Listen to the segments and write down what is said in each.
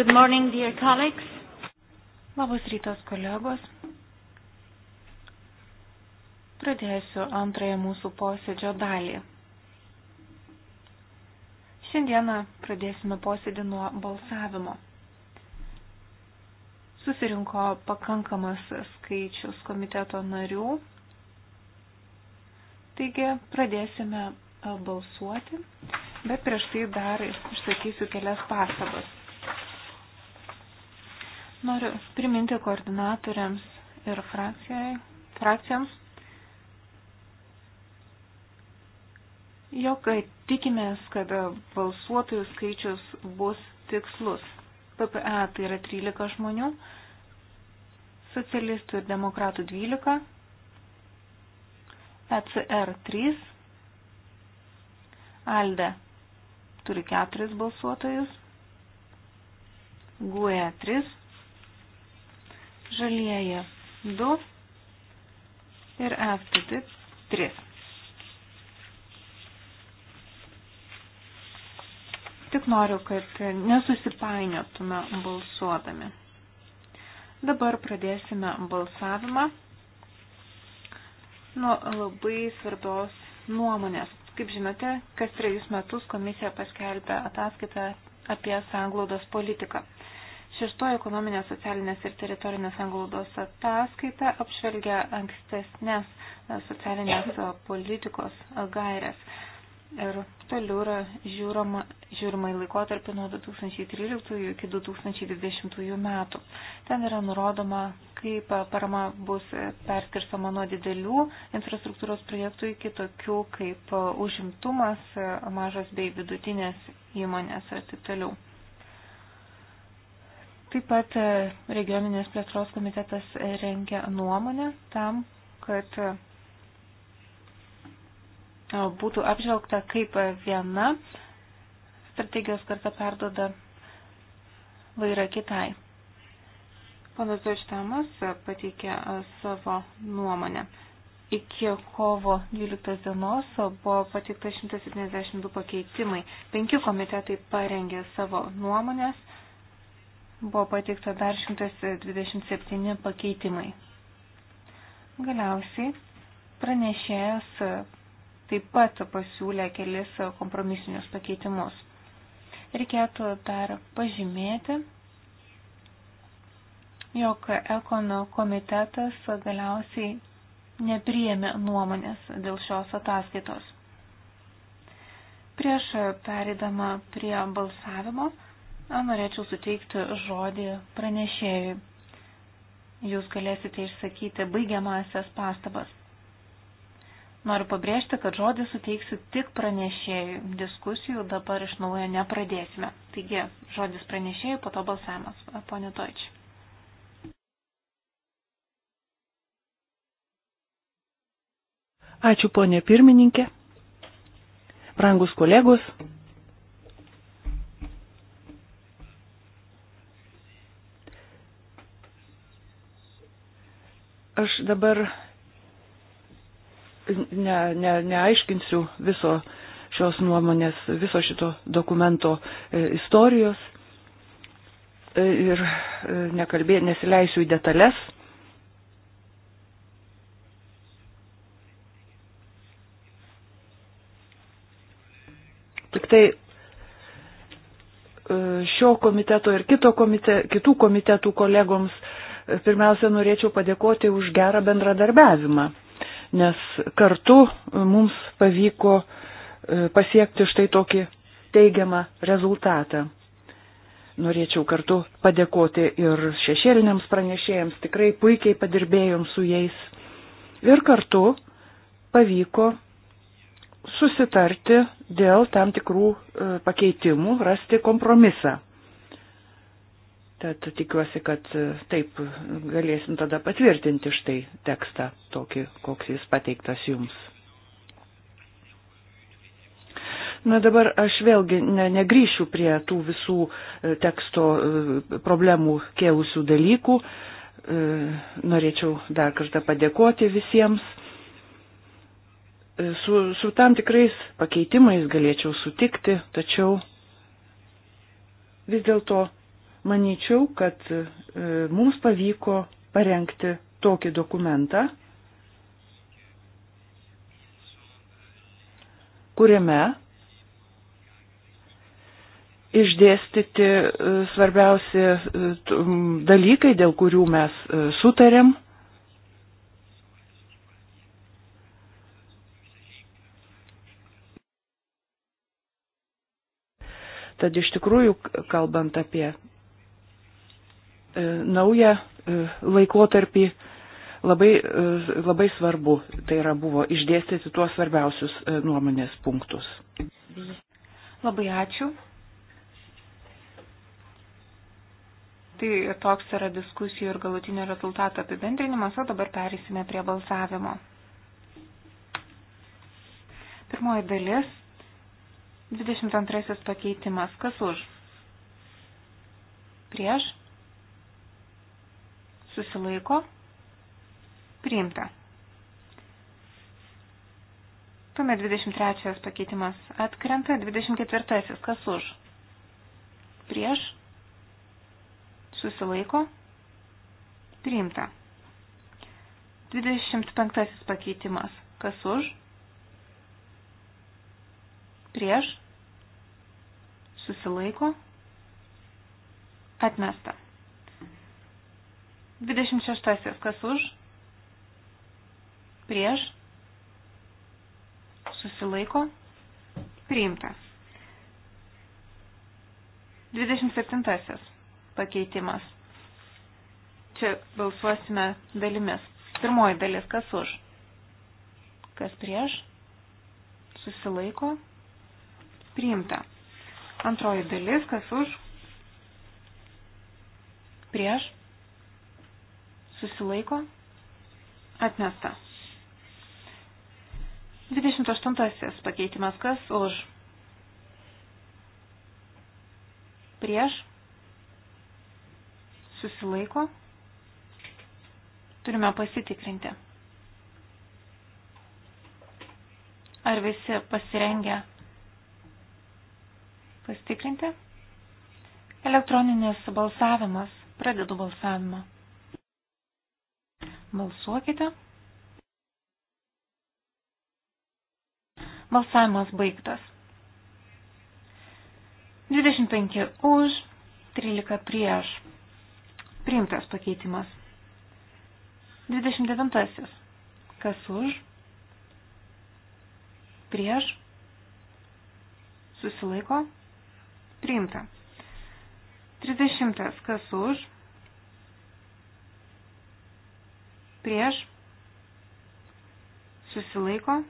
Good morning, dear colleagues. Labas rytas, kolegos. Pradėsiu antrąją mūsų posėdžio dalį. Šiandieną pradėsime posėdį nuo balsavimo. Susirinko pakankamas skaičius komiteto narių. Taigi pradėsime balsuoti, bet prieš tai dar išsakysiu kelias pastabas. Noriu priminti koordinatoriams ir frakcijai, frakcijoms, jog tikimės, kad balsuotojų skaičius bus tikslus. PPE tai yra 13 žmonių, socialistų ir demokratų 12, ECR 3, ALDE turi 4 balsuotojus, GUE 3, žalieji 2 ir FTT tai 3. Tik noriu, kad nesusipainiotume balsuodami. Dabar pradėsime balsavimą nuo labai svarbios nuomonės. Kaip žinote, kas trejus metus komisija paskelbė ataskaitą apie sanglaudos politiką. Šeštoji ekonominės, socialinės ir teritorinės anglaudos ataskaita apžvelgia ankstesnės e, socialinės e, politikos e, gairias. Ir toliau yra žiūroma, žiūrima į laikotarpį nuo 2013 iki 2020 metų. Ten yra nurodoma, kaip parama bus perskirstama nuo didelių infrastruktūros projektų iki tokių kaip užimtumas, mažos bei vidutinės įmonės ir taip toliau. Taip pat e, regioninės plėtros komitetas rengia nuomonę tam, kad e, būtų apžvelgta, kaip viena strategijos karta perdoda vairą kitai. Panas Doštamas pateikė e, savo nuomonę. Iki kovo 12 dienos buvo pateikta 172 pakeitimai. Penki komitetai parengė savo nuomonės Buvo pateikta dar 127 pakeitimai. Galiausiai pranešėjas taip pat pasiūlė kelis kompromisinius pakeitimus. Reikėtų dar pažymėti, jog Ekono komitetas galiausiai nepriėmė nuomonės dėl šios ataskaitos. Prieš perėdama prie balsavimo, norėčiau suteikti žodį pranešėjui. Jūs galėsite išsakyti baigiamasias pastabas. Noriu pabrėžti, kad žodį suteiksiu tik pranešėjui. Diskusijų dabar iš naujo nepradėsime. Taigi, žodis pranešėjui, po to balsavimas. Pone Toič. Ačiū, ponė pirmininkė. Brangus kolegos, Aš dabar ne, ne, neaiškinsiu viso šios nuomonės, viso šito dokumento e, istorijos e, ir e, nekalbė, nesileisiu į detalės. Tik tai e, šio komiteto ir kito komite, kitų komitetų kolegoms pirmiausia, norėčiau padėkoti už gerą bendradarbiavimą, nes kartu mums pavyko e, pasiekti štai tokį teigiamą rezultatą. Norėčiau kartu padėkoti ir šešėliniams pranešėjams, tikrai puikiai padirbėjom su jais. Ir kartu pavyko susitarti dėl tam tikrų e, pakeitimų, rasti kompromisą. Tad tikiuosi, kad taip galėsim tada patvirtinti štai tekstą tokį, koks jis pateiktas jums. Na dabar aš vėlgi ne, negryšiu prie tų visų e, teksto e, problemų kėlusių dalykų. E, norėčiau dar kartą padėkoti visiems. Su, su tam tikrais pakeitimais galėčiau sutikti, tačiau vis dėlto manyčiau, kad e, mums pavyko parengti tokį dokumentą, kuriame išdėstyti e, svarbiausi e, dalykai, dėl kurių mes sutarėm. Tad iš tikrųjų, kalbant apie E, naują e, laikotarpį labai, e, labai svarbu, tai yra buvo išdėstyti tuos svarbiausius nuomonės punktus. Labai ačiū. Tai toks yra diskusijų ir galutinio rezultato apibendrinimas, o dabar perėsime prie balsavimo. Pirmoji dalis, 22 pakeitimas, kas už? Prieš? susilaiko, priimta. Tuomet 23 pakeitimas atkrenta, 24 kas už, prieš, susilaiko, priimta. 25 pakeitimas kas už, prieš, susilaiko, atmesta. 26. Kas už? Prieš? Susilaiko? Priimta. 27. Pakeitimas. Čia balsuosime dalimis. Pirmoji dalis. Kas už? Kas prieš? Susilaiko? Priimta. Antroji dalis. Kas už? Prieš? susilaiko, atmesta. 28 pakeitimas kas už, prieš, susilaiko, turime pasitikrinti. Ar visi pasirengę pasitikrinti? Elektroninis balsavimas. Pradedu balsavimą. Balsuokite. Balsavimas baigtas. 25 už, 13 prieš. Priimtas pakeitimas. 29. Kas už? Prieš? Susilaiko? Priimta. 30. Kas už? prieš, susilaiko,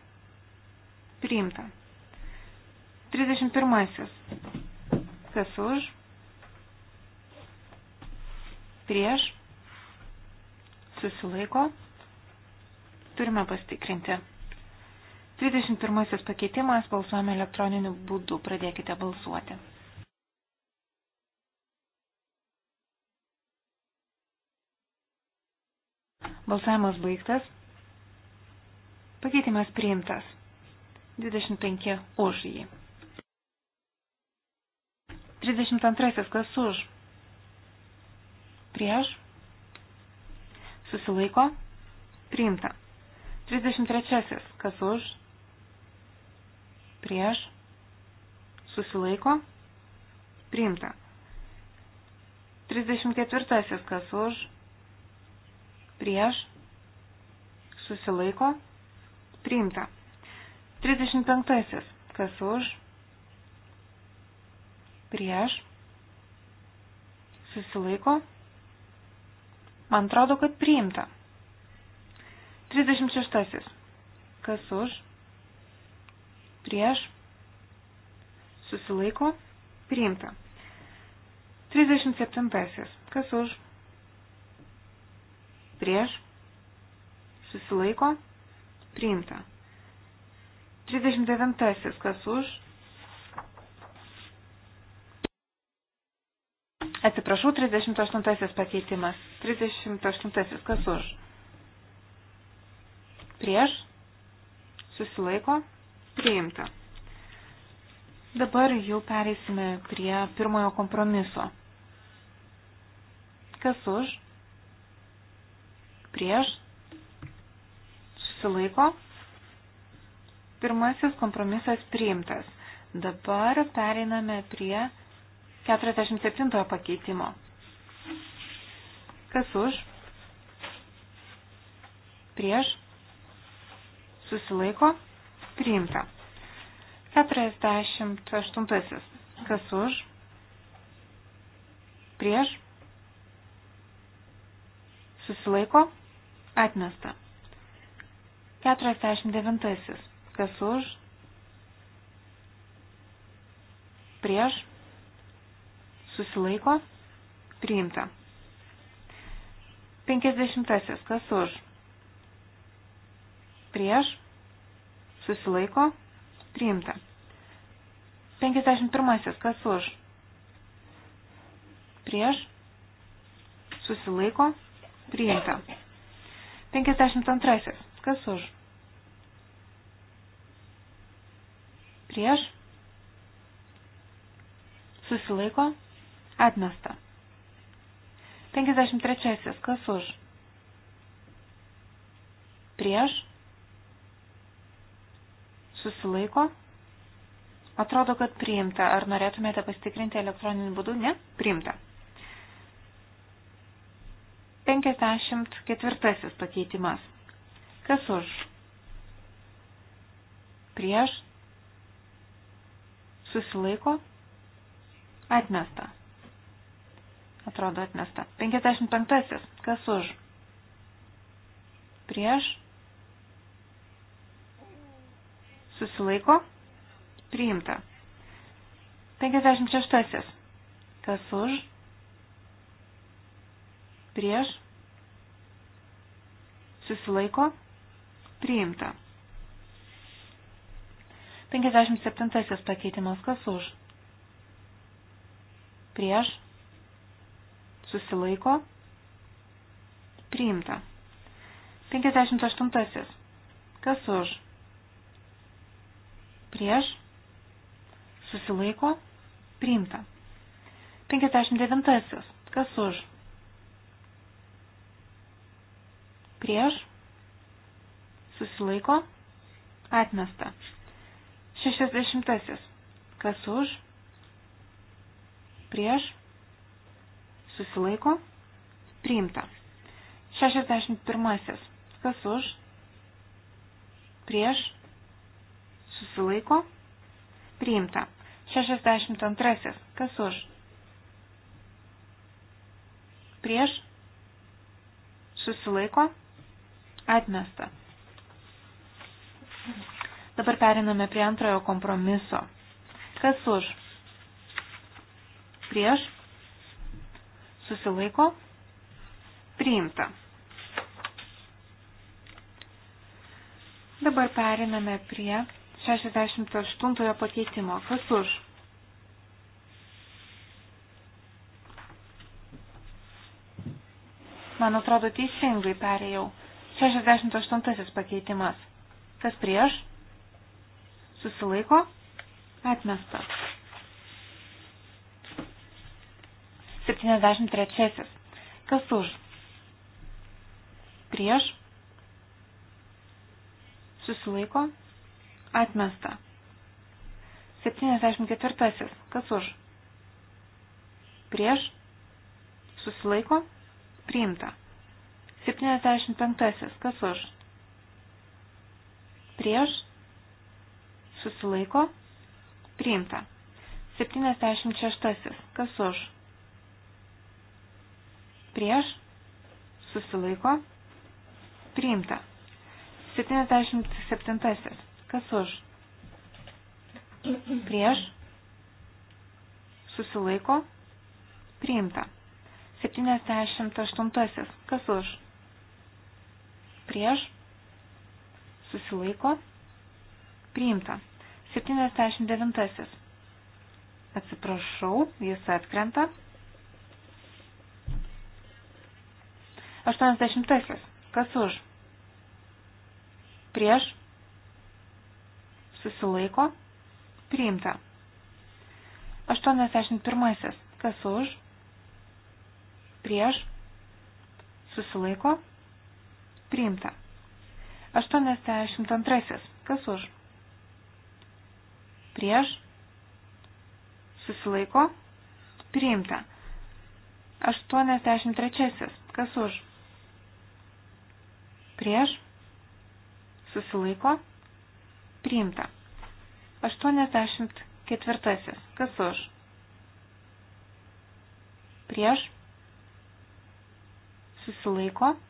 priimta. 31. Kas už, prieš, susilaiko, turime pastikrinti. 21. pakeitimas balsuojame elektroniniu būdu, pradėkite balsuoti. Balsavimas baigtas. Pakeitimas priimtas. 25 už jį. 32. Kas už? Prieš. Susilaiko. Priimta. 33. Kas už? Prieš. Susilaiko. Priimta. 34. Kas už? prieš, susilaiko, priimta. 35. Kas už, prieš, susilaiko, man atrodo, kad priimta. 36. Kas už, prieš, susilaiko, priimta. 37. Kas už, prieš prieš, susilaiko, priimta. 39. Kas už? Atsiprašau, 38. pakeitimas. 38. Kas už? Prieš, susilaiko, priimta. Dabar jau pereisime prie pirmojo kompromiso. Kas už? prieš, susilaiko. Pirmasis kompromisas priimtas. Dabar pereiname prie 47 pakeitimo. Kas už? Prieš? Susilaiko? Priimta. 48. Kas už? Prieš? Susilaiko? Atmesta. 49. Kas už? Prieš? Susilaiko? Priimta. 50. Kas už? Prieš? Susilaiko? Priimta. 51. Kas už? Prieš? Susilaiko? Priimta. 52. Kas už? Prieš? Susilaiko? Atmesta. 53. Kas už? Prieš? Susilaiko? Atrodo, kad priimta. Ar norėtumėte pasitikrinti elektroniniu būdu? Ne? Priimta. 54 pakeitimas. Kas už? Prieš? Susilaiko? Atmesta. Atrodo atmesta. 55. Kas už? Prieš? Susilaiko? Priimta. 56. Kas už? prieš, susilaiko, priimta. 57 pakeitimas kas už, prieš, susilaiko, priimta. 58 kas už, prieš, susilaiko, priimta. 59 kas už, prieš, susilaiko, atmesta. 60. Kas už, prieš, susilaiko, priimta. 61. Kas už, prieš, susilaiko, priimta. 62. Kas už, prieš, susilaiko, priimta Atmesta. Dabar periname prie antrojo kompromiso. Kas už? Prieš? Susilaiko? Priimta. Dabar periname prie 68 pakeitimo. Kas už? Man atrodo, teisingai perėjau. 68 pakeitimas. Kas prieš? Susilaiko? Atmestas. 73. Kas už? Prieš? Susilaiko? Atmesta. 74. Kas už? Prieš? Susilaiko? Priimta. 75. Kas už? Prieš? Susilaiko? Priimta. 76. Kas už? Prieš? Susilaiko? Priimta. 77. Kas už? Prieš? Susilaiko? Priimta. 78. Kas už? prieš, susilaiko, priimta. 79. Atsiprašau, jis atkrenta. 80. Kas už? Prieš, susilaiko, priimta. 81. Kas už? Prieš, susilaiko, priimta Priimta. 82. Kas už? Prieš. Susilaiko. Priimta. 83. Kas už? Prieš. Susilaiko. Priimta. 84. Kas už? Prieš. Susilaiko. Priimta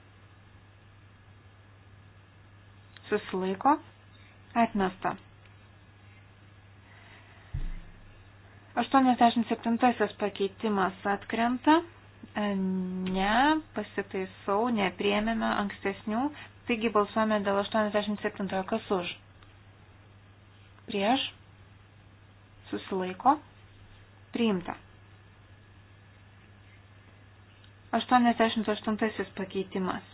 susilaiko, atmesta. 87 pakeitimas atkrenta, ne, pasitaisau, nepriemėme ankstesnių, taigi balsuojame dėl 87, kas už. Prieš, susilaiko, priimta. 88 pakeitimas.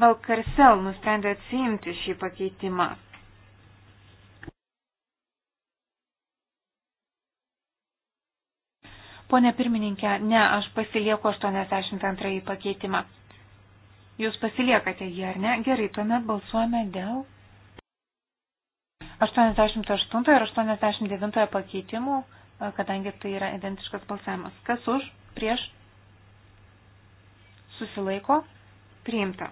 Valkarsel nusprendė atsiimti šį pakeitimą. Pone pirmininkė, ne, aš pasilieku 82 pakeitimą. Jūs pasiliekate jį, ar ne? Gerai, tuomet balsuojame dėl 88 ir 89 pakeitimų, kadangi tai yra identiškas balsavimas. Kas už, prieš, susilaiko, priimta.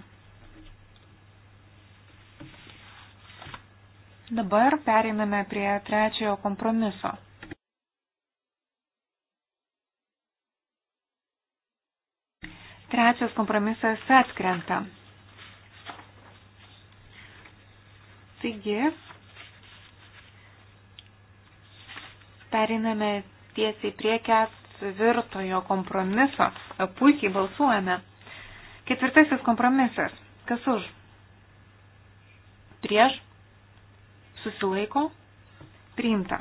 Dabar pereiname prie trečiojo kompromiso. Trečias kompromisas atkrenta. Taigi, periname tiesiai prie ketvirtojo kompromiso. Puikiai balsuojame. Ketvirtasis kompromisas. Kas už? Prieš? susilaiko, priimta.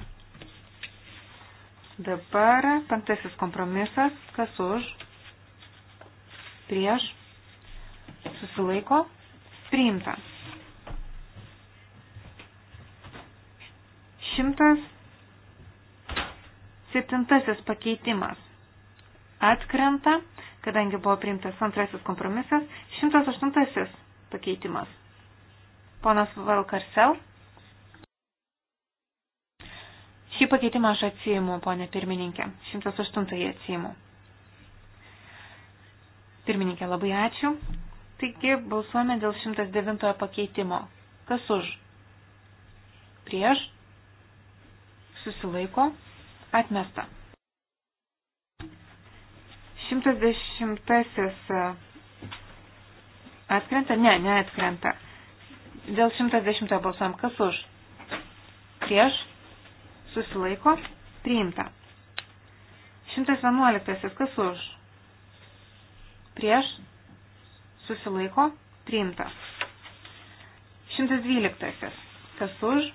Dabar penktasis kompromisas, kas už, prieš, susilaiko, priimta. 107 pakeitimas atkrenta, kadangi buvo priimtas antrasis kompromisas, 108 pakeitimas. Ponas Valkarsel Šį pakeitimą aš atsijimu, ponė pirmininkė. 108 atsijimu. Pirmininkė, labai ačiū. Taigi balsuojame dėl 109 pakeitimo. Kas už? Prieš? Susilaiko? Atmesta. 110 e, atkrenta? Ne, neatkrenta. Dėl 110 balsuojam. Kas už? Prieš? susilaiko, priimta. 111. Kas už? Prieš, susilaiko, priimta. 112. Kas už?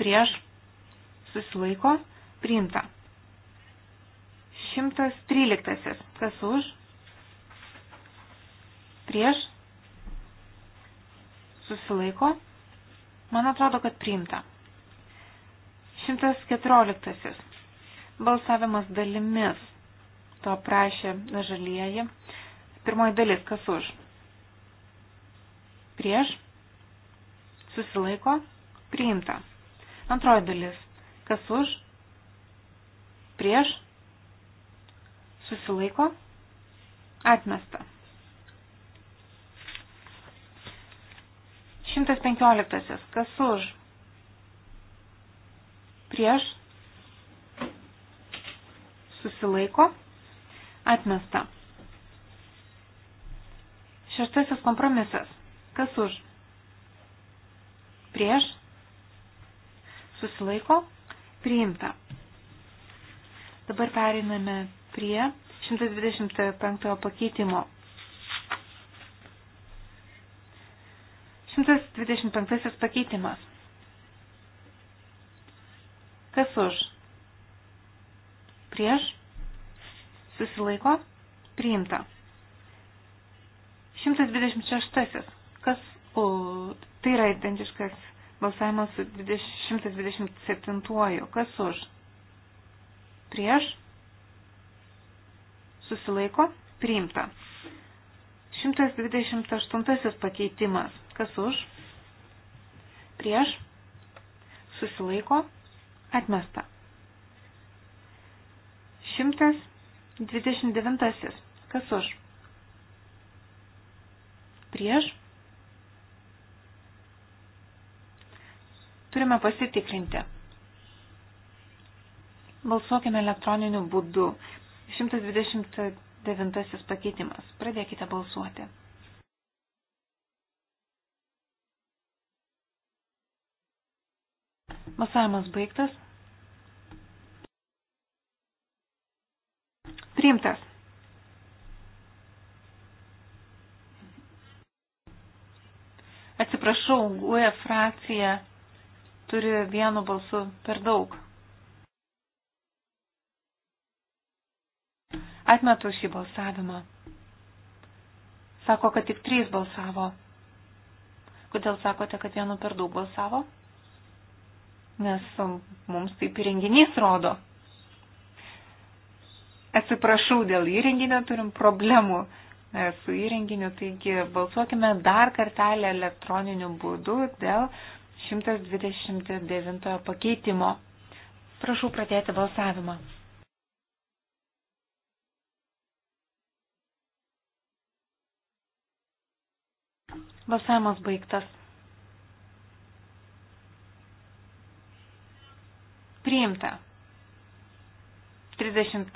Prieš, susilaiko, priimta. 113. Kas už? Prieš, susilaiko, man atrodo, kad priimta. 114. Balsavimas dalimis. To prašė žalieji. Pirmoji dalis, kas už? Prieš. Susilaiko. Priimta. Antroji dalis, kas už? Prieš. Susilaiko. Atmesta. 115. Kas už? prieš, susilaiko, atmesta. Šeštasis kompromisas. Kas už? Prieš, susilaiko, priimta. Dabar periname prie 125 pakeitimo. 125 pakeitimas. Kas už? Prieš? Susilaiko? Priimta. 126. Kas o, tai yra identiškas balsavimas su 127. Kas už? Prieš? Susilaiko? Priimta. 128 pakeitimas. Kas už? Prieš? Susilaiko? Atmesta. 129. Kas už? Prieš. Turime pasitikrinti. Balsuokime elektroniniu būdu. 129 pakeitimas. Pradėkite balsuoti. Balsavimas baigtas. Priimtas. Atsiprašau, UE frakcija turi vienu balsu per daug. Atmetu šį balsavimą. Sako, kad tik trys balsavo. Kodėl sakote, kad vienu per daug balsavo? nes um, mums taip įrenginys rodo. Atsiprašau dėl įrenginio, turim problemų e, su įrenginiu, taigi balsuokime dar kartelį elektroniniu būdu dėl 129 pakeitimo. Prašau pradėti balsavimą. Balsavimas baigtas. Priimta. 33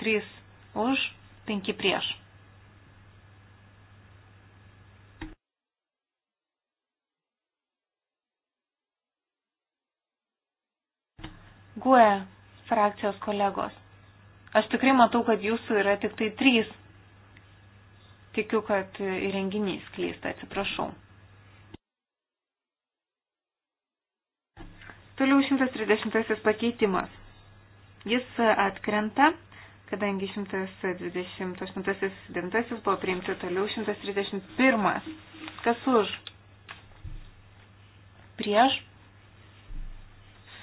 už, 5 prieš. Guoja frakcijos kolegos. Aš tikrai matau, kad jūsų yra tik tai trys. Tikiu, kad įrenginys klysta, atsiprašau. Toliau 130 pakeitimas. Jis atkrenta, kadangi 128.9 buvo priimti toliau 131. Kas už? Prieš?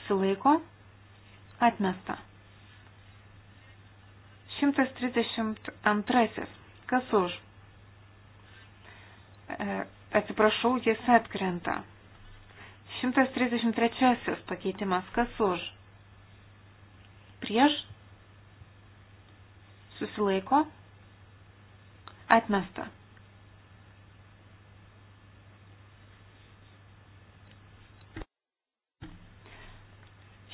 Sulaiko? Atmesta. 132. Kas už? E, atsiprašau, jis atkrenta. 133 pakeitimas. Kas už? Prieš? Susilaiko? Atmesta.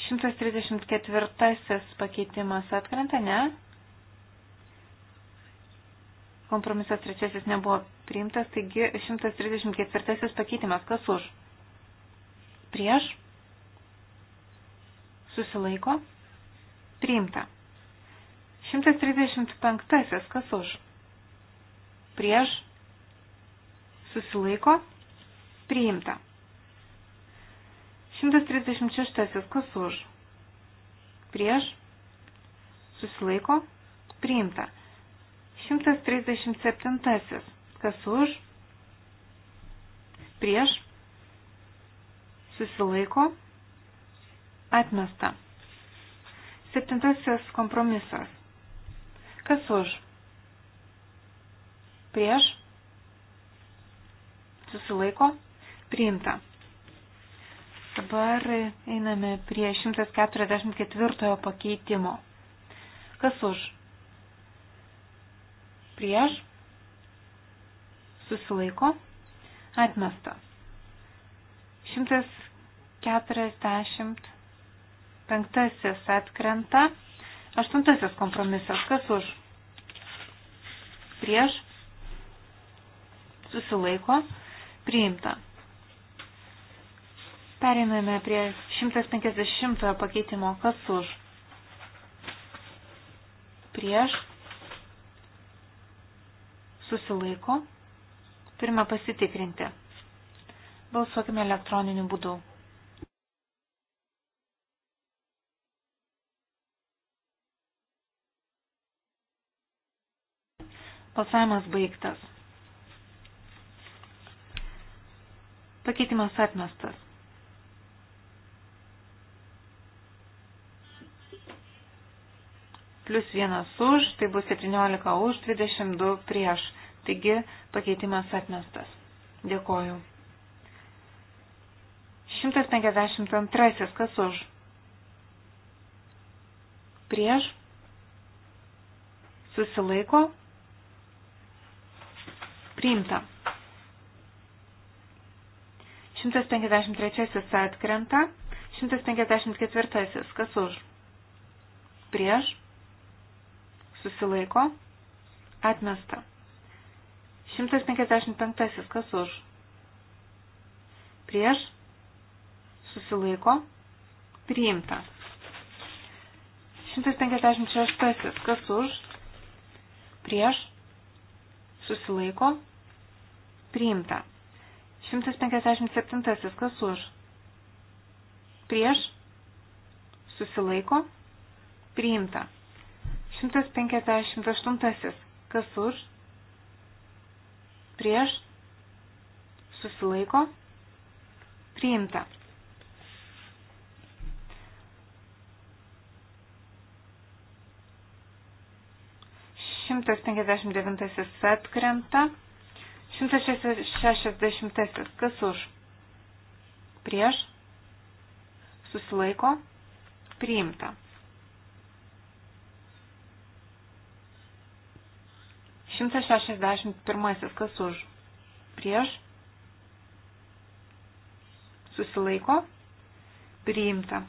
Šimtas trisdešimt ketvirtasis pakeitimas atkrenta, ne? Kompromisas trečiasis nebuvo priimtas, taigi šimtas trisdešimt ketvirtasis pakeitimas. Kas už? prieš, susilaiko, priimta. 135. Kas už? Prieš, susilaiko, priimta. 136. Kas už? Prieš, susilaiko, priimta. 137. Kas už? Prieš, susilaiko, atmesta. Septintasis kompromisas. Kas už? Prieš? Susilaiko? Priimta. Dabar einame prie 144 pakeitimo. Kas už? Prieš? Susilaiko? Atmesta. 100. 40 penktasis atkrenta, aštuntasis kompromisas, kas už, prieš, susilaiko, priimta. Periname prie 150 pakeitimo, kas už, prieš, susilaiko, turime pasitikrinti. Balsuokime elektroniniu būdu. Balsavimas baigtas. Pakeitimas atmestas. Plius vienas už, tai bus 17 už, 22 prieš. Taigi pakeitimas atmestas. Dėkoju. 152. Kas už? Prieš. Susilaiko priimta. 153 atkrenta. 154 kas už? Prieš. Susilaiko. Atmesta. 155 kas už? Prieš. Susilaiko. Priimta. 156 kas už? Prieš. Susilaiko priimta. 157. Kas už? Prieš? Susilaiko? Priimta. 158. Kas už? Prieš? Susilaiko? Priimta. Šimtas penkiasdešimt devintasis atkrenta. 160. Kas už? Prieš? Susilaiko? Priimta. Šimtas šešiasdešimt pirmasis, kas už? Prieš? Susilaiko? Priimta.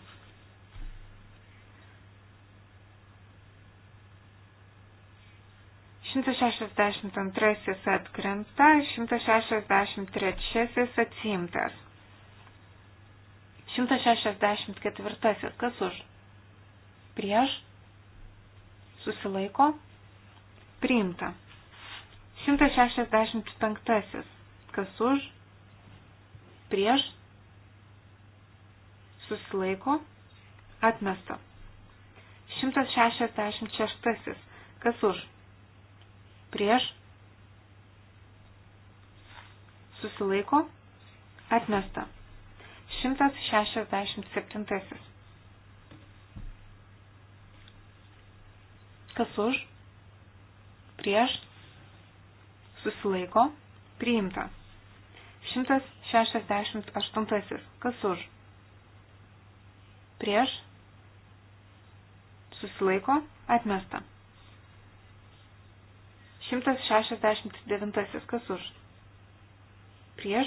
162 atkrenta, 163 atsimtas. 164 kas už? Prieš? Susilaiko? Priimta. 165 kas už? Prieš? Susilaiko? Atmesta. 166 kas už? prieš, susilaiko, atmesta. 167. Kas už, prieš, susilaiko, priimta. 168. Kas už, prieš, susilaiko, atmesta. 169 kas už. Prieš.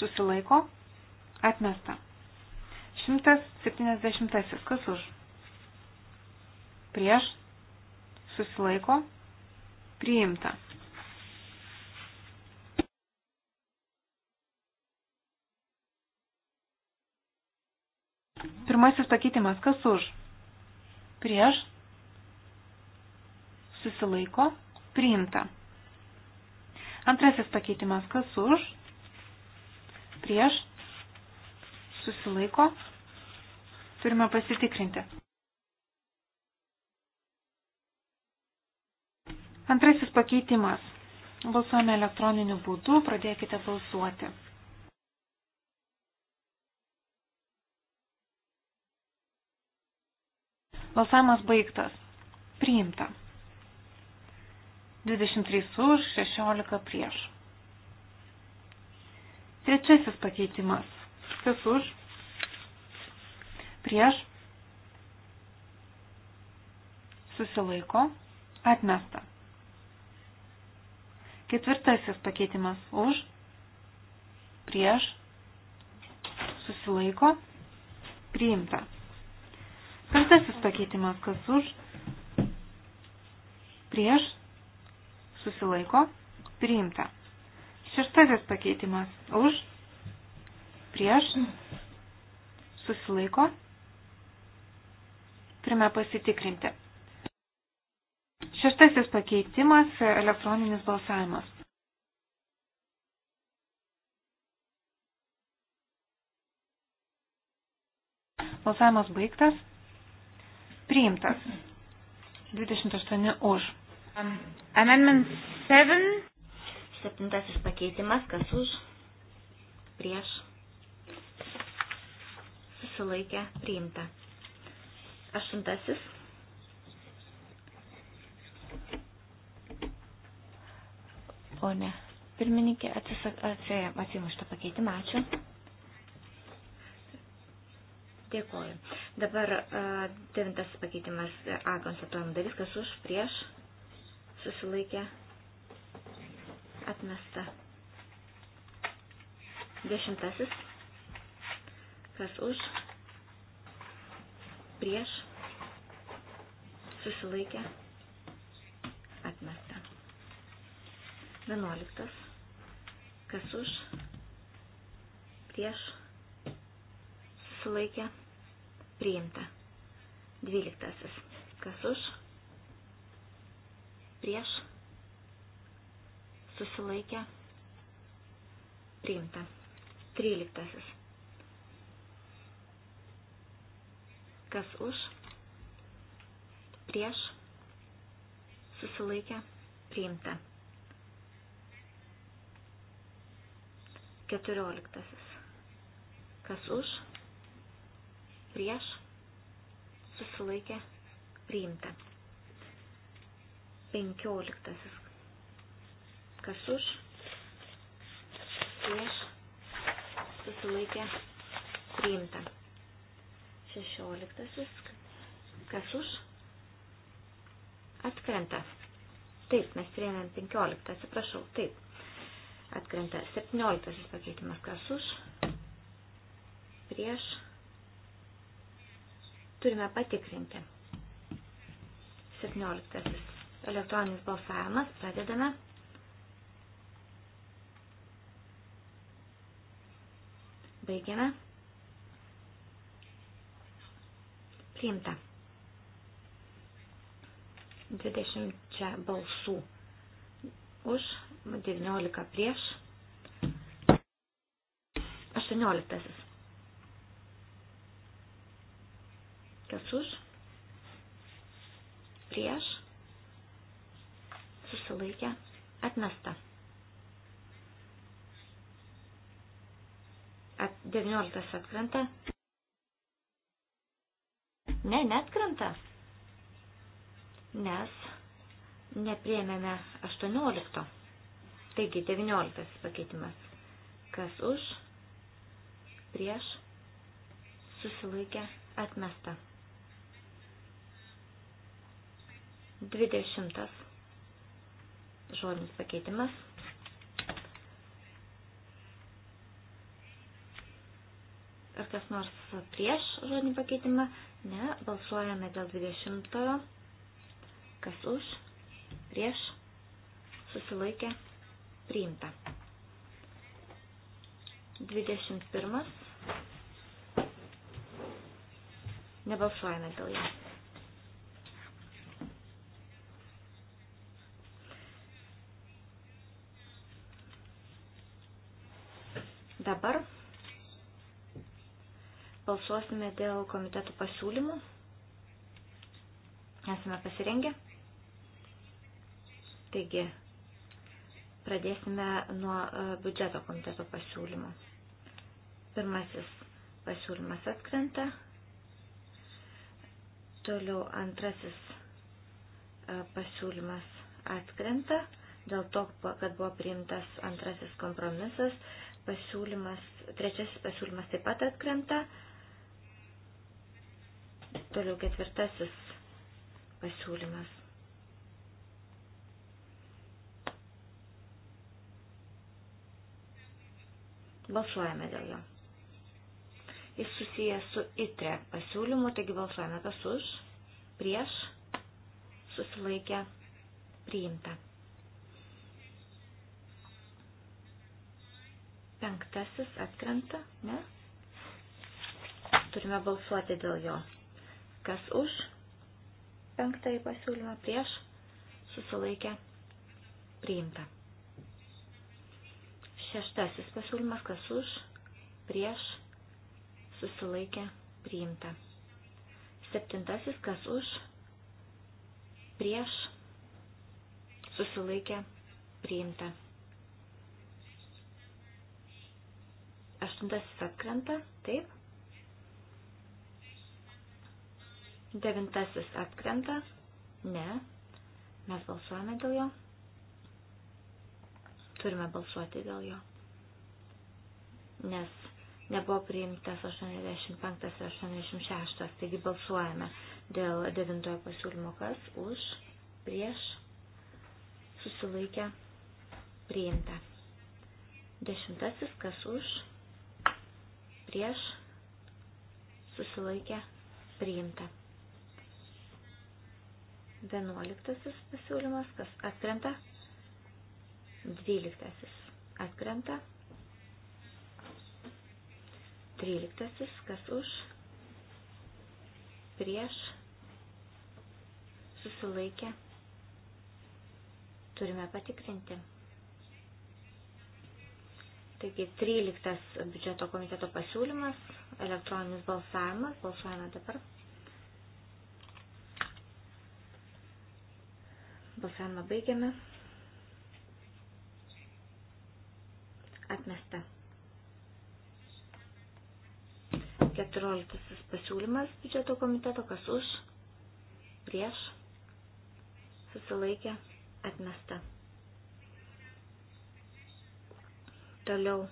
Susilaiko. Atmesta. 170 kas už. Prieš. Susilaiko. Priimta. Pirmasis pakeitimas kas už. Prieš susilaiko, priimta. Antrasis pakeitimas, kas už, prieš, susilaiko, turime pasitikrinti. Antrasis pakeitimas. Balsuojame elektroniniu būdu, pradėkite balsuoti. Balsavimas baigtas. Priimta. 23 už, 16 prieš. Trečiasis pakeitimas. Kas už? Prieš. Susilaiko. Atmesta. Ketvirtasis pakeitimas. Už. Prieš. Susilaiko. Priimta. Penktasis pakeitimas. Kas už? Prieš susilaiko, priimta. Šeštasis pakeitimas už, prieš, susilaiko, turime pasitikrinti. Šeštasis pakeitimas - elektroninis balsavimas. Balsavimas baigtas. Priimtas. 28 už. Um, amendment 7. Septintasis pakeitimas, kas už, prieš, susilaikė, priimta. Aštuntasis. Pone, pirmininkė, atsimu šitą pakeitimą, ačiū. Dėkuoju. Dabar uh, devintas pakeitimas A konstatuojama dalis, kas už, prieš, susilaikė, atmesta. Dešimtasis, kas už, prieš, susilaikė, atmesta. Vienuoliktas, kas už, prieš, susilaikė, priimta. Dvyliktasis, kas už, prieš, susilaikę, priimta. Tryliktasis. Kas už, prieš, susilaikę, priimta. Keturioliktasis. Kas už, prieš, susilaikę, priimta. Penkioliktasis. Kas už? Prieš. Susilaikė. Priimta. Šešioliktasis. Kas už? Atkrenta. Taip, mes priėmėm 15, atsiprašau, taip. Atkrenta 17 pakeitimas, kas už, prieš, turime patikrinti. 17. Elektroninis balsavimas. Pradedame. Baigiame. Priimta. 20 balsų už, 19 prieš, 18. Kas už? Prieš susilaikė, atmesta. At 19 atkrenta. Ne, netkrenta. Nes nepriemėme 18. Taigi 19 pakeitimas. Kas už, prieš, susilaikė, atmesta. Dvidešimtas žodinis pakeitimas. Ar kas nors prieš žodinį pakeitimą? Ne, balsuojame dėl 20. Kas už? Prieš? Susilaikė? Priimta. 21. Nebalsuojame dėl jo. Dabar balsuosime dėl komitetų pasiūlymų. Esame pasirengę. Taigi, pradėsime nuo e, biudžeto komiteto pasiūlymo. Pirmasis pasiūlymas atkrenta. Toliau antrasis e, pasiūlymas atkrenta dėl to, kad buvo priimtas antrasis kompromisas pasiūlymas, trečiasis pasiūlymas taip pat atkrenta. Toliau ketvirtasis pasiūlymas. Balsuojame dėl jo. Jis susijęs su ITRE pasiūlymu, taigi balsuojame kas už, prieš, susilaikę, priimta. Penktasis atkrenta, ne? Turime balsuoti dėl jo. Kas už penktąjį pasiūlymą prieš susilaikę priimta. Šeštasis pasiūlymas, kas už prieš susilaikę priimta. Septintasis, kas už prieš susilaikę priimta. Aštuntasis atkrenta, taip. Devintasis atkrenta, ne. Mes balsuojame dėl jo. Turime balsuoti dėl jo. Nes nebuvo priimtas 85 ir 86, taigi balsuojame dėl devintojo pasiūlymo kas už, prieš, susilaikę, priimta. Dešimtasis kas už, prieš prieš, susilaikė, priimta. Vienuoliktasis pasiūlymas, kas atkrenta? Dvyliktasis atkrenta. Tryliktasis, kas už, prieš, susilaikė, turime patikrinti. Taigi 13 biudžeto komiteto pasiūlymas, elektroninis balsavimas, balsuojame dabar. Balsavimą baigiame. Atmesta. 14 pasiūlymas biudžeto komiteto, kas už, prieš, susilaikė, atmesta. Toliau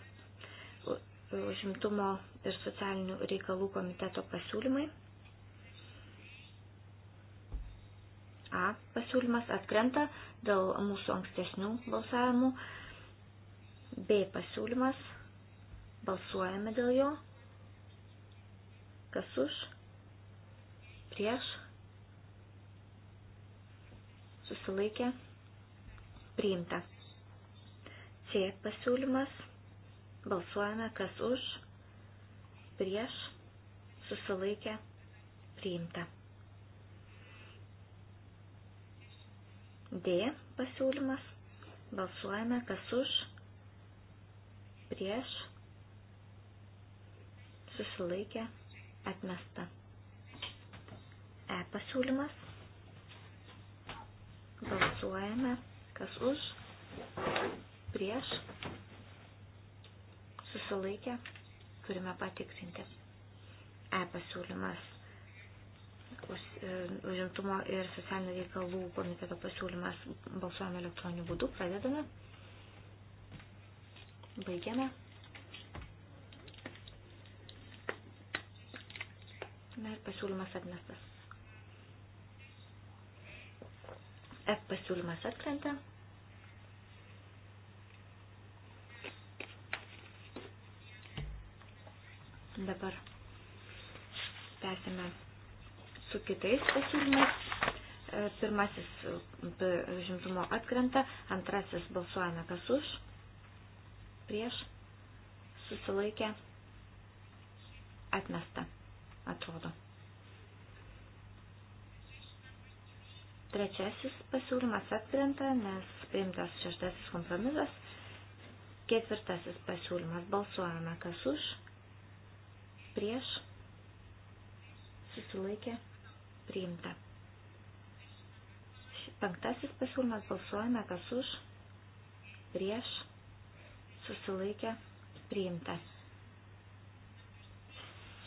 užimtumo ir socialinių reikalų komiteto pasiūlymai. A pasiūlymas atkrenta dėl mūsų ankstesnių balsavimų. B pasiūlymas. Balsuojame dėl jo. Kas už? Prieš? Susilaikė? Priimta. C pasiūlymas. Balsuojame, kas už, prieš, susilaikę, priimta. D pasiūlymas. Balsuojame, kas už, prieš, susilaikę, atmesta. E pasiūlymas. Balsuojame, kas už, prieš, susilaikę, turime patikrinti. E pasiūlymas, už, e, užimtumo ir socialinių reikalų komiteto pasiūlymas, balsuojame elektroniniu būdu, pradedame, baigiame. Na ir pasiūlymas atmestas. F e pasiūlymas atkrenta. Dabar tęsime su kitais pasiūlymais. E, pirmasis e, žimtumo atkrenta, antrasis balsuojame kas už, prieš, susilaikę, atmesta, atrodo. Trečiasis pasiūlymas atkrenta, nes priimtas šeštasis kompromisas. Ketvirtasis pasiūlymas balsuojame kas už, prieš, susilaikė, priimta. Penktasis pasiūlymas balsuojame, kas už, prieš, susilaikė, priimta.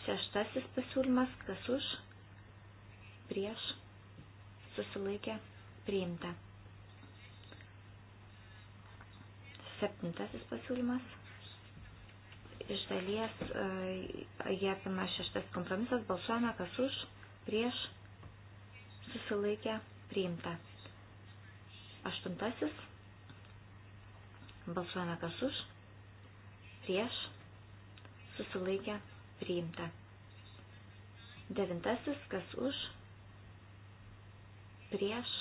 Šeštasis pasiūlymas, kas už, prieš, susilaikė, priimta. Septintasis pasiūlymas Iš dalies e, jie apima šeštas kompromisas, balsuojame, kas už, prieš, susilaikę, priimta. Aštuntasis, balsuojame, kas už, prieš, susilaikę, priimta. Devintasis, kas už, prieš,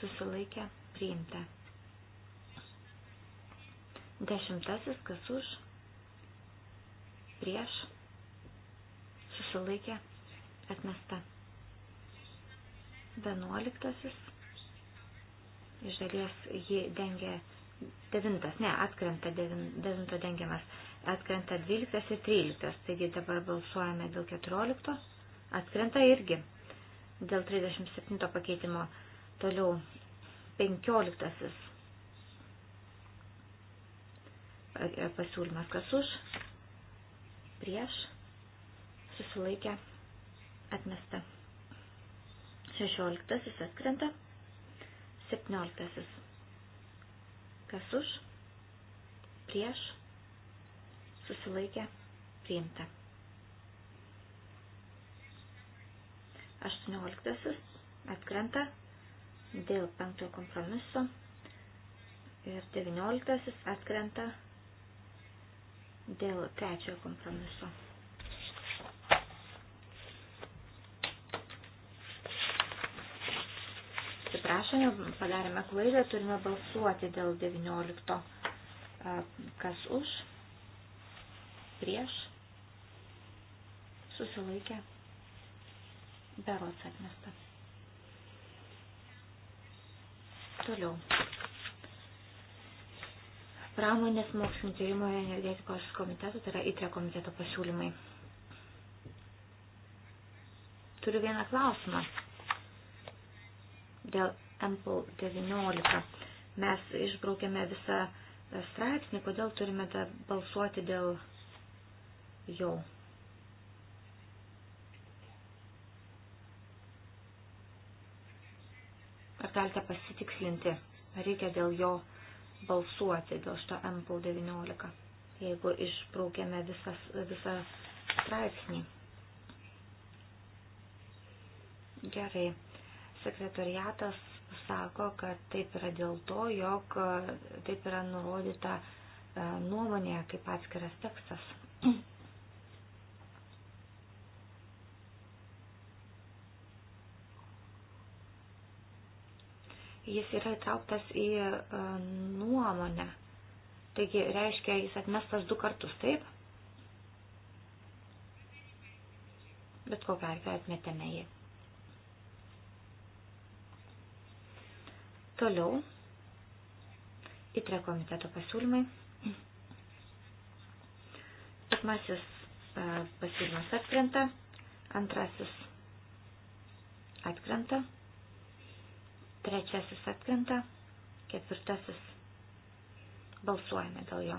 susilaikę, priimta. Dešimtasis, kas už, prieš prieš, susilaikė, atmesta. Vienuoliktasis, iš dalies jį dengia devintas, ne, atkrenta devin, devinto dengiamas, atkrenta dvyliktas ir tryliktas, taigi dabar balsuojame dėl keturiolikto, atkrenta irgi dėl 37 pakeitimo, toliau penkioliktasis pasiūlymas, kas už, prieš, susilaikę, atmesta. 16 atkrenta, 17 kas už, prieš, susilaikę, priimta. 18 atkrenta dėl penktojo kompromiso ir 19 atkrenta dėl trečiojo kompromiso. Atsiprašome, padarėme klaidą, turime balsuoti dėl 19. Kas už? Prieš? Susilaikė? Berots atmesta. Toliau pramonės mokslinio tyrimo ir energetikos komiteto, tai yra ITRE komiteto pasiūlymai. Turiu vieną klausimą dėl MPL 19. Mes išbraukėme visą straipsnį, kodėl turime balsuoti dėl jo. Ar galite pasitikslinti, reikia dėl jo balsuoti dėl šito MPL 19, jeigu išbraukėme visas, visą straipsnį. Gerai. Sekretariatas sako, kad taip yra dėl to, jog e, taip yra nurodyta e, nuomonė kaip atskiras tekstas. jis yra įtrauktas į e, nuomonę. Taigi reiškia, jis atmestas du kartus, taip? Bet kokią atveju atmetėme jį. Toliau. Įtre komiteto pasiūlymai. Pirmasis e, pasiūlymas atkrenta, antrasis atkrenta. Trečiasis atkrenta. Ketvirtasis. Balsuojame dėl jo.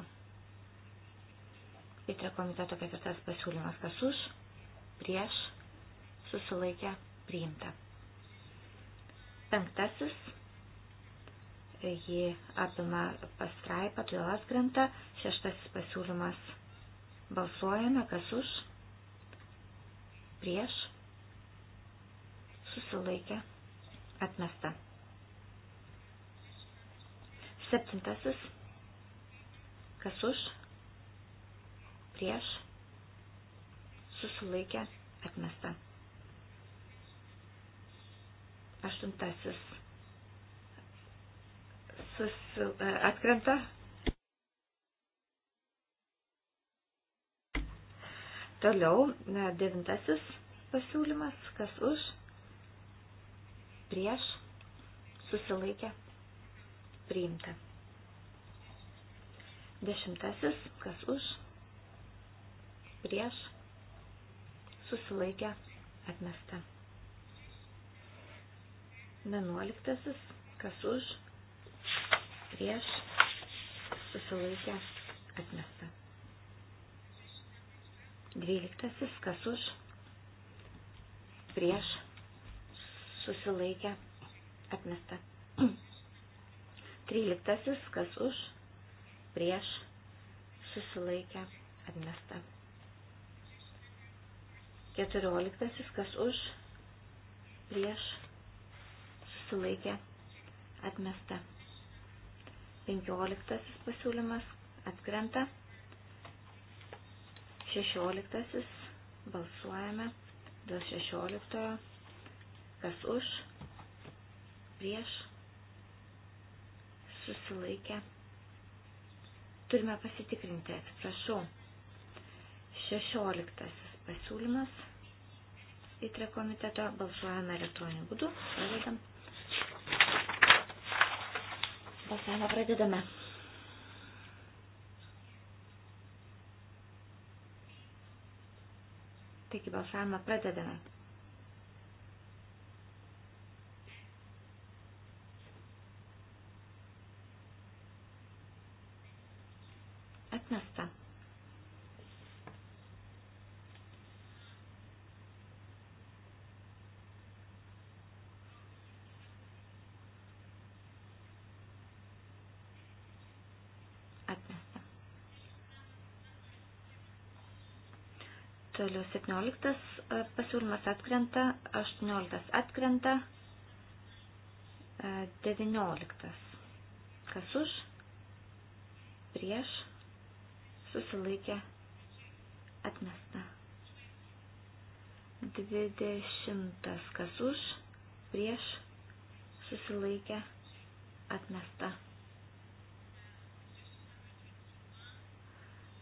Įtrio komiteto ketvirtas pasiūlymas kas už, prieš, susilaikę, priimta. Penktasis. Jį apima pastraipą, todėl atkrenta. Šeštasis pasiūlymas. Balsuojame kas už, prieš, susilaikę, atmesta. Septintasis. Kas už? Prieš. Susilaikė. Atmesta. Aštuntasis. Susi... E, atkrenta. Toliau e, devintasis pasiūlymas. Kas už? Prieš. Susilaikė priimta. Dešimtasis, kas už, prieš, susilaikę, atmesta. Vienuoliktasis, kas už, prieš, susilaikę, atmesta. Dvyliktasis, kas už, prieš, susilaikę, atmesta. Tryliktasis, kas už, prieš, susilaikę, atmesta. Keturioliktasis, kas už, prieš, susilaikę, atmesta. Penkioliktasis pasiūlymas atkrenta. Šešioliktasis balsuojame dėl šešioliktojo, kas už, prieš, susilaikę. Turime pasitikrinti, atsiprašau. 16 pasiūlymas įtre komiteto balsuojame elektroniniu būdu. Pradedam. Balsavimą pradedame. Taigi balsavimą pradedame. Atmesta. Atmesta. Toliau 17 e, pasiūlymas atkrenta, 18 atkrenta, 19. E, Kas už? Prieš? susilaikė atmesta. Dvidešimtas kas už, prieš, susilaikė atmesta.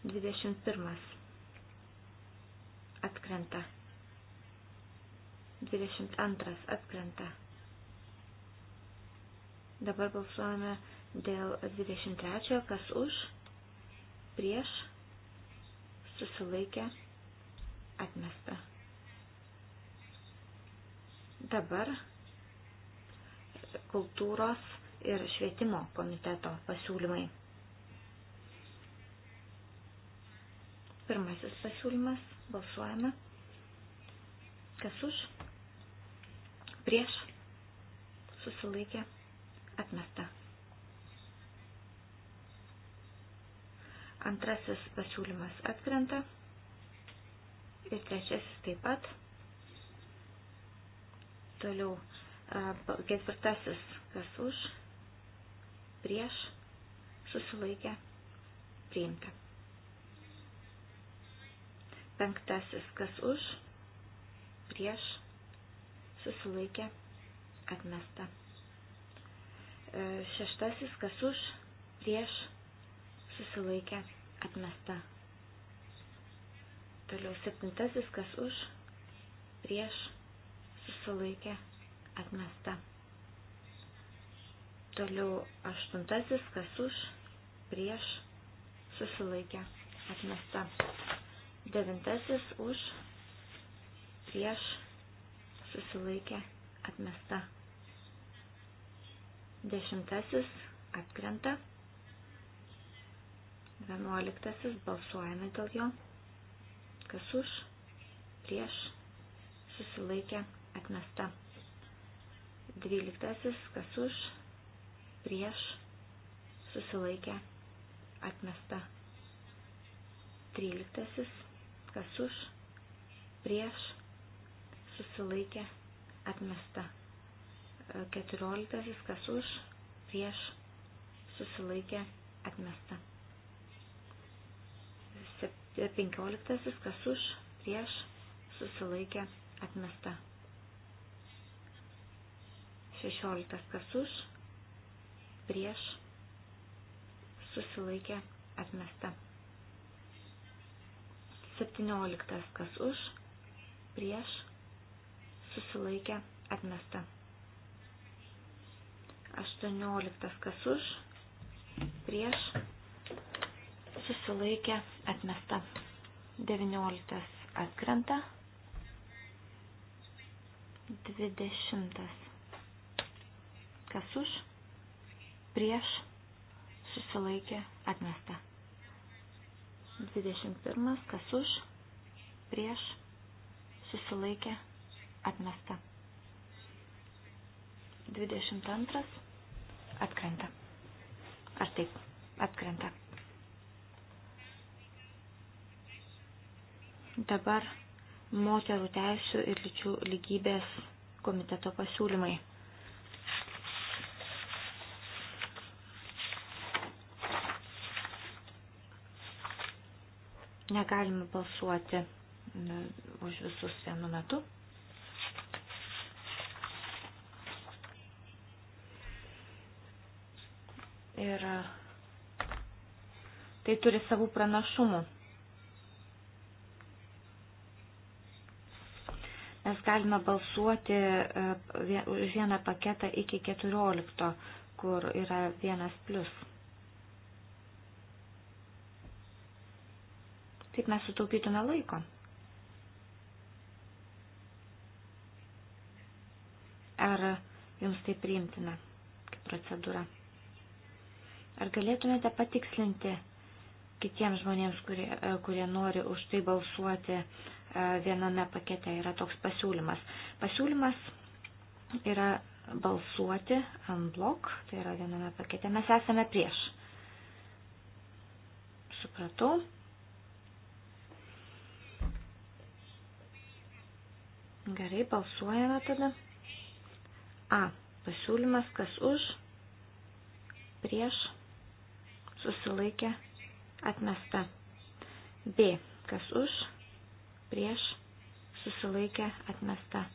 Dvidešimt pirmas atkrenta. Dvidešimt antras atkrenta. Dabar balsuojame dėl 23, kas už, prieš, susilaikė, atmesta. Dabar kultūros ir švietimo komiteto pasiūlymai. Pirmasis pasiūlymas, balsuojame. Kas už? Prieš, susilaikė, atmesta. Antrasis pasiūlymas atkrenta. Ir trečiasis taip pat. Toliau ketvirtasis, kas už, prieš, susilaikę, priimta. Penktasis, kas už, prieš, susilaikę, atmesta. E, šeštasis, kas už, prieš, susilaikę susilaikė, atmesta. Toliau septintasis, kas už, prieš, susilaikė, atmesta. Toliau aštuntasis, kas už, prieš, susilaikė, atmesta. Devintasis už, prieš, susilaikė, atmesta. Dešimtasis atkrenta. Vienuoliktasis balsuojame dėl jo. Kas už, prieš, susilaikė, atmesta. Dvyliktasis, kas už, prieš, susilaikė, atmesta. Tryliktasis, kas už, prieš, susilaikė, atmesta. Keturioliktasis, kas už, prieš, susilaikė, atmesta ir 15, kas už, prieš, susilaikė, atmesta. 16, kas už, prieš, susilaikė, atmesta. 17, kas už, prieš, susilaikė, atmesta. 18, kas už, prieš, susilaikė atmesta. 19 atkrenta. 20. Kas už? Prieš susilaikė atmesta. 21. Kas už? Prieš susilaikė atmesta. 22. Atkrenta. Ar taip? Atkrenta. Dabar moterų teisų ir lyčių lygybės komiteto pasiūlymai. Negalime balsuoti už visus vienu metu. Ir tai turi savų pranašumų. mes galime balsuoti e, už vieną paketą iki 14, kur yra vienas plus. Taip mes sutaupytume laiko. Ar jums tai priimtina kaip procedūra? Ar galėtumėte patikslinti kitiems žmonėms, kurie, e, kurie nori už tai balsuoti, E, viename pakete yra toks pasiūlymas. Pasiūlymas yra balsuoti ant blok, tai yra viename pakete. Mes esame prieš. Supratau. Gerai, balsuojame tada. A. Pasiūlymas, kas už, prieš, susilaikė, atmesta. B. Kas už, prieš prieš, susilaikė atmesta.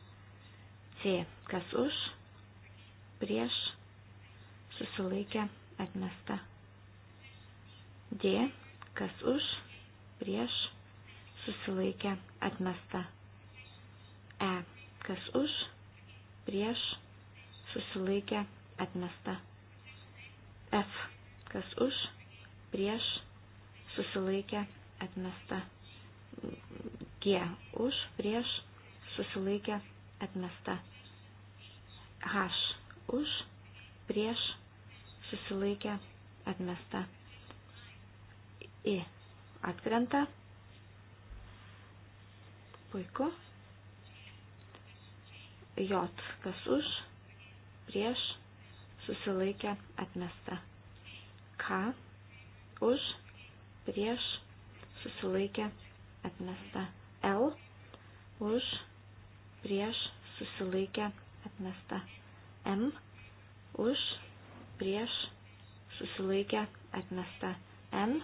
C. Kas už, prieš, susilaikė atmesta. D. Kas už, prieš, susilaikė atmesta. E. Kas už, prieš, susilaikė atmesta. F. Kas už, prieš, susilaikė atmesta. G už, prieš, susilaikė, atmesta. H už, prieš, susilaikė, atmesta. I atkrenta. Puiku. J kas už, prieš, susilaikė, atmesta. K už, prieš, susilaikė, atmesta atmesta. L už prieš susilaikę atmesta. M už prieš susilaikę atmesta. N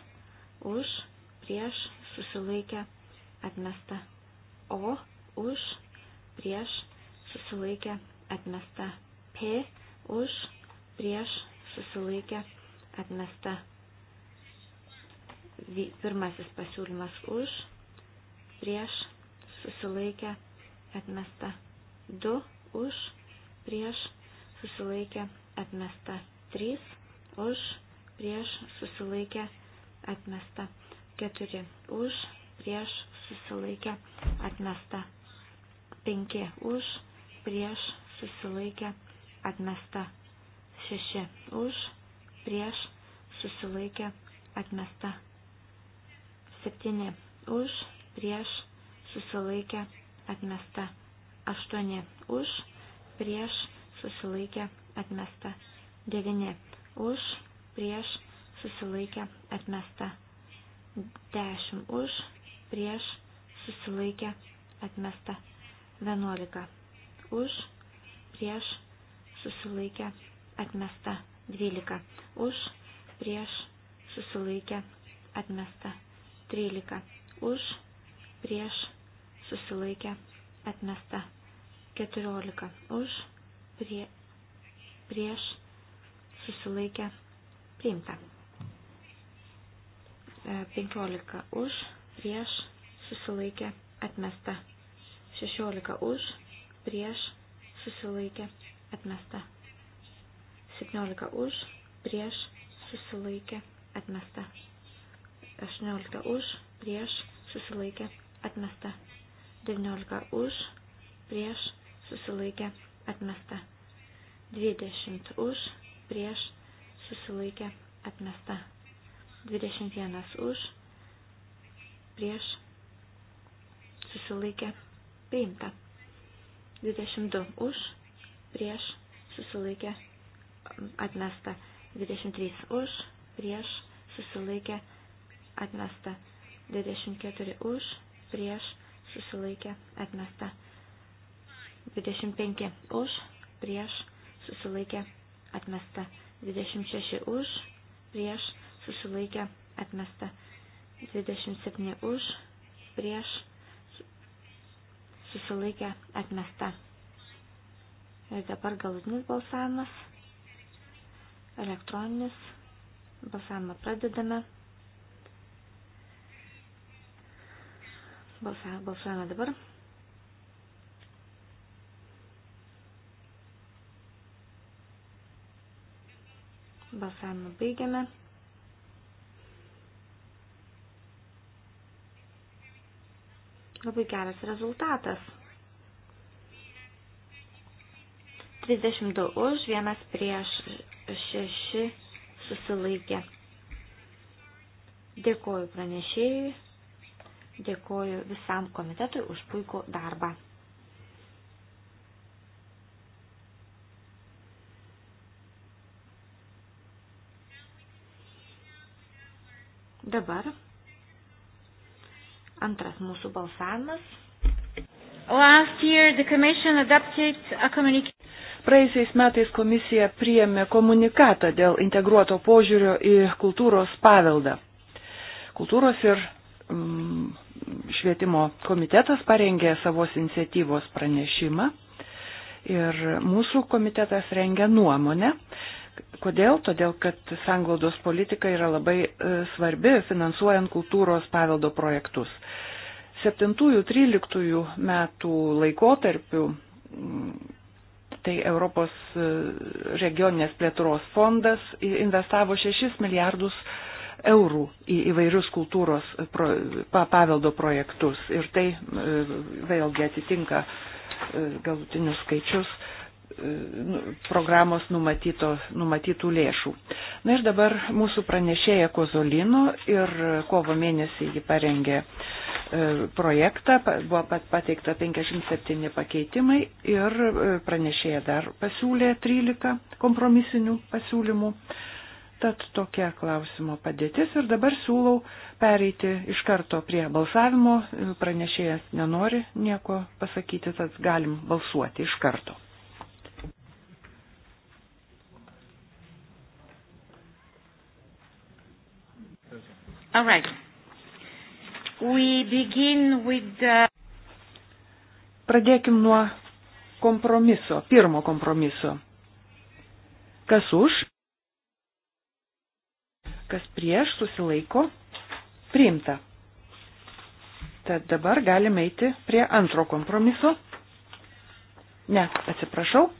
už prieš susilaikę atmesta. O už prieš susilaikę atmesta. P už prieš susilaikę atmesta. Pirmasis pasiūlymas už prieš, susilaikė, atmesta. 2 už, prieš, susilaikė, atmesta. 3 už, prieš, susilaikė, atmesta. 4 už, prieš, susilaikė, atmesta. 5 už, prieš, susilaikė, atmesta. 6 už, prieš, susilaikė, atmesta. 7 už, prieš susilaikę atmesta. 8 už, prieš susilaikę atmesta. 9 už, prieš susilaikę atmesta. 10 už, prieš susilaikę atmesta. 11 už, prieš susilaikę atmesta. 12 už, prieš susilaikę atmesta. 13 už, prieš susilaikė atmesta. 14 už prie, prieš susilaikė priimta. 15 e, už prieš susilaikė atmesta. 16 už prieš susilaikė atmesta. 17 už prieš susilaikė atmesta. 18 už prieš susilaikė atmesta. 19 už, prieš, susilaikė, atmesta. 20 už, prieš, susilaikė, atmesta. 21 už, prieš, susilaikė, priimta. 22 už, prieš, susilaikė, atmesta. 23 už, prieš, susilaikė, atmesta. 24 už, prieš, susilaikė, atmesta. 25 už, prieš, susilaikė, atmesta. 26 už, prieš, susilaikė, atmesta. 27 už, prieš, susilaikė, atmesta. Ir dabar galutinis balsavimas, elektroninis, balsavimą pradedame. Balsavome dabar. Balsavimą baigiame. Labai geras rezultatas. 32 už, vienas prieš, šeši susilaikė. Dėkoju pranešėjui. Dėkoju visam komitetui už puikų darbą. Dabar antras mūsų balsavimas. Last year the commission adopted a communication. Praėjusiais metais komisija priėmė komunikatą dėl integruoto požiūrio į kultūros paveldą. Kultūros ir mm, švietimo komitetas parengė savos iniciatyvos pranešimą ir mūsų komitetas rengia nuomonę. Kodėl? Todėl, kad sanglaudos politika yra labai e, svarbi finansuojant kultūros paveldo projektus. 7-13 metų laikotarpiu mm, tai Europos e, regioninės plėtros fondas investavo 6 milijardus eurų eurų į įvairius kultūros pro, pa, paveldo projektus. Ir tai e, vėlgi atitinka e, galutinius skaičius e, nu, programos numatyto, numatytų lėšų. Na ir dabar mūsų pranešėja Kozolino ir kovo mėnesį ji parengė projektą, buvo pateikta 57 pakeitimai ir pranešėja dar pasiūlė 13 kompromisinių pasiūlymų. Tad tokia klausimo padėtis ir dabar siūlau pereiti iš karto prie balsavimo. Pranešėjas nenori nieko pasakyti, tad galim balsuoti iš karto. All right. We begin with the... Pradėkim nuo kompromiso, pirmo kompromiso. Kas už? kas prieš susilaiko priimta. Tad dabar galime eiti prie antro kompromiso. Ne, atsiprašau,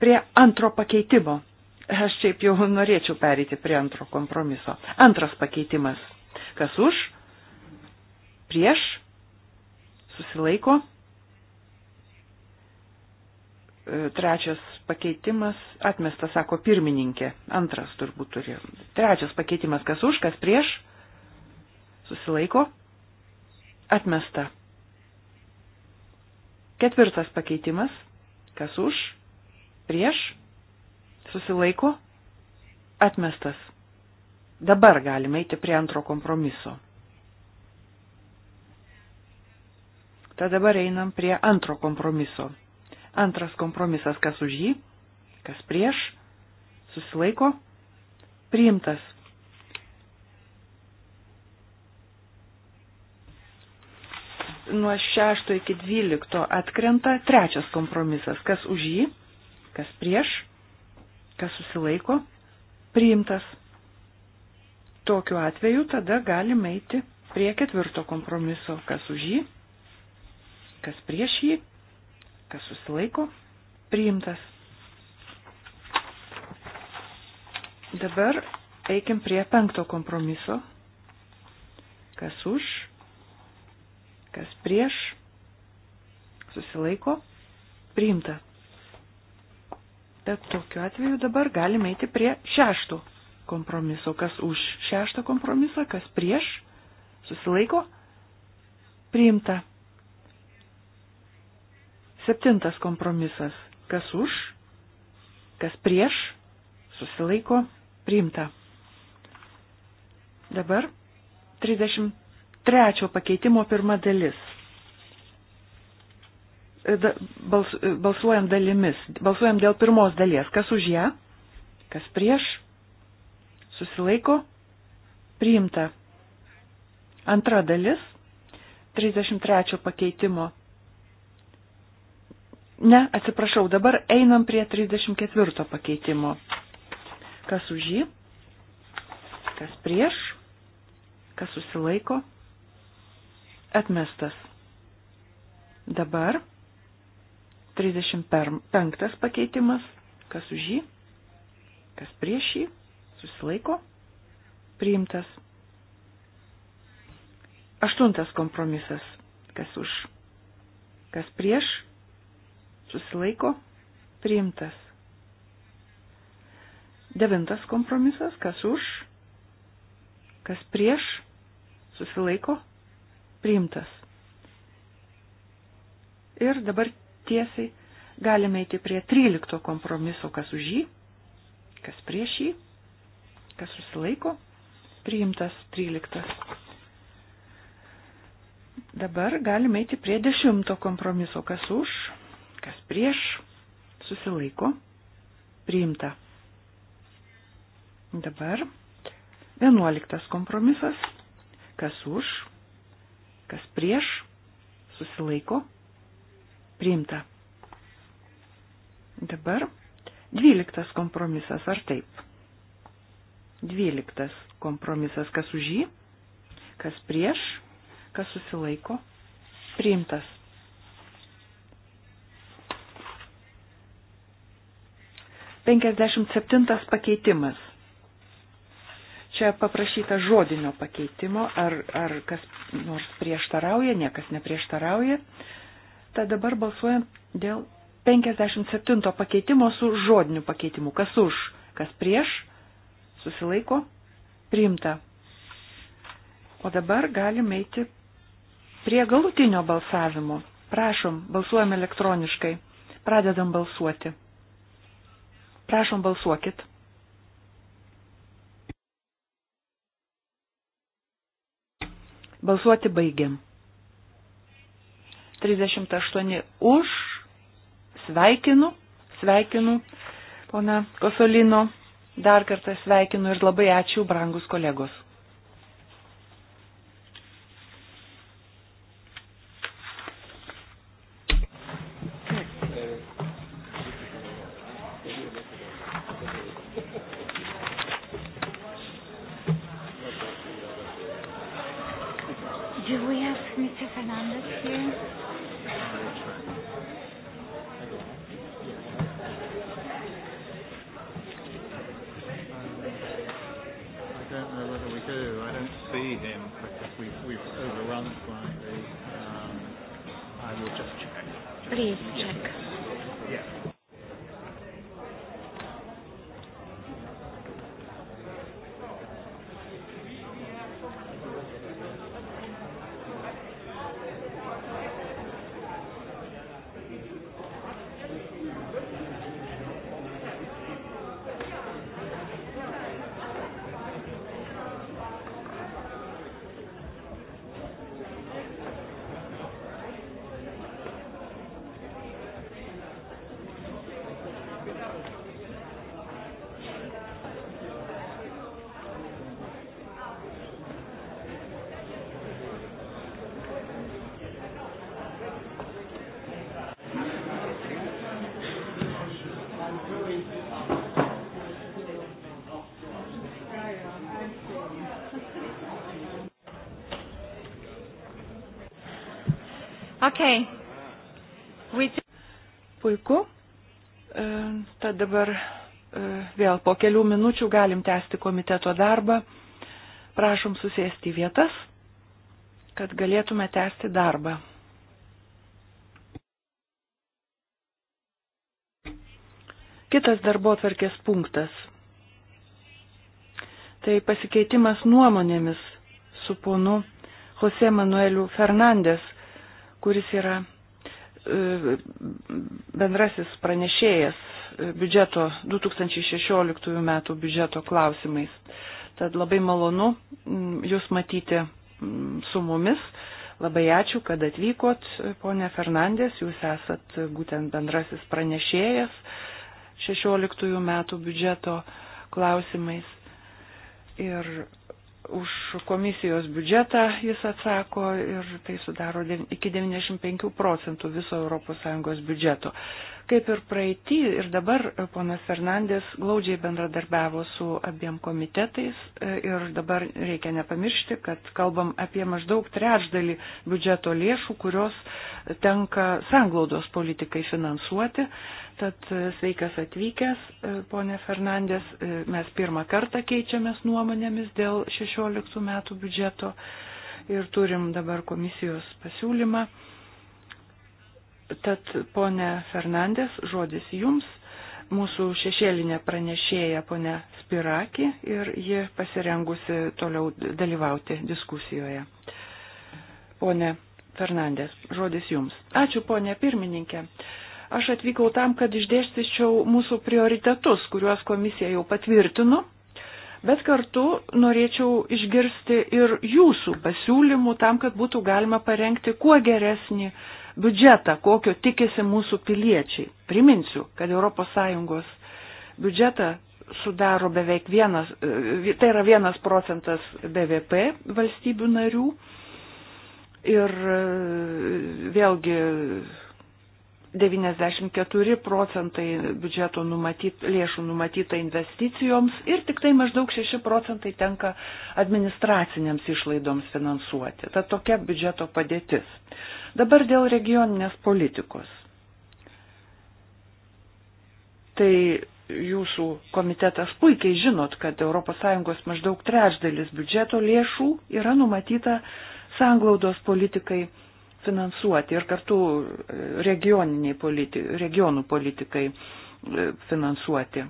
prie antro pakeitimo. Aš šiaip jau norėčiau perėti prie antro kompromiso. Antras pakeitimas. Kas už? Prieš? Susilaiko? E, trečias pakeitimas atmestas, sako pirmininkė. Antras turbūt turi. Trečias pakeitimas, kas už, kas prieš. Susilaiko. Atmesta. Ketvirtas pakeitimas, kas už, prieš. Susilaiko. Atmestas. Dabar galime eiti prie antro kompromiso. Tad dabar einam prie antro kompromiso. Antras kompromisas, kas už jį, kas prieš, susilaiko, priimtas. Nuo 6 iki 12 atkrenta trečias kompromisas, kas už jį, kas prieš, kas susilaiko, priimtas. Tokiu atveju tada galime eiti prie ketvirto kompromiso, kas už jį, kas prieš jį, kas susilaiko, priimtas. Dabar eikim prie penkto kompromiso. Kas už, kas prieš, susilaiko, priimta. Bet tokiu atveju dabar galime eiti prie šešto kompromiso. Kas už šeštą kompromisą, kas prieš, susilaiko, priimta. Septintas kompromisas. Kas už, kas prieš, susilaiko, priimta. Dabar 33 pakeitimo pirma dalis. E, da, bals, e, balsuojam dalimis. Balsuojam dėl pirmos dalies. Kas už ją, kas prieš, susilaiko, priimta. Antra dalis. 33 pakeitimo Ne, atsiprašau, dabar einam prie 34 pakeitimo. Kas už jį? Kas prieš? Kas susilaiko? Atmestas. Dabar 35 pakeitimas. Kas už jį? Kas prieš jį? Susilaiko? Priimtas. Aštuntas kompromisas. Kas už? Kas prieš? susilaiko priimtas. Devintas kompromisas, kas už, kas prieš, susilaiko priimtas. Ir dabar tiesiai galime eiti prie 13 kompromiso, kas už jį, kas prieš jį, kas susilaiko, priimtas 13. Dabar galime eiti prie 10 kompromiso, kas už, kas prieš, susilaiko, priimta. Dabar vienuoliktas kompromisas, kas už, kas prieš, susilaiko, priimta. Dabar dvyliktas kompromisas, ar taip? Dvyliktas kompromisas, kas už jį, kas prieš, kas susilaiko, priimtas. 57 pakeitimas. Čia paprašyta žodinio pakeitimo, ar, ar kas nors prieštarauja, niekas neprieštarauja. Tad dabar balsuojam dėl 57 pakeitimo su žodiniu pakeitimu. Kas už, kas prieš, susilaiko, priimta. O dabar galim eiti prie galutinio balsavimo. Prašom, balsuojam elektroniškai. Pradedam balsuoti. Prašom balsuokit. Balsuoti baigiam. 38 už. Sveikinu, sveikinu, pona Kosolino. Dar kartą sveikinu ir labai ačiū, brangus kolegos. Okay. We... Puiku. E, tad dabar e, vėl po kelių minučių galim tęsti komiteto darbą. Prašom susėsti vietas, kad galėtume tęsti darbą. Kitas darbo atvarkės punktas. Tai pasikeitimas nuomonėmis su ponu Jose Manueliu Fernandes, kuris yra e, bendrasis pranešėjas e, biudžeto 2016 metų biudžeto klausimais. Tad labai malonu Jūs matyti su mumis. Labai ačiū, kad atvykot, e, ponė Fernandės, Jūs esat būtent bendrasis pranešėjas 16 metų biudžeto klausimais. Ir už komisijos biudžetą jis atsako ir tai sudaro iki 95 procentų viso ES biudžeto. Kaip ir praeitį, ir dabar e, ponas Fernandės glaudžiai bendradarbiavo su abiem komitetais e, ir dabar reikia nepamiršti, kad kalbam apie maždaug trečdalį biudžeto lėšų, kurios tenka sanglaudos politikai finansuoti. Tad e, sveikas atvykęs, ponė Fernandės, mes pirmą kartą keičiamės nuomonėmis dėl 16 metų biudžeto ir turim dabar komisijos pasiūlymą Tad, ponė Fernandės, žodis jums, mūsų šešėlinė pranešėja ponė Spiraki ir ji pasirengusi toliau dalyvauti diskusijoje. Pone Fernandės, žodis jums. Ačiū, ponė pirmininkė. Aš atvykau tam, kad išdėstyčiau mūsų prioritetus, kuriuos komisija jau patvirtino bet kartu norėčiau išgirsti ir jūsų pasiūlymų tam, kad būtų galima parengti kuo geresnį biudžetą, kokio tikisi mūsų piliečiai. Priminsiu, kad ES biudžetą sudaro beveik vienas, e, tai yra vienas procentas BVP valstybių narių. Ir e, vėlgi 94 procentai biudžeto numatyt, lėšų numatyta investicijoms ir tik tai maždaug 6 procentai tenka administracinėms išlaidoms finansuoti. Ta tokia biudžeto padėtis. Dabar dėl regioninės politikos. Tai jūsų komitetas puikiai žinot, kad ES maždaug trečdalis biudžeto lėšų yra numatyta sanglaudos politikai finansuoti ir kartu e, regioniniai politi, regionų politikai e, finansuoti.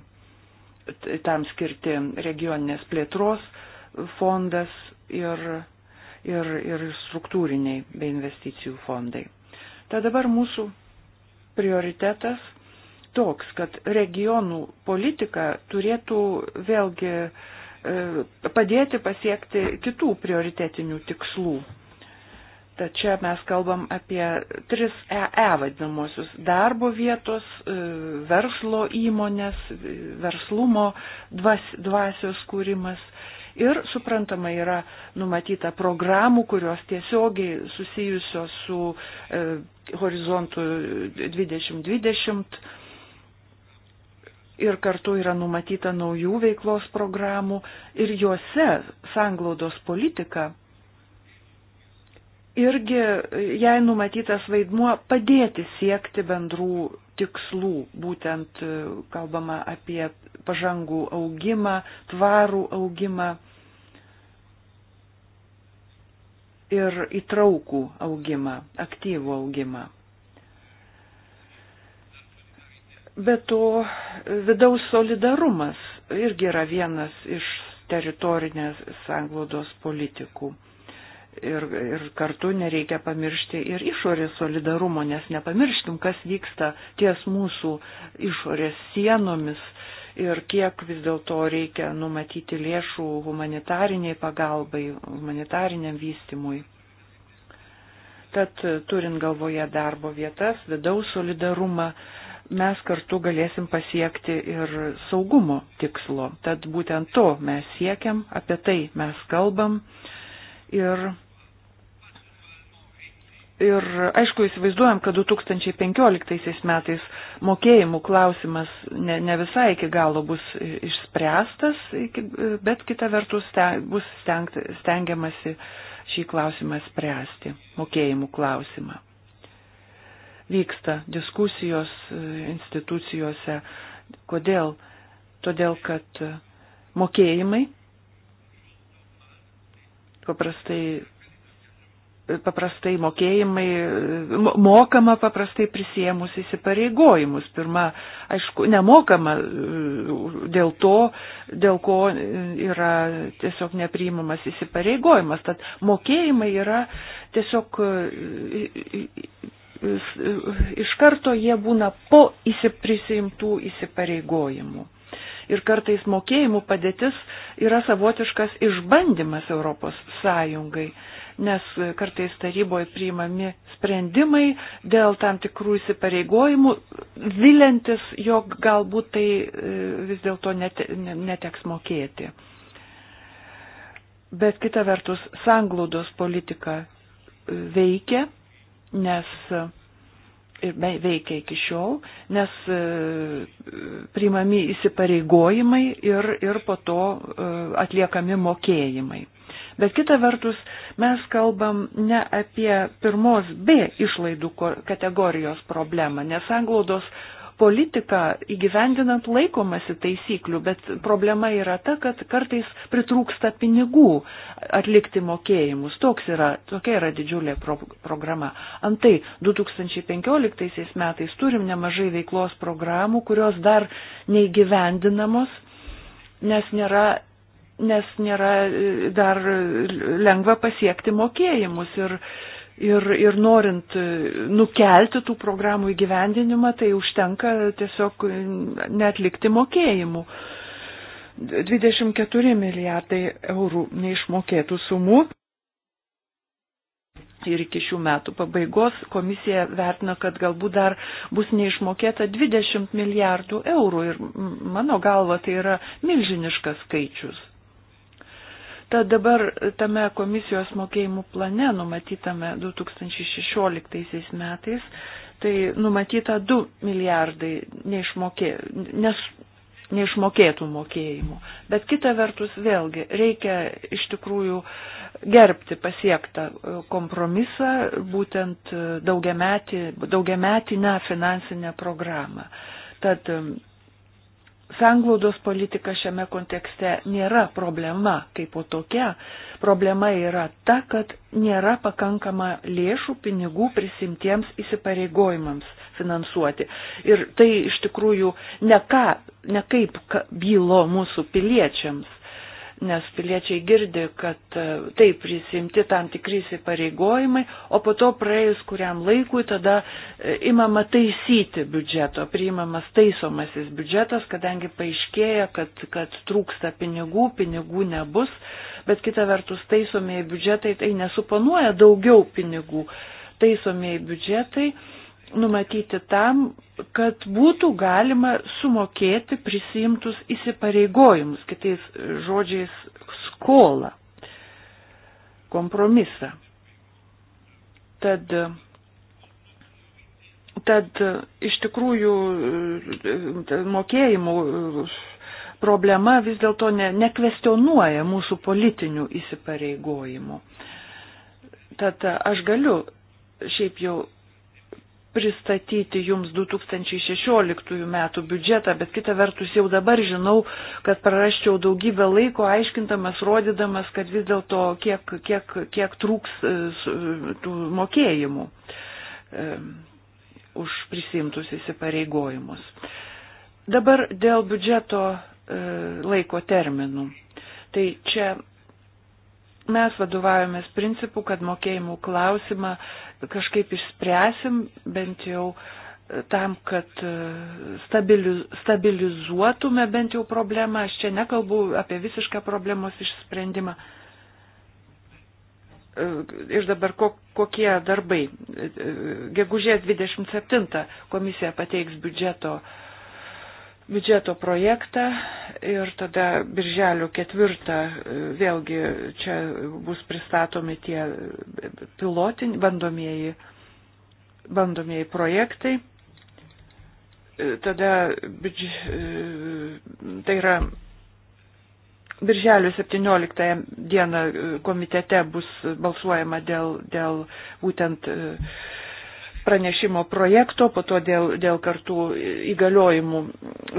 Tam skirti regioninės plėtros fondas ir, ir, ir struktūriniai bei investicijų fondai. Tad dabar mūsų prioritetas toks, kad regionų politika turėtų vėlgi e, padėti pasiekti kitų prioritetinių tikslų Tad čia mes kalbam apie 3EE e vadinamosius - darbo vietos, e, verslo įmonės, e, verslumo dvas, dvasios kūrimas. Ir suprantama yra numatyta programų, kurios tiesiogiai susijusios su e, horizontu 2020 ir kartu yra numatyta naujų veiklos programų ir juose sanglaudos politika irgi jai numatytas vaidmuo padėti siekti bendrų tikslų, būtent e, kalbama apie pažangų augimą, tvarų augimą ir įtraukų augimą, aktyvų augimą. Be to, vidaus solidarumas irgi yra vienas iš teritorinės sanglodos politikų ir, ir kartu nereikia pamiršti ir išorės solidarumo, nes nepamirškim, kas vyksta ties mūsų išorės sienomis ir kiek vis dėlto reikia numatyti lėšų humanitariniai pagalbai, humanitariniam vystimui. Tad turint galvoje darbo vietas, vidaus solidarumą, mes kartu galėsim pasiekti ir saugumo tikslo. Tad būtent to mes siekiam, apie tai mes kalbam. Uh, Ir, ir aišku, įsivaizduojam, kad 2015 metais mokėjimų klausimas ne, ne visai iki galo bus išspręstas, bet kita vertus ten, bus stengt, stengiamasi šį klausimą spręsti, mokėjimų klausimą. Vyksta diskusijos e, institucijose. Kodėl? Todėl, kad mokėjimai Paprastai, paprastai mokėjimai, mokama paprastai prisėmus įsipareigojimus. Pirma, aišku, nemokama e, dėl to, dėl ko yra tiesiog nepriimamas įsipareigojimas. Tad mokėjimai yra tiesiog e, iš karto jie būna po įsiprisimtų įsipareigojimų. Ir kartais mokėjimų padėtis yra savotiškas išbandymas Europos Sąjungai, nes kartais taryboje priimami sprendimai dėl tam tikrų įsipareigojimų, vilintis, jog galbūt tai e, vis dėlto neteks mokėti. Bet kita vertus, sanglaudos politika e, veikia, nes ir veikia iki šiol, nes e, priimami įsipareigojimai ir, ir po to e, atliekami mokėjimai. Bet kita vertus, mes kalbam ne apie pirmos B išlaidų kategorijos problemą, nes anglaudos politiką įgyvendinant laikomasi taisyklių, bet problema yra ta, kad kartais pritrūksta pinigų atlikti mokėjimus. Toks yra, tokia yra didžiulė pro programa. Antai 2015 metais turim nemažai veiklos programų, kurios dar neįgyvendinamos, nes nėra nes nėra e, dar lengva pasiekti mokėjimus ir Ir, ir norint e, nukelti tų programų įgyvendinimą, tai užtenka tiesiog netlikti mokėjimų. 24 milijardai eurų neišmokėtų sumų. Ir iki šių metų pabaigos komisija vertina, kad galbūt dar bus neišmokėta 20 milijardų eurų. Ir mano galva tai yra milžiniškas skaičius. Tad dabar tame komisijos mokėjimų plane numatytame 2016 metais, tai numatyta 2 milijardai neišmokė, nes, neišmokėtų mokėjimų. Bet kita vertus vėlgi reikia iš tikrųjų gerbti pasiektą kompromisą, būtent daugiametį, daugiametinę finansinę programą. Tad sanglaudos politika šiame kontekste nėra problema kaip po tokia. Problema yra ta, kad nėra pakankama lėšų pinigų prisimtiems įsipareigojimams finansuoti. Ir tai iš tikrųjų ne, ką, ne kaip bylo mūsų piliečiams nes piliečiai girdi, kad e, taip prisimti tam tikri įsipareigojimai, o po to praėjus kuriam laikui tada e, imama taisyti biudžeto, priimamas taisomasis biudžetas, kadangi paaiškėja, kad, kad trūksta pinigų, pinigų nebus, bet kita vertus taisomieji biudžetai tai nesuponuoja daugiau pinigų. Taisomieji biudžetai numatyti tam, kad būtų galima sumokėti prisimtus įsipareigojimus, kitais žodžiais skolą, kompromisą. Tad, tad iš tikrųjų mokėjimų problema vis dėlto ne, nekvestionuoja mūsų politinių įsipareigojimų. Tad aš galiu šiaip jau pristatyti jums 2016 metų biudžetą, bet kita vertus jau dabar žinau, kad prarasčiau daugybę laiko aiškintamas, rodydamas, kad vis dėlto kiek, kiek, kiek trūks e, tų mokėjimų e, už prisimtus įsipareigojimus. Dabar dėl biudžeto e, laiko terminų. Tai čia mes vadovavomės principu, kad mokėjimų klausimą kažkaip išspręsim, bent jau e, tam, kad e, stabilizuotume bent jau problemą. Aš čia nekalbu apie visišką problemos išsprendimą. E, ir dabar kokie darbai. Gegužės 27 komisija pateiks biudžeto uh, biudžeto projektą ir tada birželio ketvirtą e, vėlgi čia bus pristatomi tie pilotiniai, bandomieji, bandomieji projektai. E, tada e, tai yra birželio 17 dieną komitete bus balsuojama dėl, dėl būtent pranešimo projekto, po to dėl, dėl kartų įgaliojimų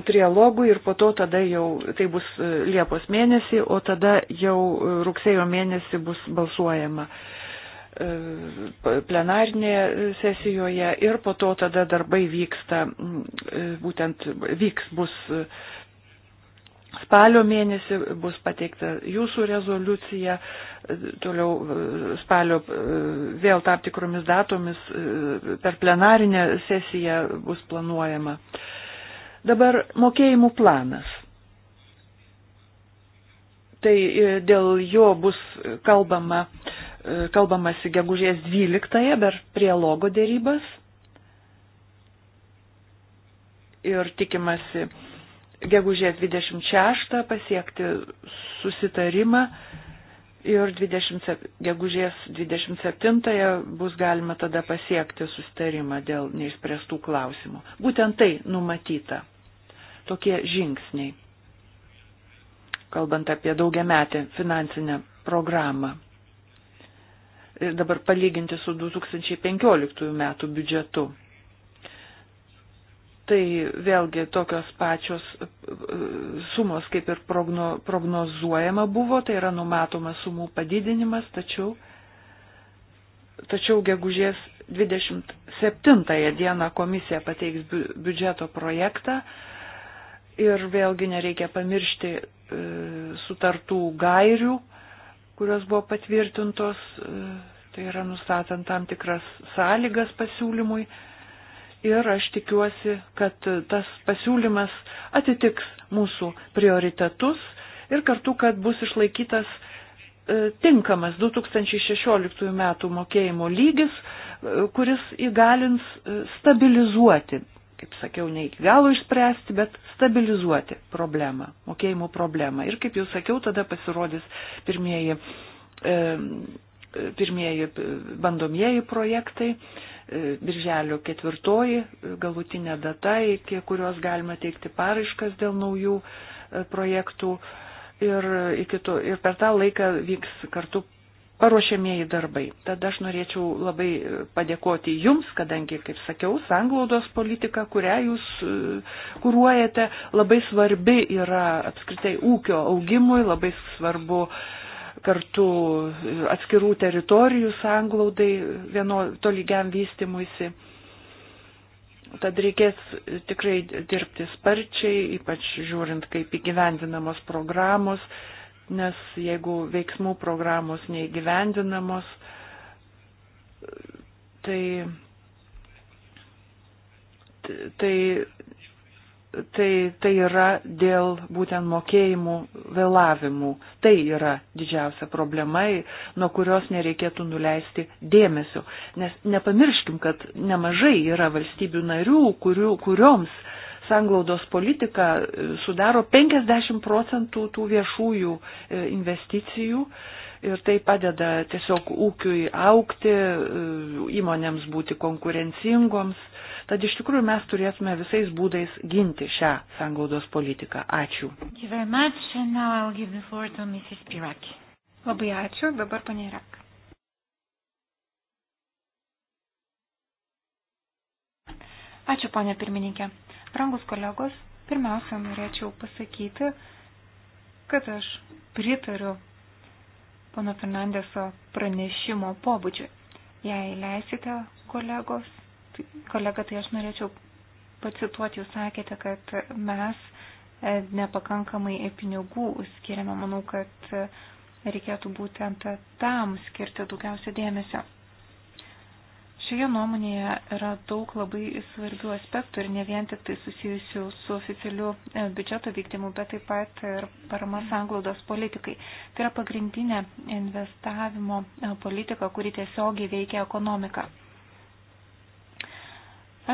trialogų ir po to tada jau, tai bus e, Liepos mėnesį, o tada jau rugsėjo mėnesį bus balsuojama e, plenarnėje sesijoje ir po to tada darbai vyksta, e, būtent vyks bus Spalio mėnesį bus pateikta jūsų rezoliucija, toliau e, spalio e, vėl tam tikromis datomis e, per plenarinę sesiją bus planuojama. Dabar mokėjimų planas. Tai dėl jo bus kalbama, kalbamasi gegužės 12-ąją per prielogo dėrybas. Ir tikimasi gegužės 26 pasiekti susitarimą ir 20, gegužės 27 bus galima tada pasiekti susitarimą dėl neišspręstų klausimų. Būtent tai numatyta. Tokie žingsniai, kalbant apie daugiametę finansinę programą. Ir dabar palyginti su 2015 metų biudžetu tai vėlgi tokios pačios e, sumos, kaip ir progno, prognozuojama buvo, tai yra numatomas sumų padidinimas, tačiau, tačiau gegužės 27 dieną komisija pateiks biudžeto projektą ir vėlgi nereikia pamiršti e, sutartų gairių, kurios buvo patvirtintos, e, tai yra nustatant tam tikras sąlygas pasiūlymui ir aš tikiuosi, kad tas pasiūlymas atitiks mūsų prioritetus ir kartu, kad bus išlaikytas e, tinkamas 2016 metų mokėjimo lygis, e, kuris įgalins e, stabilizuoti, kaip sakiau, ne iki galo išspręsti, bet stabilizuoti problemą, mokėjimų problemą. Ir kaip jau sakiau, tada pasirodys pirmieji, pirmieji bandomieji projektai E, birželio ketvirtoji e, galutinė data, iki kurios galima teikti paraiškas dėl naujų e, projektų. Ir, to, ir per tą laiką vyks kartu paruošiamieji darbai. Tad aš norėčiau labai padėkoti Jums, kadangi, kaip sakiau, sanglaudos politika, kurią Jūs kūruojate, labai svarbi yra apskritai ūkio augimui, labai svarbu uh, kartu atskirų teritorijų sanglaudai vieno tolygiam vystimuisi. Tad reikės tikrai dirbti sparčiai, ypač žiūrint, kaip įgyvendinamos programos, nes jeigu veiksmų programos neįgyvendinamos, tai, tai tai, tai yra dėl būtent mokėjimų vėlavimų. Tai yra didžiausia problema, nuo kurios nereikėtų nuleisti dėmesio. Nes nepamirškim, kad nemažai yra valstybių narių, kurių, kurioms sanglaudos politika e, sudaro 50 procentų tų viešųjų e, investicijų ir tai padeda tiesiog ūkiui aukti, e, įmonėms būti konkurencingoms. Tad iš tikrųjų mes turėtume visais būdais ginti šią sangaudos politiką. Ačiū. Labai ačiū, dabar panė Irak. Ačiū, ponė pirmininkė. Rangus kolegos, pirmiausia, norėčiau pasakyti, kad aš pritariu pono Fernandeso pranešimo pobūdžiui. Jei leisite, kolegos, tai, kolega, tai aš norėčiau pacituoti, jūs sakėte, kad mes e, nepakankamai pinigų skiriame. Manau, kad e, reikėtų būtent tam skirti daugiausia dėmesio. Šioje nuomonėje yra daug labai svarbių aspektų ir ne vien tik tai susijusių su oficialiu e, biudžeto vykdymu, bet taip pat ir parama sanglaudos politikai. Tai yra pagrindinė investavimo e, politika, kuri tiesiogiai veikia ekonomiką.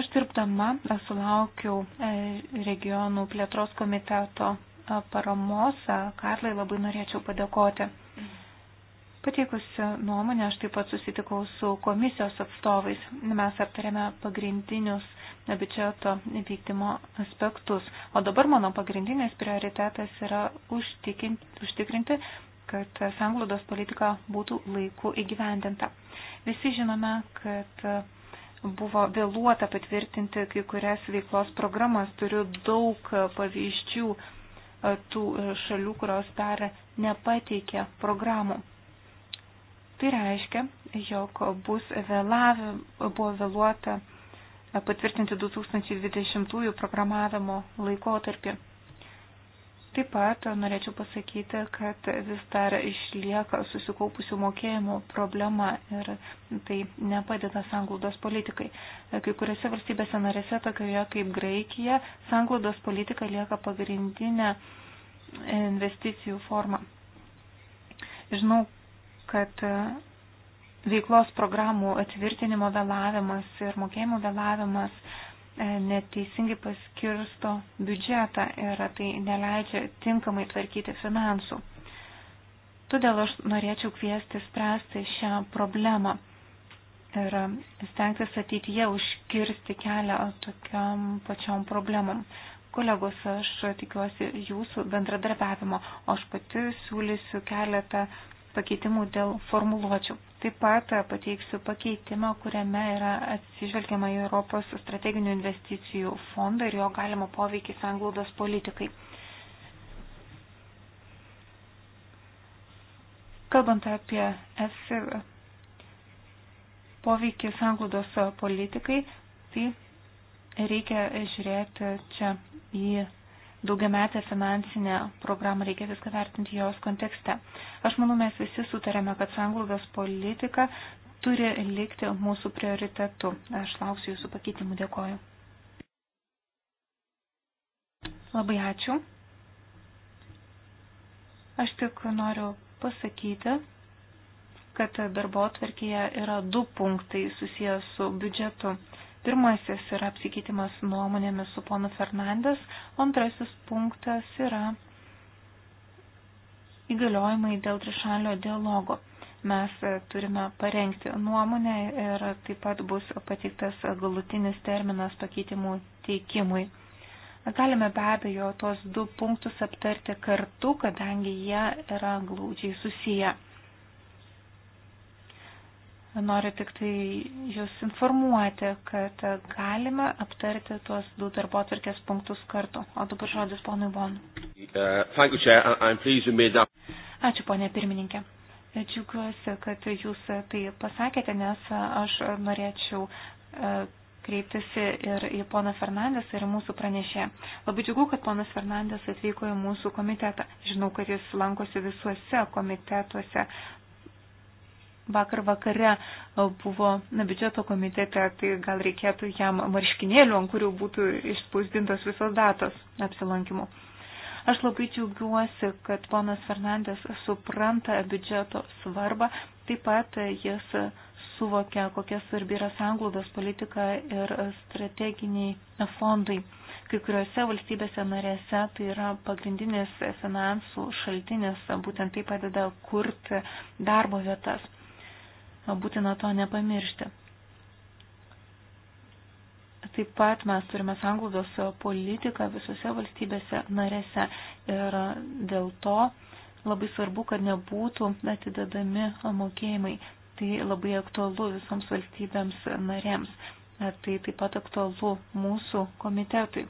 Aš dirbdama e, sulaukiau regionų plėtros komiteto paramos. Karlai labai norėčiau padėkoti. Pateikusi nuomonę, aš taip pat susitikau su komisijos atstovais. Mes aptarėme pagrindinius biudžeto vykdymo aspektus. O dabar mano pagrindinis prioritetas yra užtikrinti, kad sanglaudos politika būtų laiku įgyvendinta. Visi žinome, kad buvo vėluota patvirtinti kai kurias veiklos programas. Turiu daug pavyzdžių e, tų e, šalių, kurios dar nepateikė programų. Tai reiškia, jog bus vėlavė, buvo vėluota patvirtinti 2020 programavimo laikotarpį. Taip pat norėčiau pasakyti, kad vis dar išlieka susikaupusių mokėjimų problema ir tai nepadeda sanglaudos politikai. Kai kuriuose valstybėse narėse, tokioje kaip Graikija, sanglaudos politika lieka pagrindinė investicijų forma. Žinau, kad e, veiklos programų atvirtinimo vėlavimas ir mokėjimų vėlavimas e, neteisingai paskirsto biudžetą ir tai neleidžia tinkamai tvarkyti finansų. Todėl aš norėčiau kviesti spręsti šią problemą ir stengtis ateityje užkirsti kelią tokiam pačiom problemam. Kolegos, aš tikiuosi jūsų bendradarbiavimo, o aš pati siūlysiu keletą pakeitimų dėl formuluočių. Taip pat pateiksiu pakeitimą, kuriame yra atsižvelgiama į Europos strateginių investicijų fondą ir jo galimo poveikį sanglaudos politikai. Kalbant apie ESI poveikį sanglaudos politikai, tai reikia žiūrėti čia į daugiametę finansinę programą, reikia viską vertinti jos kontekste. Aš manau, mes visi sutarėme, kad sanglaudos politika turi likti mūsų prioritetu. Aš lauksiu jūsų pakeitimų, dėkoju. Labai ačiū. Aš tik noriu pasakyti, kad darbo atverkėje yra du punktai susijęs su biudžetu. Pirmasis yra apsikeitimas nuomonėmis su ponu Fernandes, antrasis punktas yra įgaliojimai dėl trišalio dialogo. Mes turime parengti nuomonę ir taip pat bus pateiktas galutinis terminas pakeitimų teikimui. Galime be abejo tos du punktus aptarti kartu, kadangi jie yra glaudžiai susiję. Noriu tik tai jūs informuoti, kad galime aptarti tuos du darbo atvirkės punktus kartu. O dabar žodis ponui Von. Uh, Ačiū, ponė pirmininkė. Džiugiuosi, kad jūs tai pasakėte, nes aš norėčiau uh, kreiptis ir į poną Fernandės ir mūsų pranešė. Labai džiugu, kad ponas Fernandės atvyko į mūsų komitetą. Žinau, kad jis lankosi visuose komitetuose, vakar vakare buvo na, biudžeto komitete, tai gal reikėtų jam marškinėlių, ant kurių būtų išspausdintos visos datos apsilankimų. Aš labai džiaugiuosi, kad ponas Fernandės supranta biudžeto svarbą, taip pat jis suvokia, kokia svarbi yra sanglaudos politika ir strateginiai fondai. Kai kuriuose valstybėse narėse tai yra pagrindinis finansų šaltinis, būtent tai padeda kurti darbo vietas būtina to nepamiršti. Taip pat mes turime sanglaudos politiką visose valstybėse narėse ir dėl to labai svarbu, kad nebūtų atidedami mokėjimai. Tai labai aktualu visoms valstybėms narėms. Tai taip pat aktualu mūsų komitetui.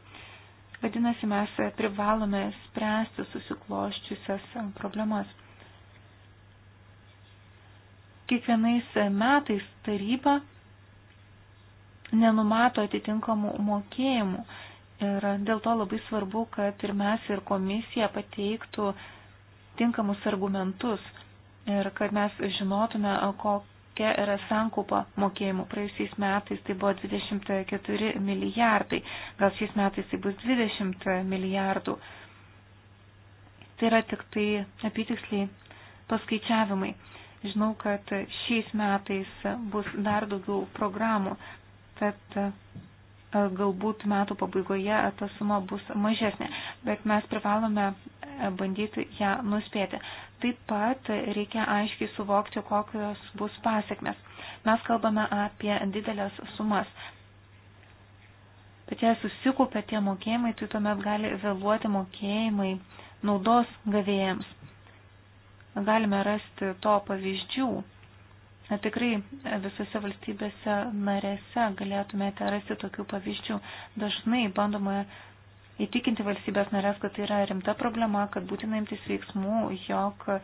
Vadinasi, mes privalome spręsti susikloščiusias problemas kiekvienais metais taryba nenumato atitinkamų mokėjimų. Ir dėl to labai svarbu, kad ir mes, ir komisija pateiktų tinkamus argumentus ir kad mes žinotume, kokia yra sankupa mokėjimų. Praėjusiais metais tai buvo 24 milijardai, gal šiais metais tai bus 20 milijardų. Tai yra tik tai apitiksliai paskaičiavimai. Žinau, kad šiais metais bus dar daugiau programų, tad e, galbūt metų pabaigoje ta suma bus mažesnė, bet mes privalome e, bandyti ją nuspėti. Taip pat reikia aiškiai suvokti, kokios bus pasiekmes. Mes kalbame apie didelės sumas. Bet jei susikupia tie mokėjimai, tai tuomet gali vėluoti mokėjimai naudos gavėjams galime rasti to pavyzdžių. Tikrai visose valstybėse narėse galėtumėte rasti tokių pavyzdžių. Dažnai bandoma įtikinti valstybės narės, kad tai yra rimta problema, kad būtina imtis veiksmų, jog e,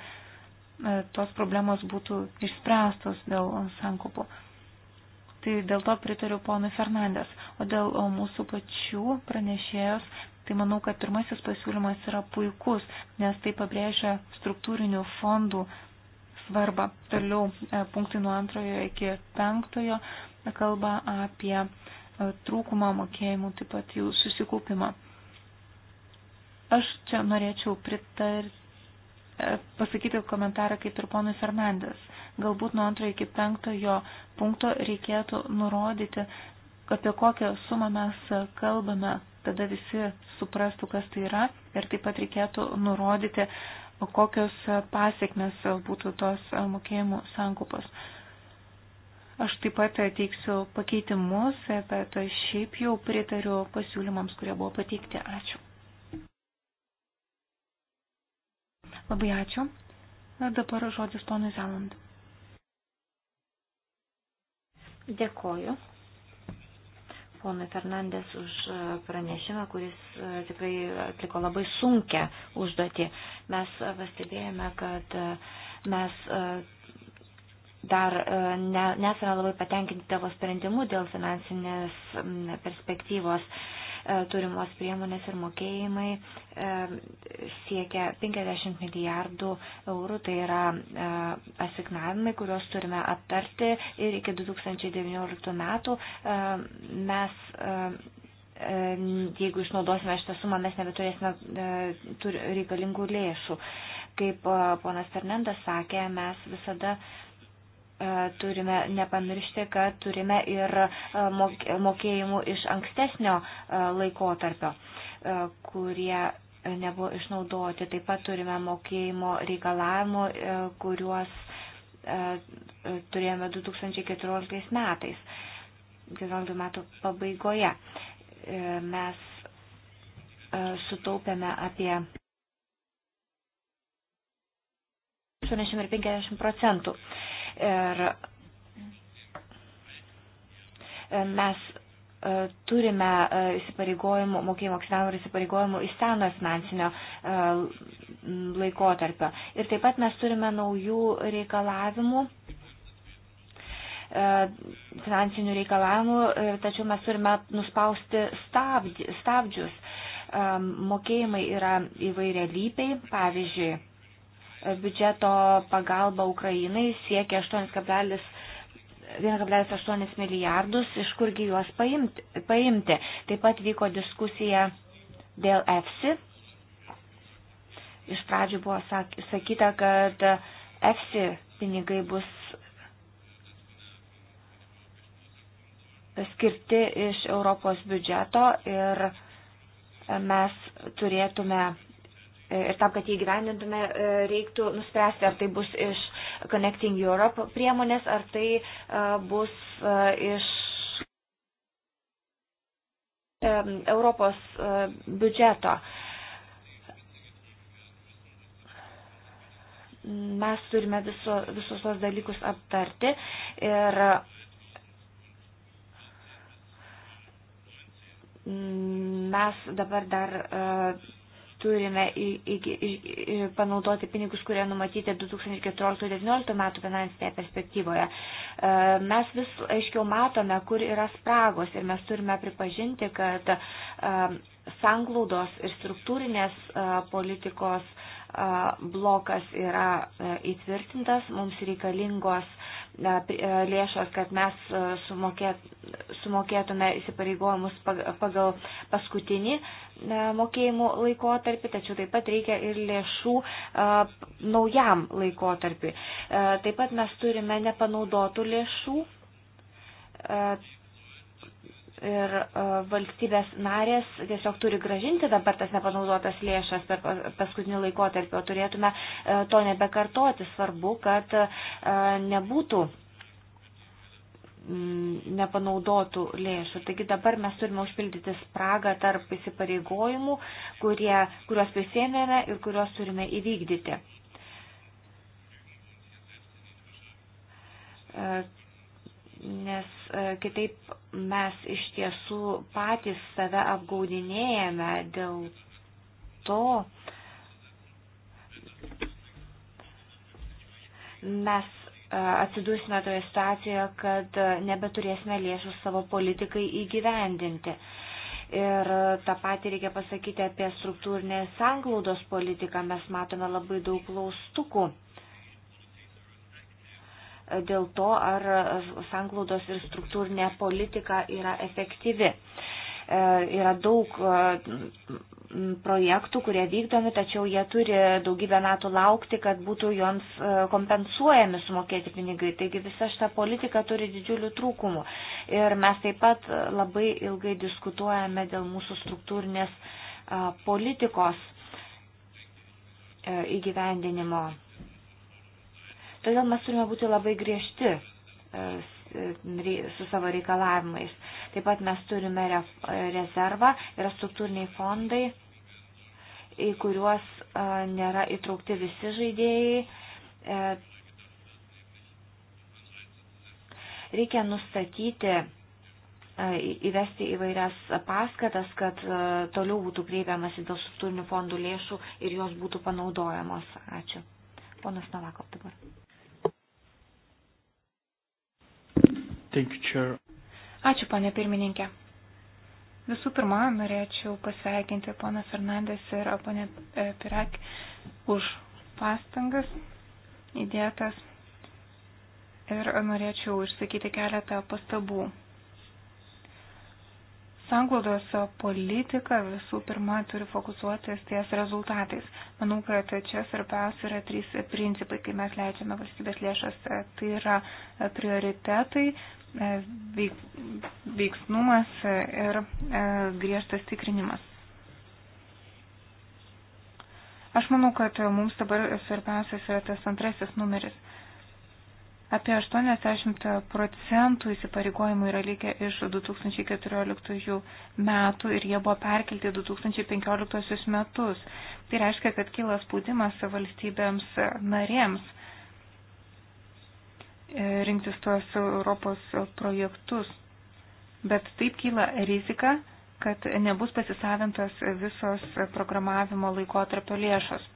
tos problemos būtų išspręstos dėl sankopų. Tai dėl to pritariu ponui Fernandės. O dėl mūsų pačių pranešėjos tai manau, kad pirmasis pasiūlymas yra puikus, nes tai pabrėžia struktūrinių fondų svarbą. Toliau e, punktai nuo antrojo iki penktojo kalba apie e, trūkumą mokėjimų, taip pat jų susikaupimą. Aš čia norėčiau pritarti, e, pasakyti komentarą kaip ir ponui Fernandes. Galbūt nuo antrojo iki penktojo punkto reikėtų nurodyti, apie kokią sumą mes kalbame, tada visi suprastų, kas tai yra ir taip pat reikėtų nurodyti, kokios pasiekmes būtų tos mokėjimų sankupos. Aš taip pat teiksiu pakeitimus, bet šiaip jau pritariu pasiūlymams, kurie buvo pateikti. Ačiū. Labai ačiū. Na, dabar žodis ponui Zeland. Dėkoju ponui Fernandės už e, pranešimą, kuris e, tikrai atliko labai sunkę užduotį. Mes e, pastebėjome, kad mes dar nesame labai patenkinti tavo sprendimu dėl finansinės perspektyvos E, turimos priemonės ir mokėjimai e, siekia 50 milijardų eurų, tai yra e, asignavimai, kuriuos turime aptarti ir iki 2019 metų mes jeigu išnaudosime šitą sumą, mes nebeturėsime reikalingų lėšų. Kaip ponas Fernandas sakė, mes visada uh, E, turime nepamiršti, kad turime ir e, mokėjimų iš ankstesnio e, laikotarpio, kurie nebuvo išnaudoti. Taip pat turime mokėjimo reikalavimų, kuriuos turėjome 2014 metais, 2014 metų pabaigoje. Mes sutaupėme apie 80 ir 50 procentų. Ir e, mes e, turime e, įsipareigojimų, mokėjimo aksinavimo ir įsipareigojimų iš seno finansinio laikotarpio. Ir taip pat mes turime naujų reikalavimų finansinių reikalavimų, tačiau mes turime nuspausti stabdžius. Mokėjimai yra įvairia lypiai, pavyzdžiui, biudžeto pagalba Ukrainai siekia 1,8 milijardus, iš kurgi juos paimti, paimti. Taip pat vyko diskusija dėl EFSI. Iš pradžių buvo sakyta, kad EFSI pinigai bus skirti iš Europos biudžeto ir mes turėtume Ir tam, kad jį gyvendintume, e, reiktų nuspręsti, ar tai bus iš Connecting Europe priemonės, ar tai e, bus e, iš Europos biudžeto. Mes turime viso, visus tos dalykus aptarti ir mes dabar dar uh, turime į, į, į, panaudoti pinigus, kurie numatyti 2014-2019 metų finansinėje perspektyvoje. E, mes vis aiškiau matome, kur yra spragos ir mes turime pripažinti, kad e, sanglaudos ir struktūrinės e, politikos blokas yra įtvirtintas, mums reikalingos E, lėšas, kad mes e, sumokėtume įsipareigojimus pagal paskutinį e, mokėjimų laikotarpį, tačiau taip pat reikia ir lėšų naujam laikotarpiu. Taip pat mes turime nepanaudotų lėšų ir e, valstybės narės tiesiog turi gražinti dabar tas nepanaudotas lėšas per paskutinį laikotarpį, o turėtume e, to nebekartoti. Svarbu, kad e, nebūtų mm, nepanaudotų lėšų. Taigi dabar mes turime užpildyti spragą tarp įsipareigojimų, kurie, kuriuos prisėmėme ir kuriuos turime įvykdyti. Nes E, kitaip mes iš tiesų patys save apgaudinėjame dėl to, mes e, atsidursime toje situacijoje, kad nebeturėsime lėšų savo politikai įgyvendinti. Ir tą patį reikia pasakyti apie struktūrinę sanglaudos politiką. Mes matome labai daug klaustukų dėl to, ar sanglaudos ir struktūrinė politika yra efektyvi. E, yra daug e, projektų, kurie vykdomi, tačiau jie turi daugybę metų laukti, kad būtų joms e, kompensuojami sumokėti pinigai. Taigi visa šita politika turi didžiulių trūkumų. Ir mes taip pat labai ilgai diskutuojame dėl mūsų struktūrinės politikos įgyvendinimo Todėl mes turime būti labai griežti e, su savo reikalavimais. Taip pat mes turime rezervą, yra struktūriniai fondai, į kuriuos e, nėra įtraukti visi žaidėjai. E, reikia nustatyti, įvesti įvairias paskatas, kad toliau būtų kreipiamasi dėl struktūrinių fondų lėšų ir jos būtų panaudojamos. Ačiū. Ponas Novakov dabar. Ačiū, ponė pirmininkė. Visų pirma, norėčiau pasveikinti poną Fernandes ir ponę e, Pirak už pastangas įdėtas ir norėčiau išsakyti keletą pastabų. Sanglaudos politika visų pirma turi fokusuotis ties rezultatais. Manau, kad čia svarbiausia yra trys principai, kai mes leidžiame valstybės lėšas. Tai yra prioritetai, E, veiksnumas ir e, griežtas tikrinimas. Aš manau, kad mums dabar svarbiausias yra tas antrasis numeris. Apie 80 procentų įsipareigojimų yra likę iš 2014 metų ir jie buvo perkelti 2015 metus. Tai reiškia, kad kyla spaudimas valstybėms narėms E, rinktis tuos Europos projektus. Bet taip kyla rizika, kad nebus pasisavintos visos programavimo laikotarpio lėšos.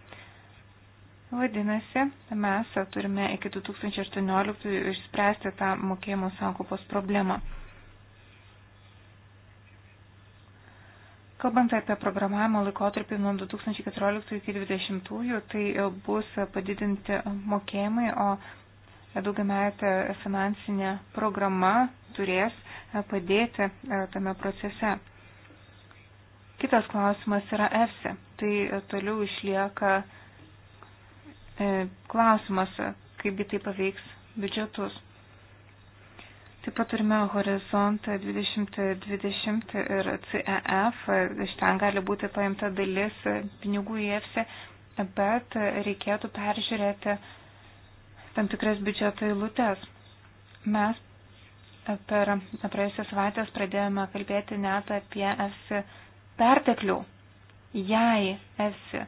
Vadinasi, mes turime iki 2018 išspręsti tą mokėjimo sankupos problemą. Kalbant apie programavimo laikotarpį nuo 2014 iki 2020, tai bus padidinti mokėjimai, o daugiametė finansinė programa turės e, padėti e, tame procese. Kitas klausimas yra EFSI. Tai e, toliau išlieka klausimas, kaipgi tai paveiks biudžetus. Taip pat turime horizontą 2020 ir CEF, iš ten gali būti paimta dalis pinigų į EFSI, bet reikėtų peržiūrėti tam tikras biudžeto eilutes. Mes e, per praėjusią savaitę pradėjome kalbėti net apie esi perteklių. Jei esi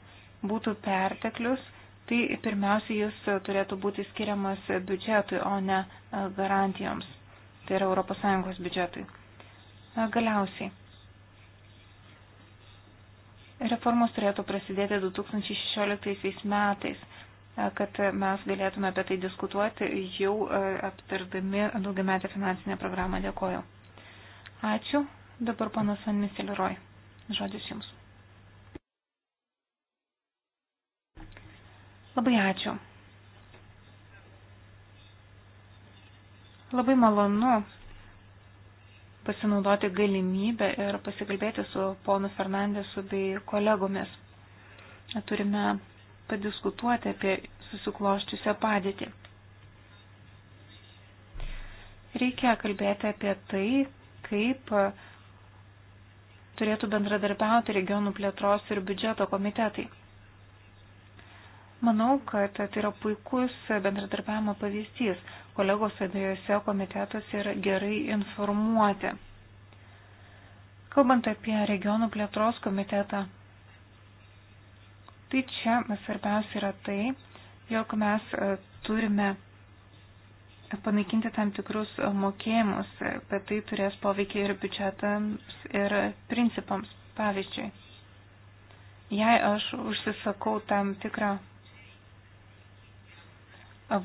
būtų perteklius, tai pirmiausia jis turėtų būti skiriamas biudžetui, o ne e, garantijoms. Tai yra ES biudžetui. E, galiausiai. Reformos turėtų prasidėti 2016 metais kad mes galėtume apie tai diskutuoti jau e, aptardami daugiametę finansinę programą. Dėkoju. Ačiū. Dabar panas Anmis Eliroj. Žodis jums. Labai ačiū. Labai malonu pasinaudoti galimybę ir pasikalbėti su ponu Fernandesu bei kolegomis. Turime padiskutuoti apie susikloščiusią padėtį. Reikia kalbėti apie tai, kaip turėtų bendradarbiauti regionų plėtros ir biudžeto komitetai. Manau, kad tai yra puikus bendradarbiavimo pavyzdys. Kolegos abiejose komitetuose yra gerai informuoti. Kalbant apie regionų plėtros komitetą, Tai čia svarbiausia yra tai, jog mes e, turime panaikinti tam tikrus e, mokėjimus, e, bet tai turės poveikį ir biudžetams, ir principams. Pavyzdžiui, jei aš užsisakau tam tikrą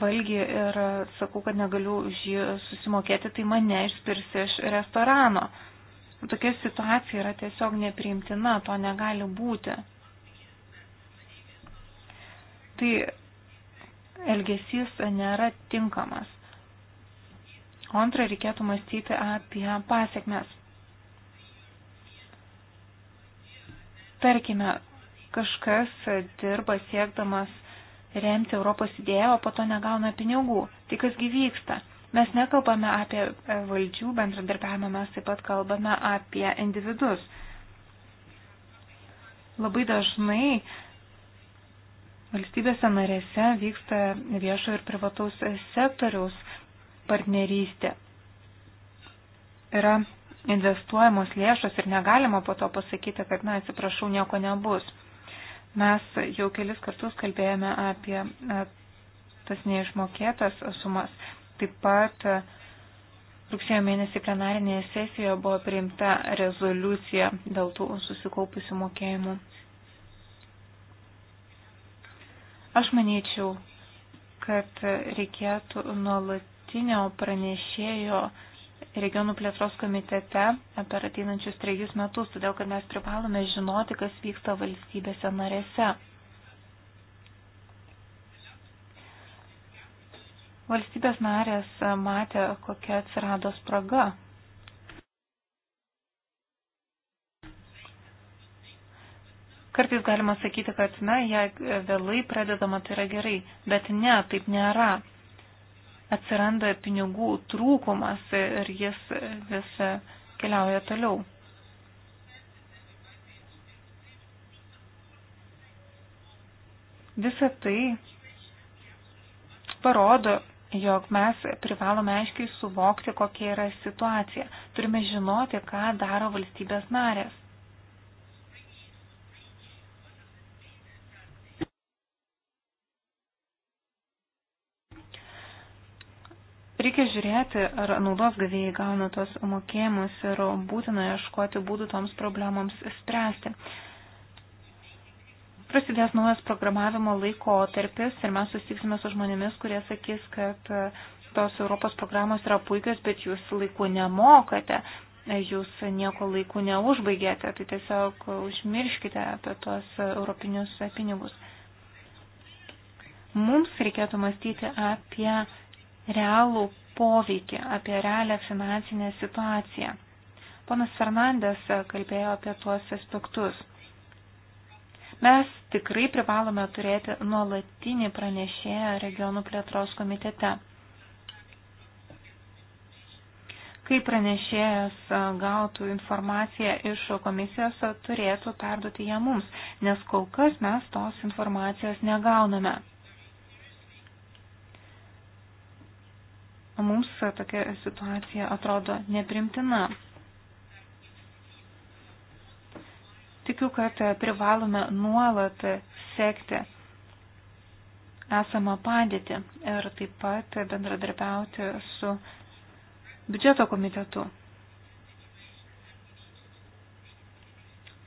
valgį ir sakau, kad negaliu už jį susimokėti, tai mane išspirs iš restorano. Tokia situacija yra tiesiog nepriimtina, to negali būti tai elgesys nėra tinkamas. O antra, reikėtų mąstyti apie pasiekmes. Tarkime, kažkas dirba siekdamas remti Europos idėją, o po to negauna pinigų. Tai kasgi vyksta? Mes nekalbame apie valdžių bendradarbiavimą, mes taip pat kalbame apie individus. Labai dažnai Valstybėse narėse vyksta viešo ir privataus sektoriaus partnerystė. Yra investuojamos lėšos ir negalima po to pasakyti, kad, na, atsiprašau, nieko nebus. Mes jau kelis kartus kalbėjome apie tas neišmokėtas sumas. Taip pat rugsėjo mėnesį plenarinėje sesijoje buvo priimta rezoliucija dėl tų susikaupusių mokėjimų. Aš manyčiau, kad reikėtų nuolatinio pranešėjo regionų plėtros komitete per ateinančius trejus metus, todėl kad mes privalome žinoti, kas vyksta valstybėse narėse. Valstybės narės matė, kokia atsirado spraga Kartais galima sakyti, kad na, jei vėlai pradedama, tai yra gerai, bet ne, taip nėra. Atsiranda pinigų trūkumas ir jis vis keliauja toliau. Visa tai parodo, jog mes privalome aiškiai suvokti, kokia yra situacija. Turime žinoti, ką daro valstybės narės. Reikia žiūrėti, ar naudos gavėjai gauna tos mokėjimus ir būtina ieškoti būdų toms problemams spręsti. Prasidės naujas programavimo laikotarpis ir mes susitiksime su žmonėmis, kurie sakys, kad tos Europos programos yra puikios, bet jūs laiku nemokate, jūs nieko laiku neužbaigėte, tai tiesiog užmirškite apie tuos europinius pinigus. Mums reikėtų mąstyti apie realų poveikį, apie realią finansinę situaciją. Ponas Fernandes kalbėjo apie tuos aspektus. Mes tikrai privalome turėti nuolatinį pranešėją regionų plėtros komitete. Kai pranešėjas gautų informaciją iš komisijos, turėtų perduoti ją mums, nes kol kas mes tos informacijos negauname. Mums tokia situacija atrodo neprimtina. Tikiu, kad privalome nuolat sekti esamą padėtį ir taip pat bendradarbiauti su biudžeto komitetu.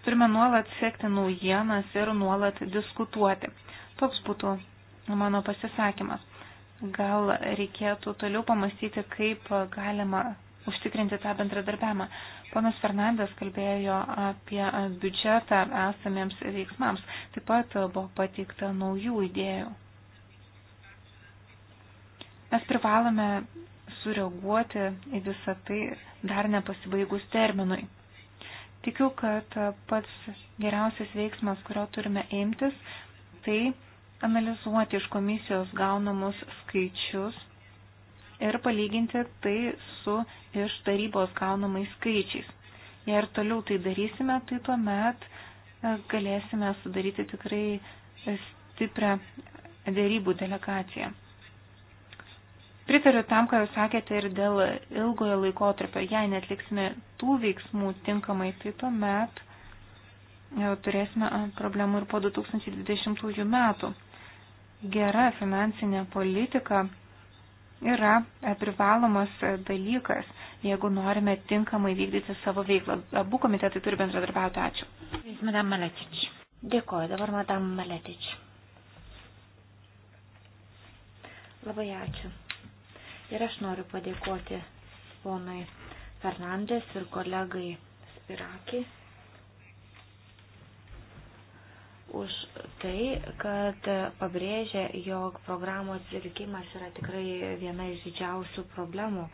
Turime nuolat sekti naujienas ir nuolat diskutuoti. Toks būtų mano pasisakymas gal reikėtų toliau pamastyti, kaip galima užtikrinti tą bendradarbiavimą. Ponas Fernandas kalbėjo apie biudžetą esamiems veiksmams. Taip pat buvo pateikta naujų idėjų. Mes privalome sureaguoti į visą tai dar nepasibaigus terminui. Tikiu, kad pats geriausias veiksmas, kurio turime imtis, tai analizuoti iš komisijos gaunamus skaičius ir palyginti tai su iš tarybos gaunamais skaičiais. Jei ir toliau tai darysime, tai tuomet e, galėsime sudaryti tikrai stiprią dėrybų delegaciją. Pritariu tam, ką jūs sakėte ir dėl ilgojo laikotarpio. Jei netliksime tų veiksmų tinkamai, tai tuomet e, turėsime problemų ir po 2020 metų gera finansinė politika yra privalomas dalykas, jeigu norime tinkamai vykdyti savo veiklą. Abu komitetai turi bendradarbiauti. Ačiū. Madame Maletič. Dėkoju. Dabar Madame Maletič. Labai ačiū. Ir aš noriu padėkoti ponui Fernandės ir kolegai Spiraki už tai, kad pabrėžė, jog programos likimas yra tikrai viena iš didžiausių problemų.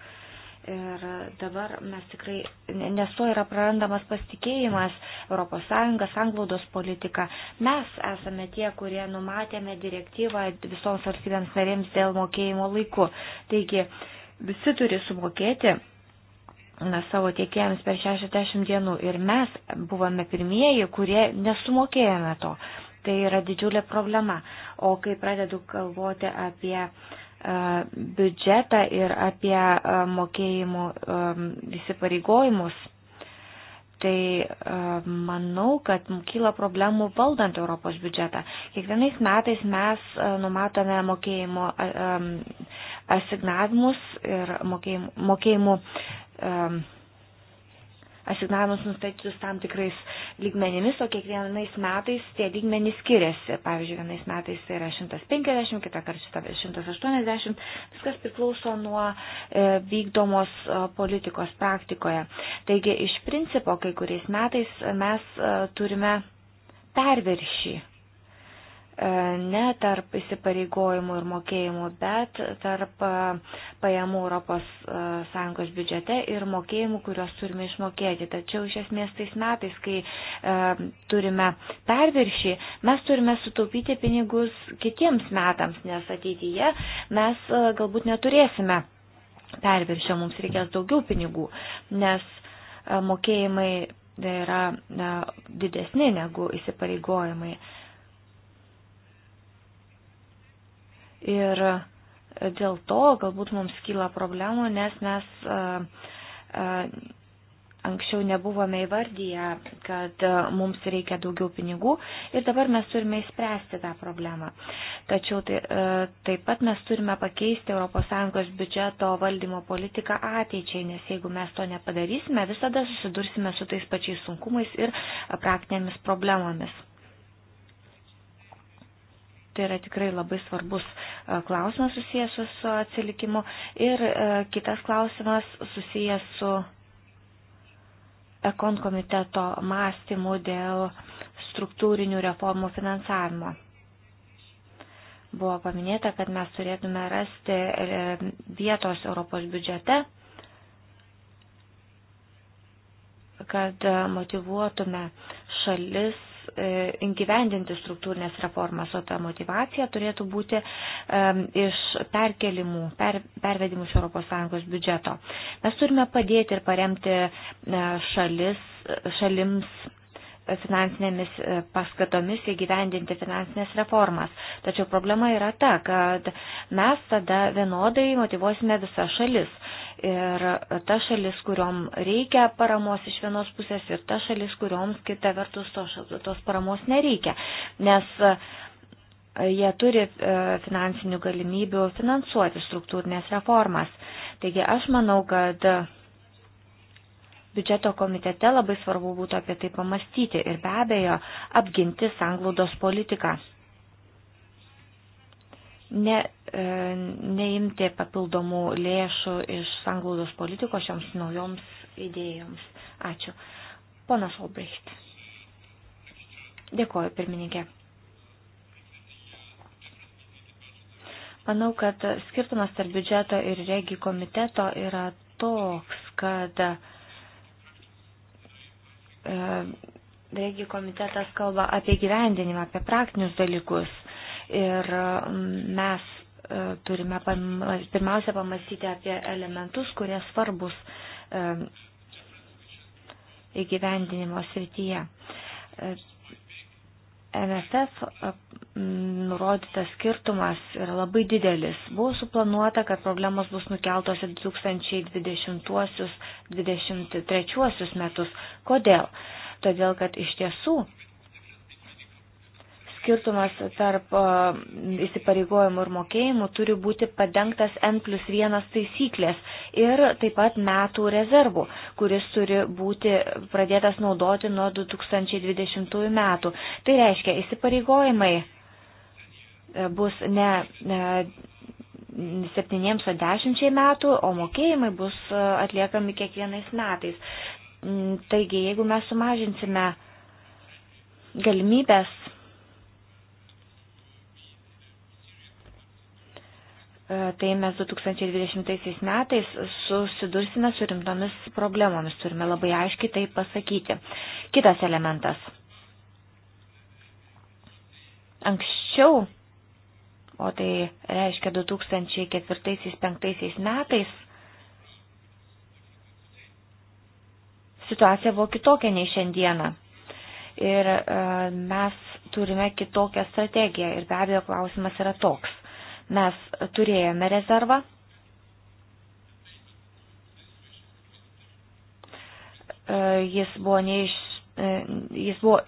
Ir dabar mes tikrai, nes to yra prarandamas pasitikėjimas ES, sanglaudos politika. Mes esame tie, kurie numatėme direktyvą visoms valstybėms narėms dėl mokėjimo laiku. Taigi visi turi sumokėti na, savo tiekėjams per 60 dienų ir mes buvome pirmieji, kurie nesumokėjome to. Tai yra didžiulė problema. O kai pradedu galvoti apie uh, biudžetą ir apie uh, mokėjimų um, įsipareigojimus, tai uh, manau, kad kyla problemų valdant Europos biudžetą. Kiekvienais metais mes uh, numatome mokėjimo uh, um, asignavimus ir mokėjimų, mokėjimų uh, Um, asignavimus nustatytus tam tikrais lygmenimis, o kiekvienais metais tie lygmenys skiriasi. Pavyzdžiui, vienais metais tai yra 150, kitą kartą 180. Viskas priklauso nuo e, vykdomos e, politikos praktikoje. Taigi, iš principo, kai kuriais metais mes e, turime perviršį E, ne tarp įsipareigojimų ir mokėjimų, bet tarp e, pajamų ES e, biudžete ir mokėjimų, kuriuos turime išmokėti. Tačiau iš esmės tais metais, kai e, turime perviršį, mes turime sutaupyti pinigus kitiems metams, nes ateityje mes e, galbūt neturėsime perviršio, mums reikės daugiau pinigų, nes e, mokėjimai yra e, didesni negu įsipareigojimai. E, Ir dėl to galbūt mums kyla problemų, nes mes anksčiau nebuvome įvardyje, kad mums reikia daugiau pinigų ir dabar mes turime įspręsti tą problemą. Tačiau tai, taip pat mes turime pakeisti ES biudžeto valdymo politiką ateičiai, nes jeigu mes to nepadarysime, visada susidursime su tais pačiais sunkumais ir praktinėmis problemomis. Tai yra tikrai labai svarbus e, klausimas susijęs su atsilikimu. Ir e, kitas klausimas susijęs su ekon komiteto mąstymu dėl struktūrinių reformų finansavimo. Buvo paminėta, kad mes turėtume rasti e, vietos Europos biudžete kad motivuotume šalis E, įgyvendinti struktūrinės reformas, o ta motivacija turėtų būti e, iš perkelimų, per, pervedimų iš ES biudžeto. Mes turime padėti ir paremti e, šalis, šalims finansinėmis e, paskatomis įgyvendinti finansinės reformas. Tačiau problema yra ta, kad mes tada vienodai motivuosime visas šalis. Ir ta šalis, kuriuom reikia paramos iš vienos pusės ir ta šalis, kurioms kita vertus tos, tos paramos nereikia. Nes e, jie turi e, finansinių galimybių finansuoti struktūrinės reformas. Taigi aš manau, kad biudžeto komitete labai svarbu būtų apie tai pamastyti ir be abejo apginti sanglaudos politiką. Ne, e, neimti papildomų lėšų iš sanglaudos politikos šioms naujoms idėjoms. Ačiū. Ponas Olbricht. Dėkoju, pirmininkė. Manau, kad skirtumas tarp biudžeto ir regijų komiteto yra toks, kad e, E, regi komitetas kalba apie gyvendinimą, apie praktinius dalykus. Ir mes e, turime pirmiausia pamastyti apie elementus, kurie svarbus e, įgyvendinimo srityje. MFF e e, nurodytas skirtumas yra labai didelis. Buvo suplanuota, kad problemos bus nukeltos į 2020-2023 metus. Kodėl? Todėl, kad iš tiesų skirtumas tarp įsipareigojimų ir mokėjimų turi būti padengtas N plus 1 taisyklės ir taip pat metų rezervų, kuris turi būti pradėtas naudoti nuo 2020 metų. Tai reiškia, įsipareigojimai e, bus ne. ne 7 ar 10 metų, o mokėjimai bus e, atliekami kiekvienais metais. Taigi, jeigu mes sumažinsime galimybės E, tai mes 2020 metais susidursime su rimtomis problemomis, turime labai aiškiai tai pasakyti. Kitas elementas. Anksčiau, o tai reiškia 2004-2005 metais, situacija buvo kitokia nei šiandieną. Ir e, mes turime kitokią strategiją ir be abejo klausimas yra toks Mes turėjome rezervą. E, jis buvo, neiš, e, jis buvo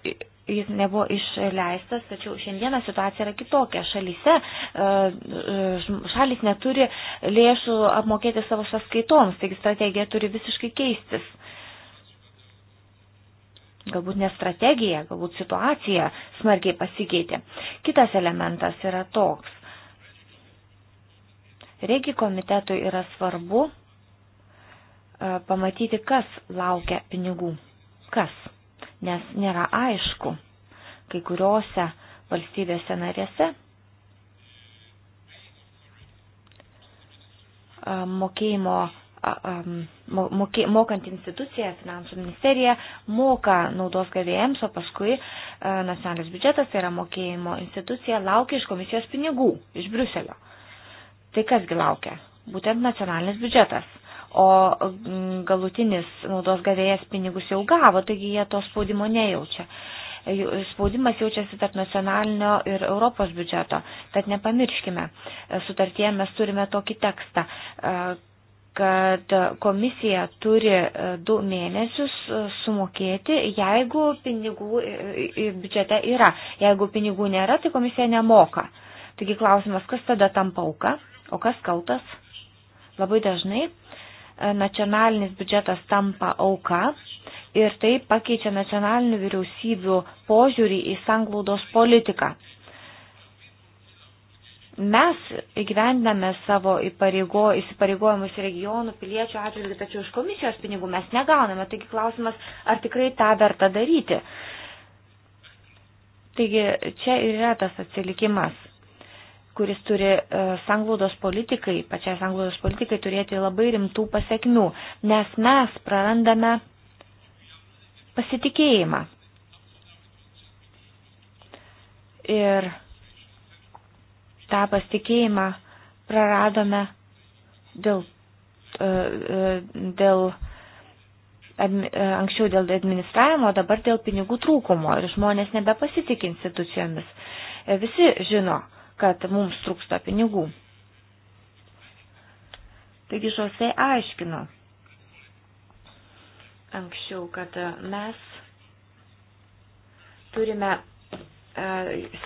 jis nebuvo išleistas, tačiau šiandieną situacija yra kitokia. Šalyse e, šalis neturi lėšų apmokėti savo sąskaitoms, taigi strategija turi visiškai keistis. Galbūt ne strategija, galbūt situacija smarkiai pasikeitė. Kitas elementas yra toks. Regi komitetui yra svarbu e, pamatyti, kas laukia pinigų. Kas? Nes nėra aišku. Kai kuriuose valstybėse narėse e, mokėjimo mokė, mokant instituciją, finansų ministerija moka naudos gavėjams, o paskui e, nacionalinis biudžetas, tai yra mokėjimo institucija, laukia iš komisijos pinigų iš Briuselio. Uh, tai kasgi laukia? Būtent nacionalinis biudžetas. O mm, galutinis naudos gavėjas pinigus jau gavo, taigi jie to spaudimo nejaučia. Spaudimas jaučiasi tarp nacionalinio ir Europos biudžeto. Tad nepamirškime, e, sutartie mes turime tokį tekstą, e, kad komisija turi e, du mėnesius sumokėti, jeigu pinigų biudžete yra. Jeigu pinigų nėra, tai komisija nemoka. Taigi klausimas, kas tada tampa auka? O kas kaltas? Labai dažnai e, nacionalinis biudžetas tampa auka ir tai pakeičia nacionalinių vyriausybių požiūrį į sanglaudos politiką. Mes įgyvendame savo įpareigo, įsipareigojimus regionų piliečių atžvilgių, tačiau iš komisijos pinigų mes negauname. Taigi klausimas, ar tikrai tą verta daryti. Taigi čia ir yra tas atsilikimas kuris turi e, sanglaudos politikai, pačiai sanglaudos politikai turėti labai rimtų pasiekmių, nes mes prarandame pasitikėjimą. Ir tą pasitikėjimą praradome dėl, e, e, dėl anksčiau dėl administravimo, dabar dėl pinigų trūkumo ir žmonės nebepasitik institucijomis. Visi žino, kad mums trūksta pinigų. Taigi Žosė aiškino anksčiau, kad mes turime e,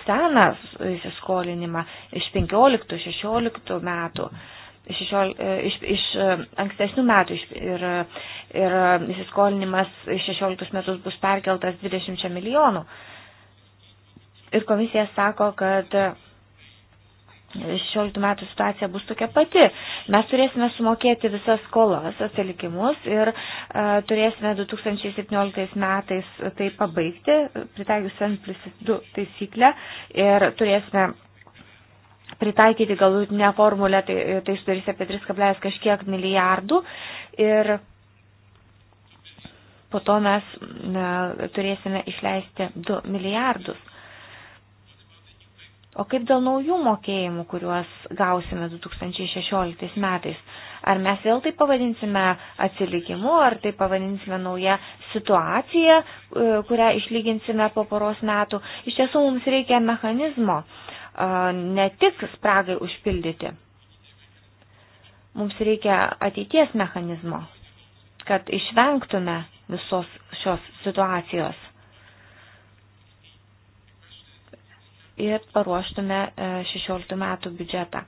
seną įsiskolinimą iš 15-16 metų, šešiol, e, iš, iš e, ankstesnių metų iš, ir, ir įsiskolinimas 16 metus bus perkeltas 20 milijonų. Ir komisija sako, kad 16 metų situacija bus tokia pati. Mes turėsime sumokėti visas skolas, atsilikimus ir e, turėsime 2017 metais tai pabaigti, pritaikius N plus 2 taisyklę ir turėsime pritaikyti galutinę formulę, tai, tai sudarys apie 3, kažkiek milijardų ir po to mes e, turėsime išleisti 2 milijardus. O kaip dėl naujų mokėjimų, kuriuos gausime 2016 metais? Ar mes vėl tai pavadinsime atsilikimu, ar tai pavadinsime nauja situacija, e, kurią išlyginsime po poros metų? Iš tiesų mums reikia mechanizmo, e, ne tik spragai užpildyti. Mums reikia ateities mechanizmo, kad išvengtume visos šios situacijos. ir paruoštume 16 e, metų biudžetą.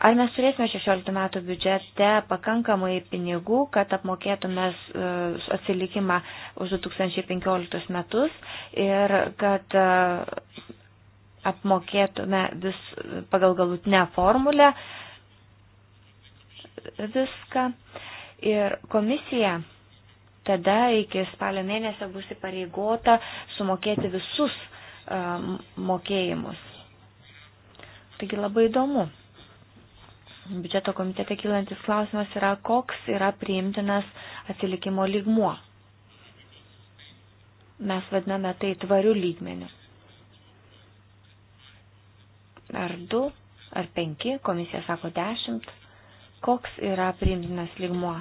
Ar mes turėsime 16 metų biudžete pakankamai pinigų, kad apmokėtume e, atsilikimą už 2015 metus ir kad e, apmokėtume vis pagal galutinę formulę viską. Ir komisija tada iki spalio mėnesio bus įpareigota sumokėti visus E, mokėjimus. Taigi labai įdomu. Biudžeto komitete kilantis klausimas yra, koks yra priimtinas atsilikimo lygmuo. Mes vadiname tai tvarių lygmenių. Ar du, ar penki, komisija sako dešimt. Koks yra priimtinas lygmuo?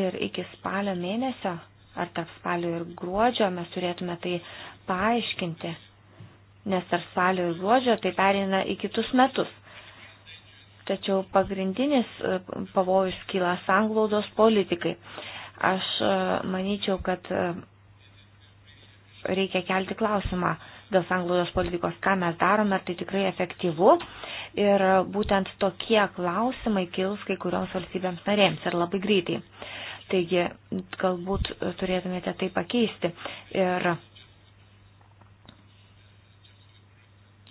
Ir iki spalio mėnesio, ar tarp spalio ir gruodžio mes turėtume tai paaiškinti nes ir spalio ir gruodžio tai pereina į kitus metus. Tačiau pagrindinis e, pavojus kyla sanglaudos politikai. Aš e, manyčiau, kad e, reikia kelti klausimą dėl sanglaudos politikos, ką mes darome, ar tai tikrai efektyvu. Ir būtent tokie klausimai kils kai kurioms valstybėms narėms ir labai greitai. Taigi, galbūt turėtumėte tai pakeisti. Ir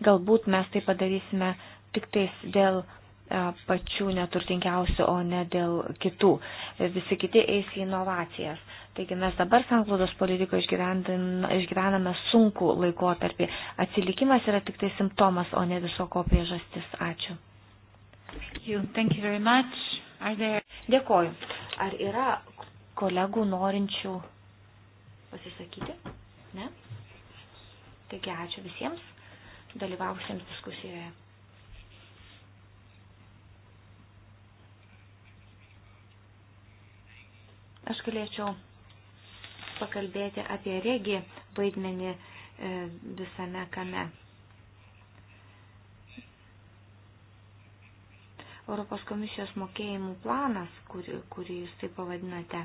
Galbūt mes tai padarysime tik tais dėl e, pačių neturtingiausių, o ne dėl kitų. Visi kiti eis į inovacijas. Taigi mes dabar sanglaudos politiko išgyvename sunku laikotarpį. Atsilikimas yra tik tai simptomas, o ne viso ko priežastis. Ačiū. Thank you very much. Are there... Dėkoju. Ar yra kolegų norinčių pasisakyti? Ne? Taigi ačiū visiems dalyvavusiems diskusijoje. Aš galėčiau pakalbėti apie regį vaidmenį e, visame kame. Europos komisijos mokėjimų planas, kurį, kurį jūs taip pavadinate,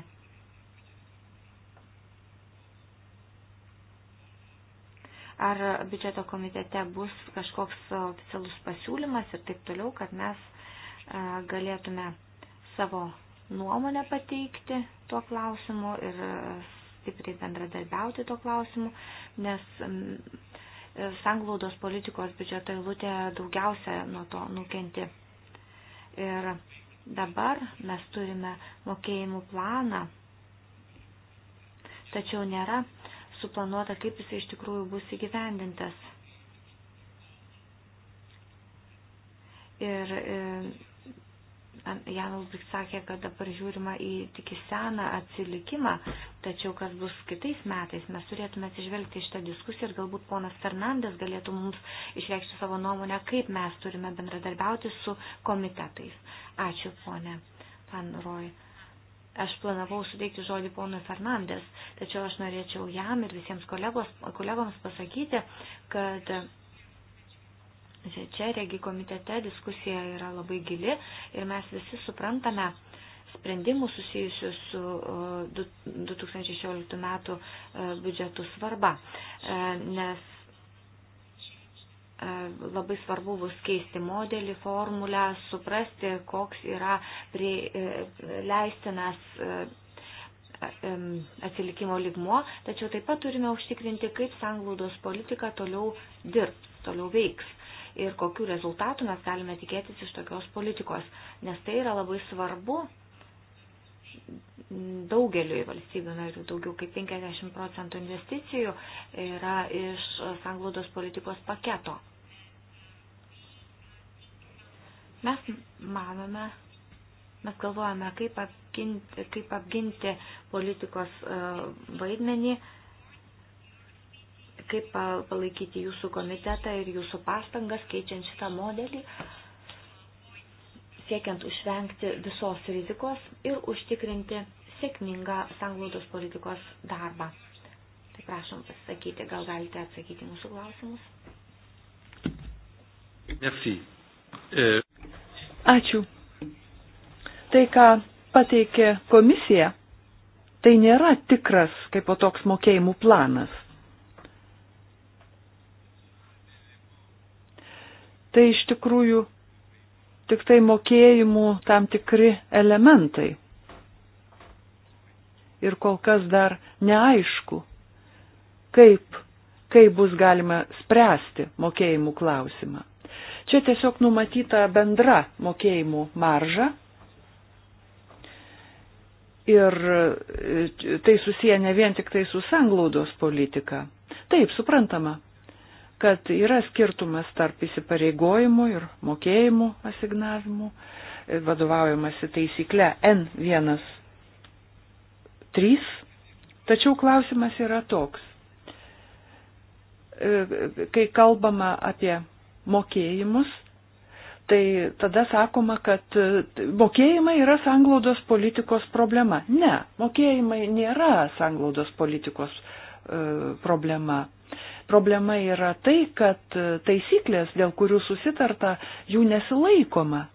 ar biudžeto komitete bus kažkoks oficialus pasiūlymas ir taip toliau, kad mes e, galėtume savo nuomonę pateikti tuo klausimu ir e, stipriai bendradarbiauti tuo klausimu, nes e, sanglaudos politikos biudžeto eilutė daugiausia nuo to nukenti. Ir dabar mes turime mokėjimų planą, tačiau nėra suplanuota, kaip jis iš tikrųjų bus įgyvendintas. Ir e, Jan Ulbrich sakė, kad dabar žiūrima į tik į seną atsilikimą, tačiau kas bus kitais metais, mes turėtume atsižvelgti šitą diskusiją ir galbūt ponas Fernandas galėtų mums išreikšti savo nuomonę, kaip mes turime bendradarbiauti su komitetais. Ačiū, ponė Pan Roy. Aš planavau suteikti žodį ponui Fernandės, tačiau aš norėčiau jam ir visiems kolegos, kolegoms pasakyti, kad čia regi komitete diskusija yra labai gili ir mes visi suprantame sprendimų susijusių su 2016 uh, metų uh, biudžetu svarba, uh, nes E, labai svarbu bus keisti modelį, formulę, suprasti, koks yra prie, e, leistinas e, atsilikimo ligmuo, tačiau taip pat turime užtikrinti, kaip sanglaudos politika toliau dirbs, toliau veiks ir kokiu rezultatu mes galime tikėtis iš tokios politikos, nes tai yra labai svarbu daugeliu valstybių narių, daugiau kaip 50 procentų investicijų yra iš sanglaudos politikos paketo. Mes manome, mes galvojame, kaip apginti, kaip apginti politikos e, vaidmenį, kaip palaikyti jūsų komitetą ir jūsų pastangas, keičiant šitą modelį, siekiant užvengti visos rizikos ir užtikrinti sėkmingą sanglaudos politikos darbą. Tai prašom pasakyti, gal galite atsakyti mūsų klausimus. Merci. E... Ačiū. Tai, ką pateikė komisija, tai nėra tikras kaip o toks mokėjimų planas. Tai iš tikrųjų tik tai mokėjimų tam tikri elementai. Ir kol kas dar neaišku, kaip, kaip bus galima spręsti mokėjimų klausimą. Čia tiesiog numatyta bendra mokėjimų marža. Ir e, tai susiję ne vien tik tai su sanglaudos politika. Taip, suprantama, kad yra skirtumas tarp įsipareigojimų ir mokėjimų asignavimų, e, vadovaujamasi taisykle N13. Tačiau klausimas yra toks. E, kai kalbama apie mokėjimus, tai tada sakoma, kad e, mokėjimai yra sanglaudos politikos problema. Ne, mokėjimai nėra sanglaudos politikos e, problema. Problema yra tai, kad e, taisyklės, dėl kurių susitarta, jų nesilaikoma.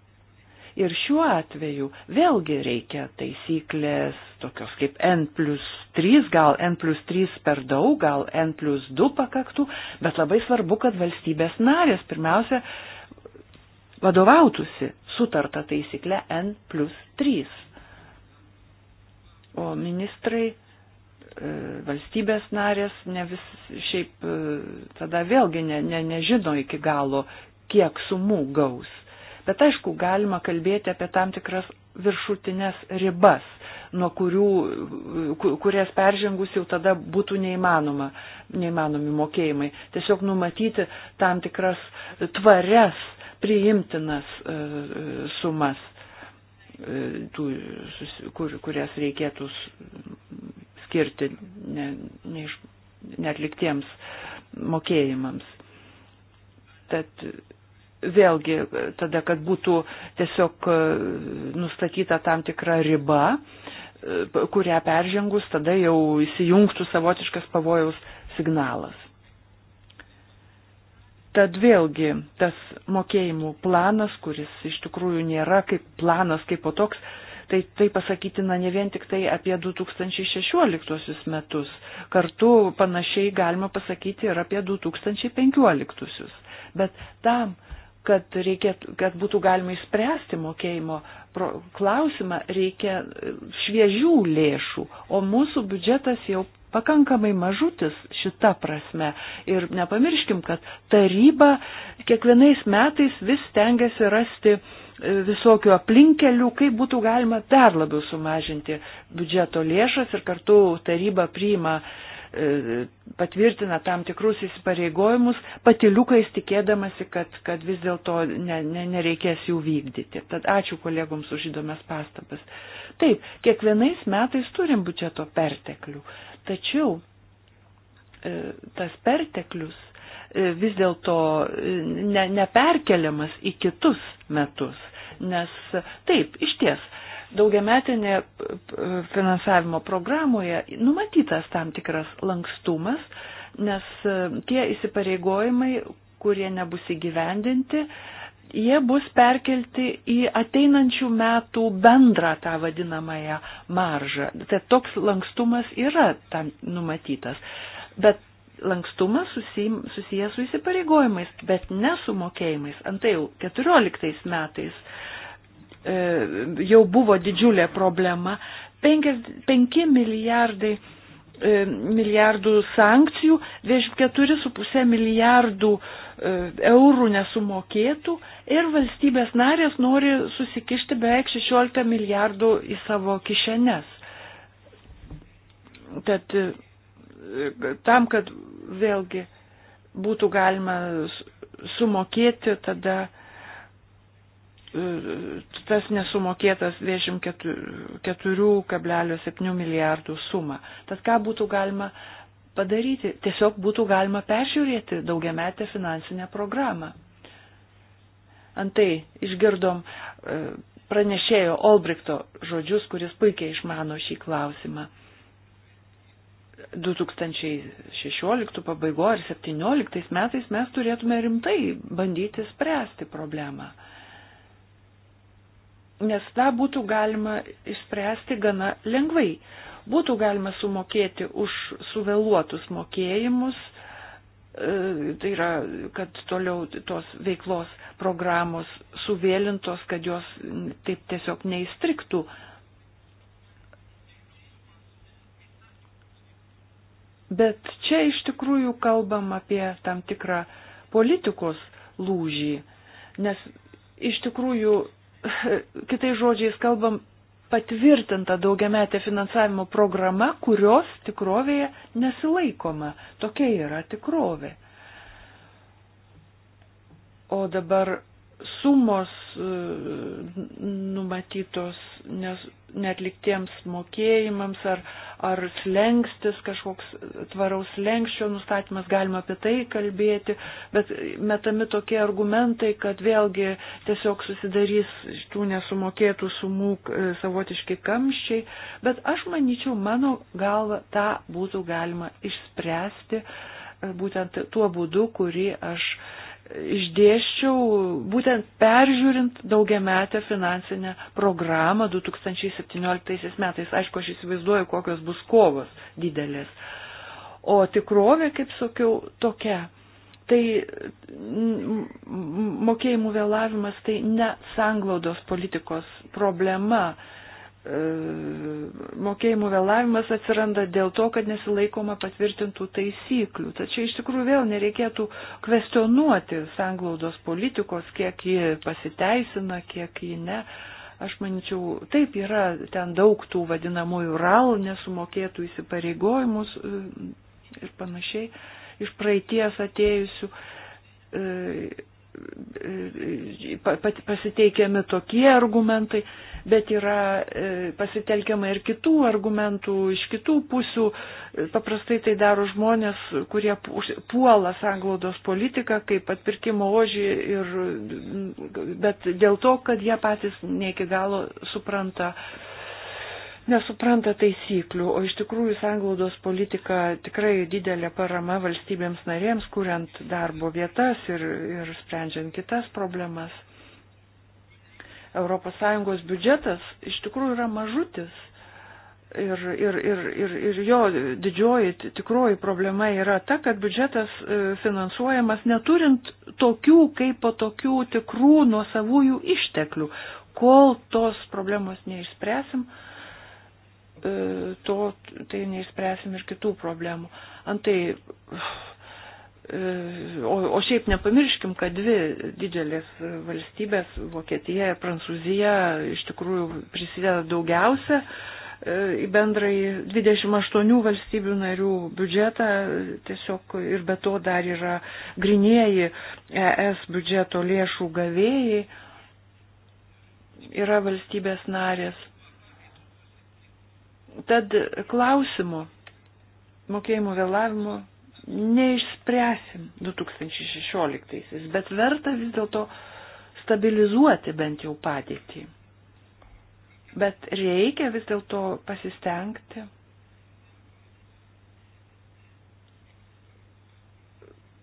Ir šiuo atveju vėlgi reikia taisyklės tokios kaip N plus 3, gal N plus 3 per daug, gal N plus 2 pakaktų, bet labai svarbu, kad valstybės narės pirmiausia vadovautųsi sutarta taisyklė N plus 3. O ministrai e, valstybės narės ne vis šiaip e, tada vėlgi ne, ne, nežino iki galo, kiek sumų gaus. Bet aišku, galima kalbėti apie tam tikras viršutinės ribas, nuo kurių, kurias peržengus jau tada būtų neįmanoma, neįmanomi mokėjimai. Tiesiog numatyti tam tikras tvarias, priimtinas e, sumas, e, tų, kur, kurias reikėtų skirti ne, ne iš, neatliktiems mokėjimams. Tad vėlgi tada, kad būtų tiesiog e, nustatyta tam tikra riba, e, kurią peržengus tada jau įsijungtų savotiškas pavojaus signalas. Tad vėlgi tas mokėjimų planas, kuris iš tikrųjų nėra kaip planas kaip po toks, tai, tai pasakytina ne vien tik tai apie 2016 metus, kartu panašiai galima pasakyti ir apie 2015. Bet tam, kad, reikėtų, kad būtų galima išspręsti mokėjimo klausimą, reikia šviežių lėšų, o mūsų biudžetas jau pakankamai mažutis šita prasme. Ir nepamirškim, kad taryba kiekvienais metais vis tengiasi rasti e, visokių aplinkelių, kaip būtų galima dar labiau sumažinti biudžeto lėšas ir kartu taryba priima uh, E, patvirtina tam tikrus įsipareigojimus, patiliukais tikėdamasi, kad, kad vis dėlto ne, ne, nereikės jų vykdyti. Tad ačiū kolegoms už įdomias pastabas. Taip, kiekvienais metais turim biudžeto perteklių, tačiau e, tas perteklius e, vis dėlto ne, neperkeliamas į kitus metus. Nes taip, iš ties, daugiametinė finansavimo programoje numatytas tam tikras lankstumas, nes e, tie įsipareigojimai, kurie nebus įgyvendinti, jie bus perkelti į ateinančių metų bendrą tą vadinamąją maržą. Tai toks lankstumas yra tam numatytas. Bet lankstumas susijęs su įsipareigojimais, bet ne su mokėjimais. Antai jau 14 metais E, jau buvo didžiulė problema. 5 milijardai e, milijardų sankcijų, 24,5 milijardų e, eurų nesumokėtų ir valstybės narės nori susikišti beveik 16 milijardų į savo kišenes. Tad tam, kad vėlgi būtų galima sumokėti, tada tas nesumokėtas 24,7 milijardų sumą. Tad ką būtų galima padaryti? Tiesiog būtų galima peržiūrėti daugiametę finansinę programą. Antai išgirdom e, pranešėjo Olbrikto žodžius, kuris puikiai išmano šį klausimą. 2016 pabaigo ar 2017 metais mes turėtume rimtai bandyti spręsti problemą nes tą būtų galima išspręsti gana lengvai. Būtų galima sumokėti už suvėluotus mokėjimus, e, tai yra, kad toliau tos veiklos programos suvėlintos, kad jos taip tiesiog neįstriktų. Bet čia iš tikrųjų kalbam apie tam tikrą politikos lūžį, nes iš tikrųjų kitai žodžiais kalbam, patvirtinta daugiametė finansavimo programa, kurios tikrovėje nesilaikoma. Tokia yra tikrovė. O dabar sumos e, numatytos nes, netliktiems mokėjimams ar, ar slengstis, kažkoks tvaraus lenkščio nustatymas, galima apie tai kalbėti, bet metami tokie argumentai, kad vėlgi tiesiog susidarys tų nesumokėtų sumų e, savotiški kamščiai, bet aš manyčiau, mano galva tą būtų galima išspręsti e, būtent tuo būdu, kurį aš išdėščiau būtent peržiūrint daugiametę finansinę programą 2017 metais. Aišku, aš įsivaizduoju, kokios bus kovos didelės. O tikrovė, kaip sakiau, tokia. Tai mokėjimų vėlavimas tai ne sanglaudos politikos problema, E, mokėjimų vėlavimas atsiranda dėl to, kad nesilaikoma patvirtintų taisyklių. Tačiau iš tikrųjų vėl nereikėtų kvestionuoti sanglaudos politikos, kiek ji pasiteisina, kiek ji ne. Aš manyčiau, taip yra ten daug tų vadinamųjų RAL nesumokėtų įsipareigojimus e, ir panašiai iš praeities atėjusių e, pasiteikiami tokie argumentai bet yra e, pasitelkiama ir kitų argumentų iš kitų pusių. E, paprastai tai daro žmonės, kurie puola sanglaudos politiką kaip atpirkimo ožį, ir, bet dėl to, kad jie patys ne iki galo supranta nesupranta taisyklių, o iš tikrųjų sanglaudos politika tikrai didelė parama valstybėms narėms, kuriant darbo vietas ir, ir sprendžiant kitas problemas. ES biudžetas iš tikrųjų yra mažutis. Ir, ir, ir, ir, ir jo didžioji tikroji problema yra ta, kad biudžetas e, finansuojamas neturint tokių kaip po tokių tikrų nuosavųjų išteklių. Kol tos problemos neišspręsim, e, to, tai neišspręsim ir kitų problemų. Antai E, o, o šiaip nepamirškim, kad dvi didelės valstybės, Vokietija ir Prancūzija, iš tikrųjų prisideda daugiausia e, į bendrai 28 valstybių narių biudžetą tiesiog ir be to dar yra grinieji ES biudžeto lėšų gavėjai, yra valstybės narės. Tad klausimų mokėjimų vėlavimo neišspręsim 2016, bet verta vis dėlto stabilizuoti bent jau padėtį. Bet reikia vis dėlto pasistengti,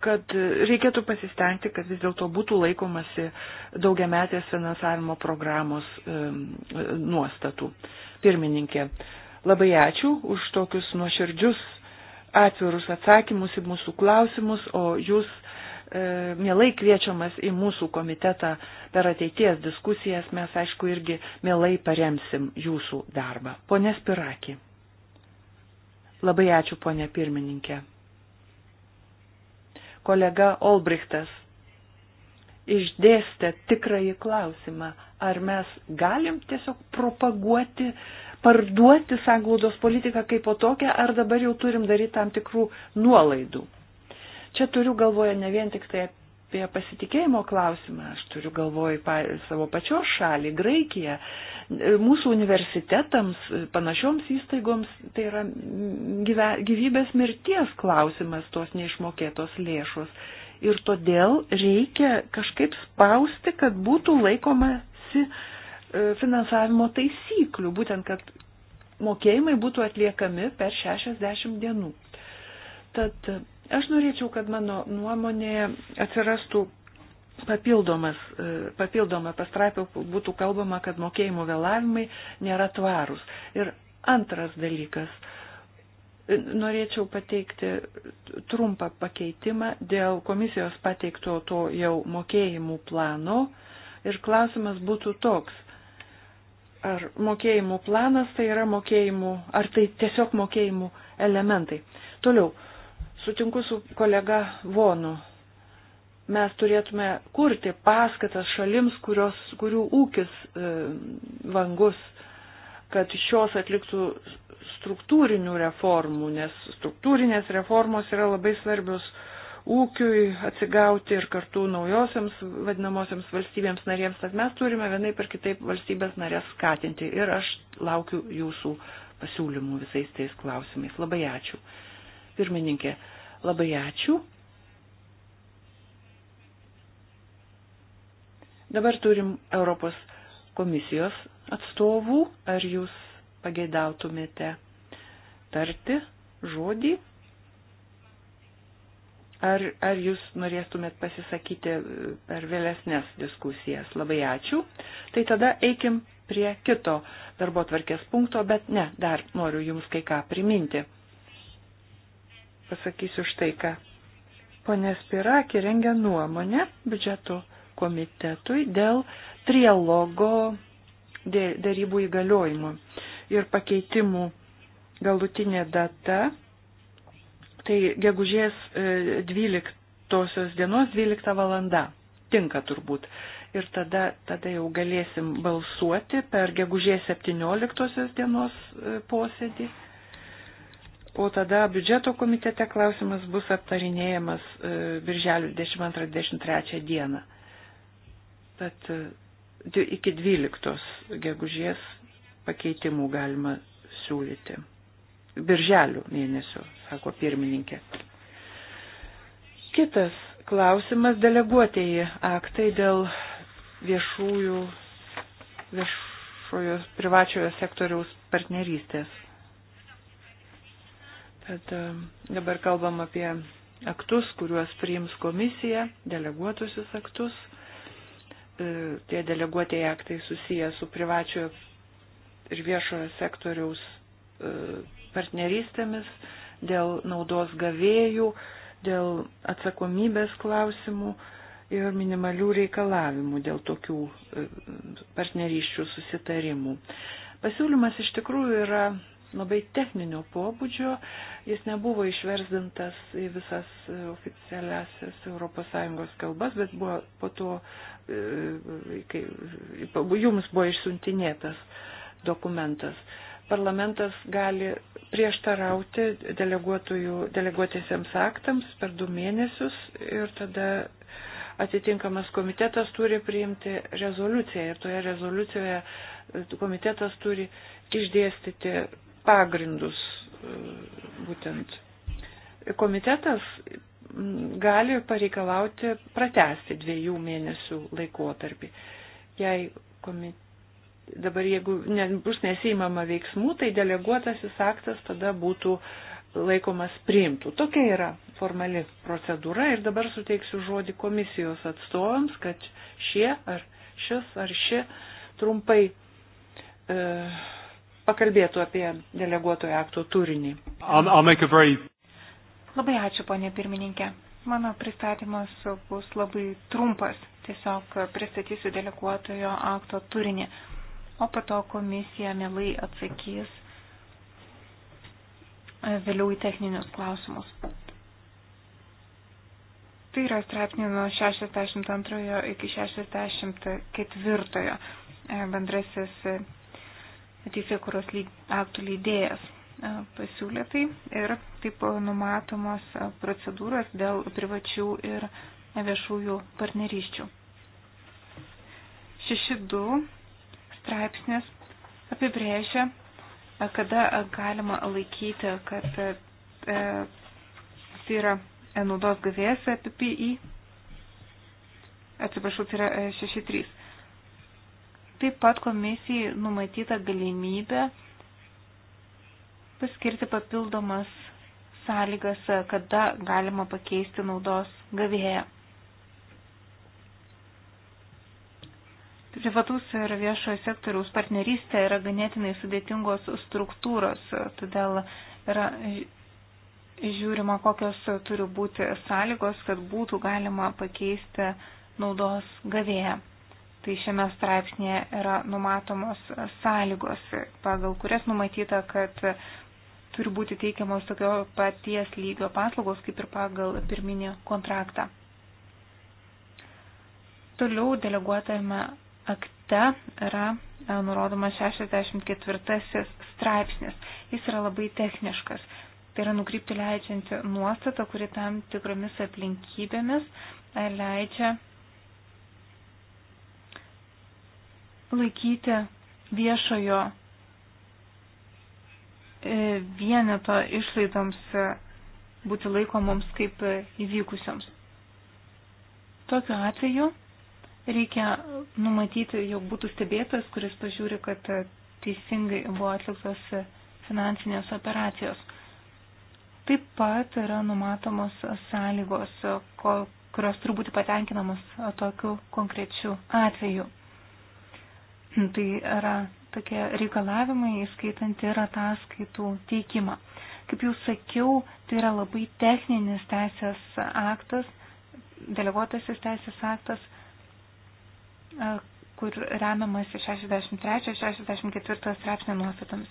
kad reikėtų pasistengti, kad vis dėlto būtų laikomasi daugiametės finansavimo programos nuostatų. Pirmininkė, labai ačiū už tokius nuoširdžius atvirus atsakymus į mūsų klausimus, o jūs e, mielai kviečiamas į mūsų komitetą per ateities diskusijas, mes aišku irgi mielai paremsim jūsų darbą. Pone Spiraki. Labai ačiū, ponė pirmininkė. Kolega Olbrichtas išdėstė tikrąjį klausimą, ar mes galim tiesiog propaguoti parduoti sanglaudos politiką kaip po tokią, ar dabar jau turim daryti tam tikrų nuolaidų. Čia turiu galvoje ne vien tik tai apie pasitikėjimo klausimą, aš turiu galvoje pa, savo pačios šalį, Graikiją. Mūsų universitetams, panašioms įstaigoms tai yra gyve, gyvybės mirties klausimas tos neišmokėtos lėšos. Ir todėl reikia kažkaip spausti, kad būtų laikomasi E, finansavimo taisyklių, būtent kad mokėjimai būtų atliekami per 60 dienų. Tad e, aš norėčiau, kad mano nuomonė atsirastų papildomas, e, papildoma pastraipė, būtų kalbama, kad mokėjimų vėlavimai nėra tvarūs. Ir antras dalykas, norėčiau pateikti trumpą pakeitimą dėl komisijos pateikto to jau mokėjimų plano. Ir klausimas būtų toks, ar mokėjimų planas tai yra mokėjimų, ar tai tiesiog mokėjimų elementai. Toliau, sutinku su kolega Vonu. Mes turėtume kurti paskatas šalims, kurios, kurių ūkis e, vangus, kad šios atliktų struktūrinių reformų, nes struktūrinės reformos yra labai svarbios ūkiui atsigauti ir kartu naujosiams vadinamosiams valstybėms narėms, tad mes turime vienai per kitaip valstybės narės skatinti ir aš laukiu jūsų pasiūlymų visais tais klausimais. Labai ačiū. Pirmininkė, labai ačiū. Dabar turim Europos komisijos atstovų. Ar jūs pageidautumėte tarti žodį? Ar, ar jūs norėtumėt pasisakyti e, per vėlesnės diskusijas? Labai ačiū. Tai tada eikim prie kito darbo tvarkės punkto, bet ne, dar noriu jums kai ką priminti. Pasakysiu štai ką. Pone Spiraki rengia nuomonę biudžeto komitetui dėl trialogo dėrybų įgaliojimo ir pakeitimų galutinė data Tai gegužės 12 e, dienos 12 valanda. Tinka turbūt. Ir tada, tada jau galėsim balsuoti per gegužės 17 dienos e, posėdį. O tada biudžeto komitete klausimas bus aptarinėjamas e, birželio 22-23 dieną. Tad iki 12 gegužės pakeitimų galima siūlyti birželio mėnesio, sako pirmininkė. Kitas klausimas - deleguotieji aktai dėl viešųjų, viešojo privačiojo sektoriaus partnerystės. Tad um, dabar kalbam apie aktus, kuriuos priims komisija, deleguotusius aktus. E, tie deleguotieji aktai susiję su privačiojo ir viešojo sektoriaus E, partnerystėmis, dėl naudos gavėjų, dėl atsakomybės klausimų ir minimalių reikalavimų dėl tokių e, partnerysčių susitarimų. Pasiūlymas iš tikrųjų yra labai techninio pobūdžio, jis nebuvo išversdintas į visas e, oficialiasias ES kalbas, bet buvo po to, kai jums buvo išsiuntinėtas dokumentas parlamentas gali prieštarauti deleguotiesiems aktams per du mėnesius ir tada atitinkamas komitetas turi priimti rezoliuciją ir toje rezoliucijoje komitetas turi išdėstyti pagrindus e, būtent. Komitetas gali pareikalauti pratesti dviejų mėnesių laikotarpį. Jei komitetas dabar jeigu ne, bus nesijimama veiksmų, tai deleguotasis aktas tada būtų laikomas priimtų. Tokia yra formali procedūra ir dabar suteiksiu žodį komisijos atstovams, kad šie ar šis ar ši trumpai e, pakalbėtų apie deleguotojo akto turinį. I'll, I'll very... Labai ačiū, ponė pirmininkė. Mano pristatymas bus labai trumpas. Tiesiog pristatysiu deleguotojo akto turinį o po to komisija mielai atsakys e, vėliau į techninius klausimus. Tai yra straipsnių nuo 62 iki 64 e, bendrasis e, teisėkuros aktų leidėjas pasiūlė tai ir taip numatomos procedūros dėl privačių ir viešųjų partnerysčių. 6.2 straipsnis apibrėžia, e, kada e, galima laikyti, kad e, e tai yra naudos gavėjas PPI. Atsiprašau, tai yra 6.3. Taip pat komisijai numatyta galimybė paskirti papildomas sąlygas, kada galima pakeisti naudos gavėją. Privatus ir viešojo sektoriaus partnerystė yra ganėtinai sudėtingos struktūros, todėl yra žiūrima, kokios turi būti sąlygos, kad būtų galima pakeisti naudos gavėją. Tai šiame straipsnėje yra numatomos sąlygos, pagal kurias numatyta, kad turi būti teikiamos tokio paties lygio paslaugos kaip ir pagal pirminį kontraktą. Toliau deleguotame akte yra e, nurodomas 64 straipsnis. Jis yra labai techniškas. Tai yra nukrypti leidžianti nuostata, kuri tam tikromis aplinkybėmis e, leidžia laikyti viešojo e, vieneto išlaidoms būti laikomoms kaip įvykusioms. Tokiu atveju Reikia numatyti, jog būtų stebėtas, kuris pažiūri, kad teisingai buvo atliktos finansinės operacijos. Taip pat yra numatomos sąlygos, kurios turi būti patenkinamos tokiu konkrečiu atveju. Tai yra tokie reikalavimai, įskaitant ir ataskaitų teikimą. Kaip jau sakiau, tai yra labai techninis teisės aktas, deleguotasis teisės aktas, E, kur remiamas 63-64 straipsnio nuostatomis.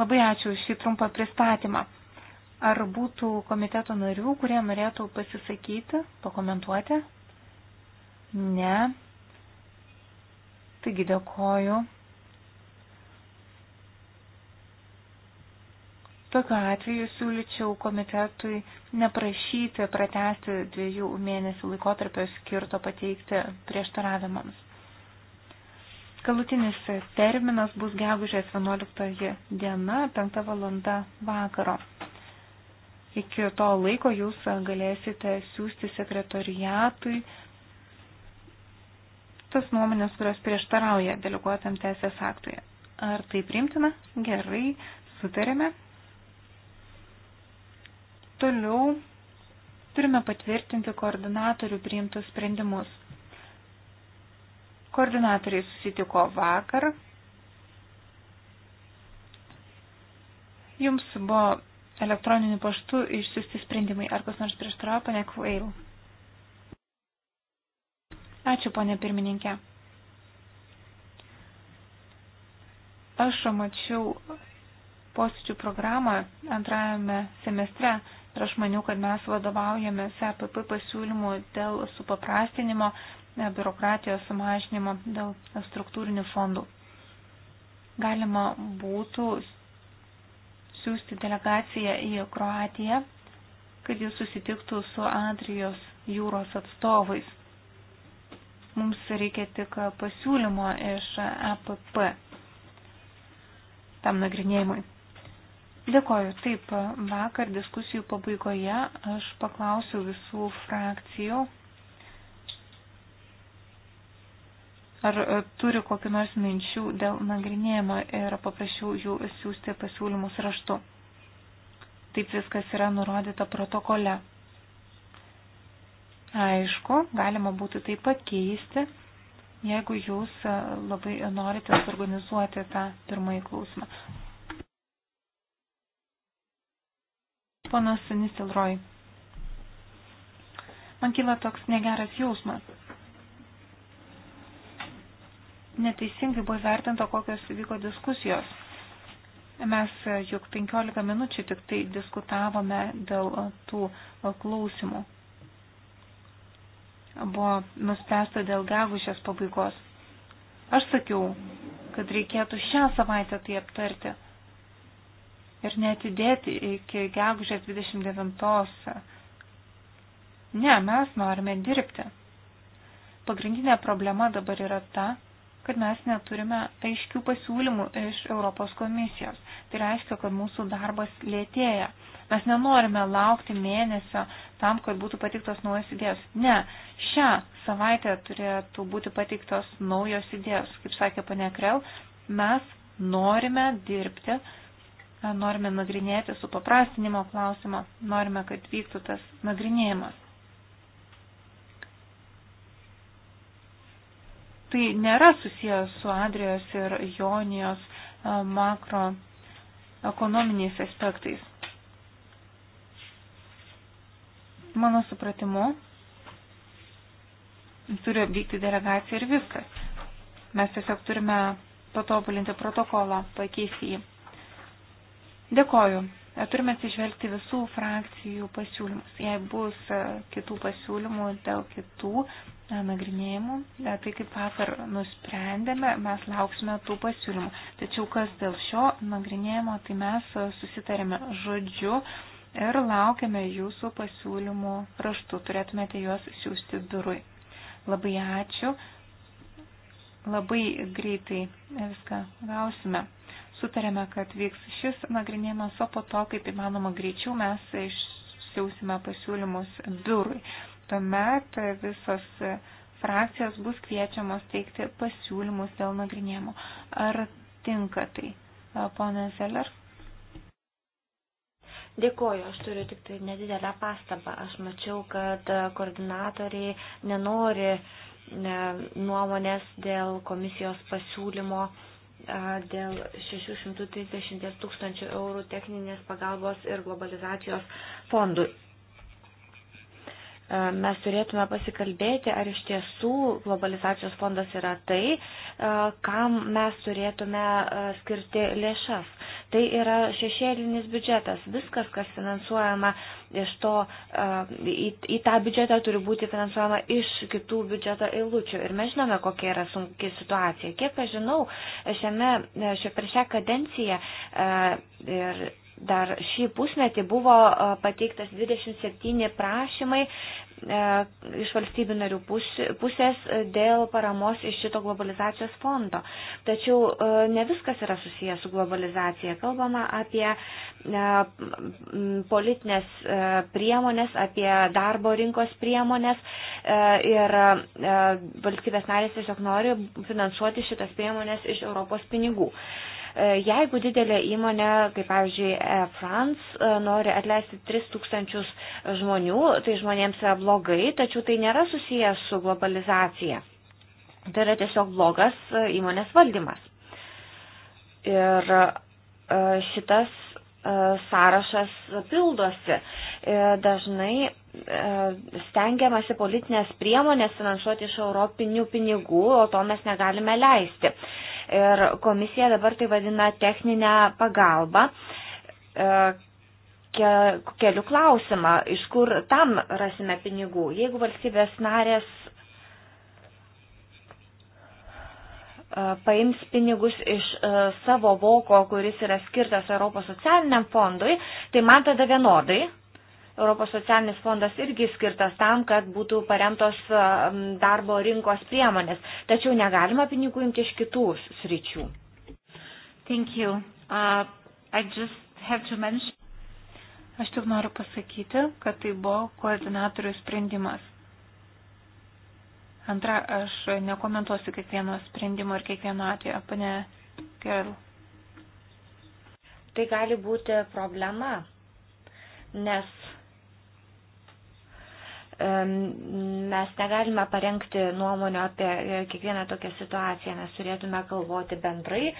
Labai ačiū šį trumpą pristatymą. Ar būtų komiteto narių, kurie norėtų pasisakyti, pakomentuoti? Ne. Taigi dėkoju Tokiu atveju siūlyčiau komitetui neprašyti pratesti dviejų mėnesių laikotarpio skirto pateikti prieštaravimams. Galutinis terminas bus gegužės 11 diena, 5 valanda vakaro. Iki to laiko jūs galėsite siūsti sekretoriatui tas nuomonės, kurios prieštarauja deleguotam teisės aktui. Ar tai primtina? Gerai, sutarėme. Toliau turime patvirtinti koordinatorių priimtus sprendimus. Koordinatoriai susitiko vakar. Jums buvo elektroniniu paštu išsiusti sprendimai. Ar kas nors prieštarauja, pane Kvail? Ačiū, ponė pirmininkė. Aš mačiau posėdžių programą antrajame semestre Ir aš maniau, kad mes vadovaujame SAPP pasiūlymų dėl supaprastinimo, e, biurokratijos sumažinimo, dėl struktūrinių fondų. Galima būtų siūsti delegaciją į Kroatiją, kad jis susitiktų su Adrijos jūros atstovais. Mums reikia tik pasiūlymo iš APP e tam nagrinėjimui. Dėkoju. Taip, vakar diskusijų pabaigoje aš paklausiau visų frakcijų, ar turi kokį nors minčių dėl nagrinėjimo ir paprašiau jų siūsti pasiūlymus raštu. Taip viskas yra nurodyta protokole. Aišku, galima būtų tai pakeisti, jeigu jūs labai norite suorganizuoti tą pirmąjį klausimą. Ponas Nistelroj. Man kyla toks negeras jausmas. Neteisingai buvo vertinta, kokios vyko diskusijos. Mes juk 15 minučių tik tai diskutavome dėl tų klausimų. Buvo nuspręsta dėl gegužės pabaigos. Aš sakiau, kad reikėtų šią savaitę tai aptarti ir netidėti iki gegužės 29. Ne, mes norime dirbti. Pagrindinė problema dabar yra ta, kad mes neturime aiškių pasiūlymų iš Europos komisijos. Tai reiškia, kad mūsų darbas lėtėja. Mes nenorime laukti mėnesio tam, kad būtų patiktos naujos idėjos. Ne, šią savaitę turėtų būti patiktos naujos idėjos. Kaip sakė pane Krel, mes norime dirbti norime nagrinėti su paprastinimo klausimą, norime, kad vyktų tas nagrinėjimas. Tai nėra susijęs su Adrijos ir Jonijos makroekonominiais aspektais. Mano supratimu, turi vykti delegacija ir viskas. Mes tiesiog turime patobulinti protokolą, pakeisti jį. Dėkoju. Turime atsižvelgti visų frakcijų pasiūlymus. Jei bus e, kitų pasiūlymų dėl kitų e, nagrinėjimų, e, tai kaip vakar nusprendėme, mes lauksime tų pasiūlymų. Tačiau kas dėl šio nagrinėjimo, tai mes susitarėme žodžiu ir laukiame jūsų pasiūlymų raštu. Turėtumėte juos siūsti biurui. Labai ačiū. Labai greitai viską gausime sutarėme, kad vyks šis nagrinėjimas, o po to, kaip įmanoma greičiau, mes išsiausime pasiūlymus biurui. Tuomet visos frakcijos bus kviečiamos teikti pasiūlymus dėl nagrinėjimo. Ar tinka tai, ponė Zeller? Dėkoju, aš turiu tik tai nedidelę pastabą. Aš mačiau, kad koordinatoriai nenori nuomonės dėl komisijos pasiūlymo uh, dėl 630 tūkstančių eurų techninės pagalbos ir globalizacijos fondų. Mes turėtume pasikalbėti, ar iš tiesų globalizacijos fondas yra tai, kam mes turėtume skirti lėšas. Tai yra šešėlinis biudžetas. Viskas, kas finansuojama iš to, į, į tą biudžetą turi būti finansuojama iš kitų biudžeto eilučių. Ir mes žinome, kokia yra sunki situacija. Kiek aš žinau, šiame, šia, per šią kadenciją ir dar šį pusmetį buvo e, pateiktas 27 prašymai e, iš valstybių narių pusės e, dėl paramos iš šito globalizacijos fondo. Tačiau ne viskas yra susijęs su globalizacija. Kalbama apie politinės priemonės, apie darbo rinkos priemonės ir valstybės narės tiesiog nori finansuoti šitas priemonės iš Europos pinigų. E, jeigu didelė įmonė, kaip pavyzdžiui France, e, nori atleisti 3000 žmonių, tai žmonėms yra blogai, tačiau tai nėra susijęs su globalizacija. Tai yra tiesiog blogas e, įmonės valdymas. Ir šitas sąrašas pildosi. Dažnai stengiamasi politinės priemonės finansuoti iš europinių pinigų, o to mes negalime leisti. Ir komisija dabar tai vadina techninę pagalbą. E, keliu klausimą, iš kur tam rasime pinigų. Jeigu valstybės narės e, paims pinigus iš e, savo voko, kuris yra skirtas Europos socialiniam fondui, tai man tada vienodai Europos socialinis fondas irgi skirtas tam, kad būtų paremtos darbo rinkos priemonės, tačiau negalima pinigų imti iš kitų sričių. Uh, mention... Aš tik noriu pasakyti, kad tai buvo koordinatorių sprendimas. Antra, aš nekomentuosiu kiekvieno sprendimo ir kiekvieno atveju. Pane Gerl. Tai gali būti problema, nes mes negalime parengti nuomonio apie e, kiekvieną tokią situaciją, mes turėtume galvoti bendrai,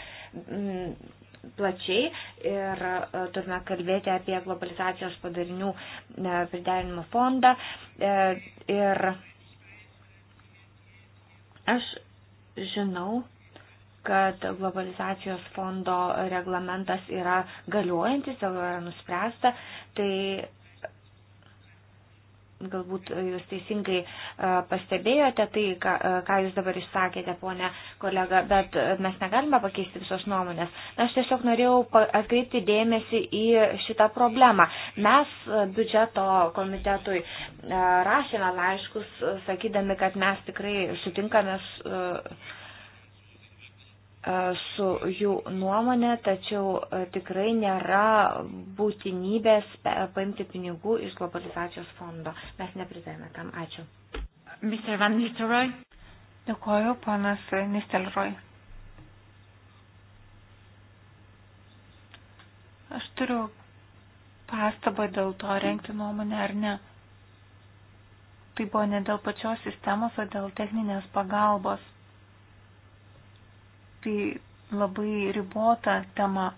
plačiai ir e, turime kalbėti apie globalizacijos padarinių e, priderinimo fondą. Ir aš žinau, kad globalizacijos fondo reglamentas yra galiojantis, jau yra nuspręsta, tai galbūt e, jūs teisingai e, pastebėjote tai, ką, e, ką jūs dabar išsakėte, ponė kolega, bet mes negalime pakeisti visos nuomonės. Aš tiesiog norėjau atkreipti dėmesį į šitą problemą. Mes biudžeto komitetui rašėme laiškus, sakydami, kad mes tikrai sutinkame su E, su jų nuomonė, tačiau e, tikrai nėra būtinybės e, paimti pinigų iš globalizacijos fondo. Mes nepritarėme tam. Ačiū. Mr. Van Nistelrooy. Dėkoju, panas Nistelrooy. Aš turiu pastabą dėl to renkti nuomonę ar ne. Tai buvo ne dėl pačios sistemos, o dėl techninės pagalbos tai labai ribota tema.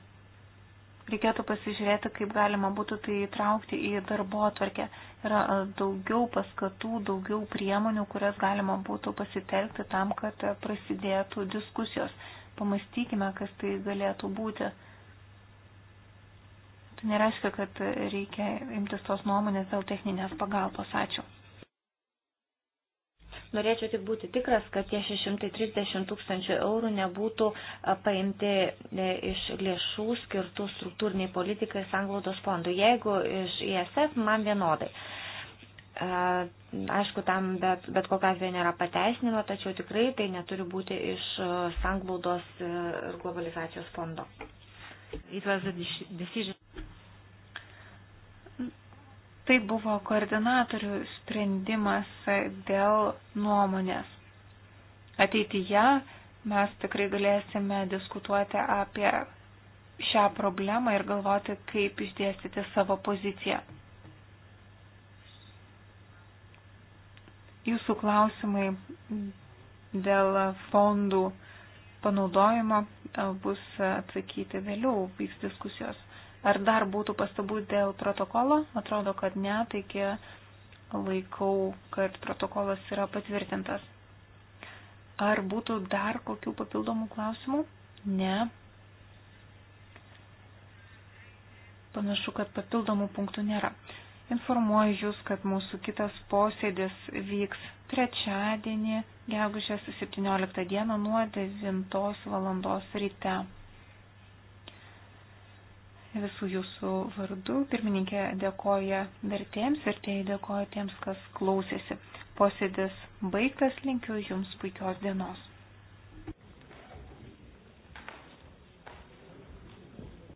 Reikėtų pasižiūrėti, kaip galima būtų tai įtraukti į darbo atvarkę. Yra e, daugiau paskatų, daugiau priemonių, kurias galima būtų pasitelkti tam, kad e, prasidėtų diskusijos. Pamastykime, kas tai galėtų būti. Tai nereiškia, kad reikia imtis tos nuomonės dėl techninės pagalbos. Ačiū. Norėčiau tik būti tikras, kad tie 630 tūkstančių eurų nebūtų paimti e, iš lėšų skirtų struktūriniai politikai sanglaudos fondų. Jeigu iš ISF, man vienodai. Aišku, tam bet, bet kokia atveju nėra pateisinimo, tačiau tikrai tai neturi būti iš sanglaudos e, ir globalizacijos fondo. Tai buvo koordinatorių sprendimas dėl nuomonės. Ateityje mes tikrai galėsime diskutuoti apie šią problemą ir galvoti, kaip išdėstyti savo poziciją. Jūsų klausimai dėl fondų panaudojimo bus atsakyti vėliau, vyks diskusijos. Ar dar būtų pastabų dėl protokolo? Atrodo, kad ne, taigi laikau, kad protokolas yra patvirtintas. Ar būtų dar kokių papildomų klausimų? Ne. Panašu, kad papildomų punktų nėra. Informuoju Jūs, kad mūsų kitas posėdis vyks trečiadienį, gegužės 17 dieną nuo 9 val. ryte visų jūsų vardų. Pirmininkė dėkoja vertėjams, vertėjai dėkoja tiems, kas klausėsi. Posėdis baigtas, linkiu Jums puikios dienos.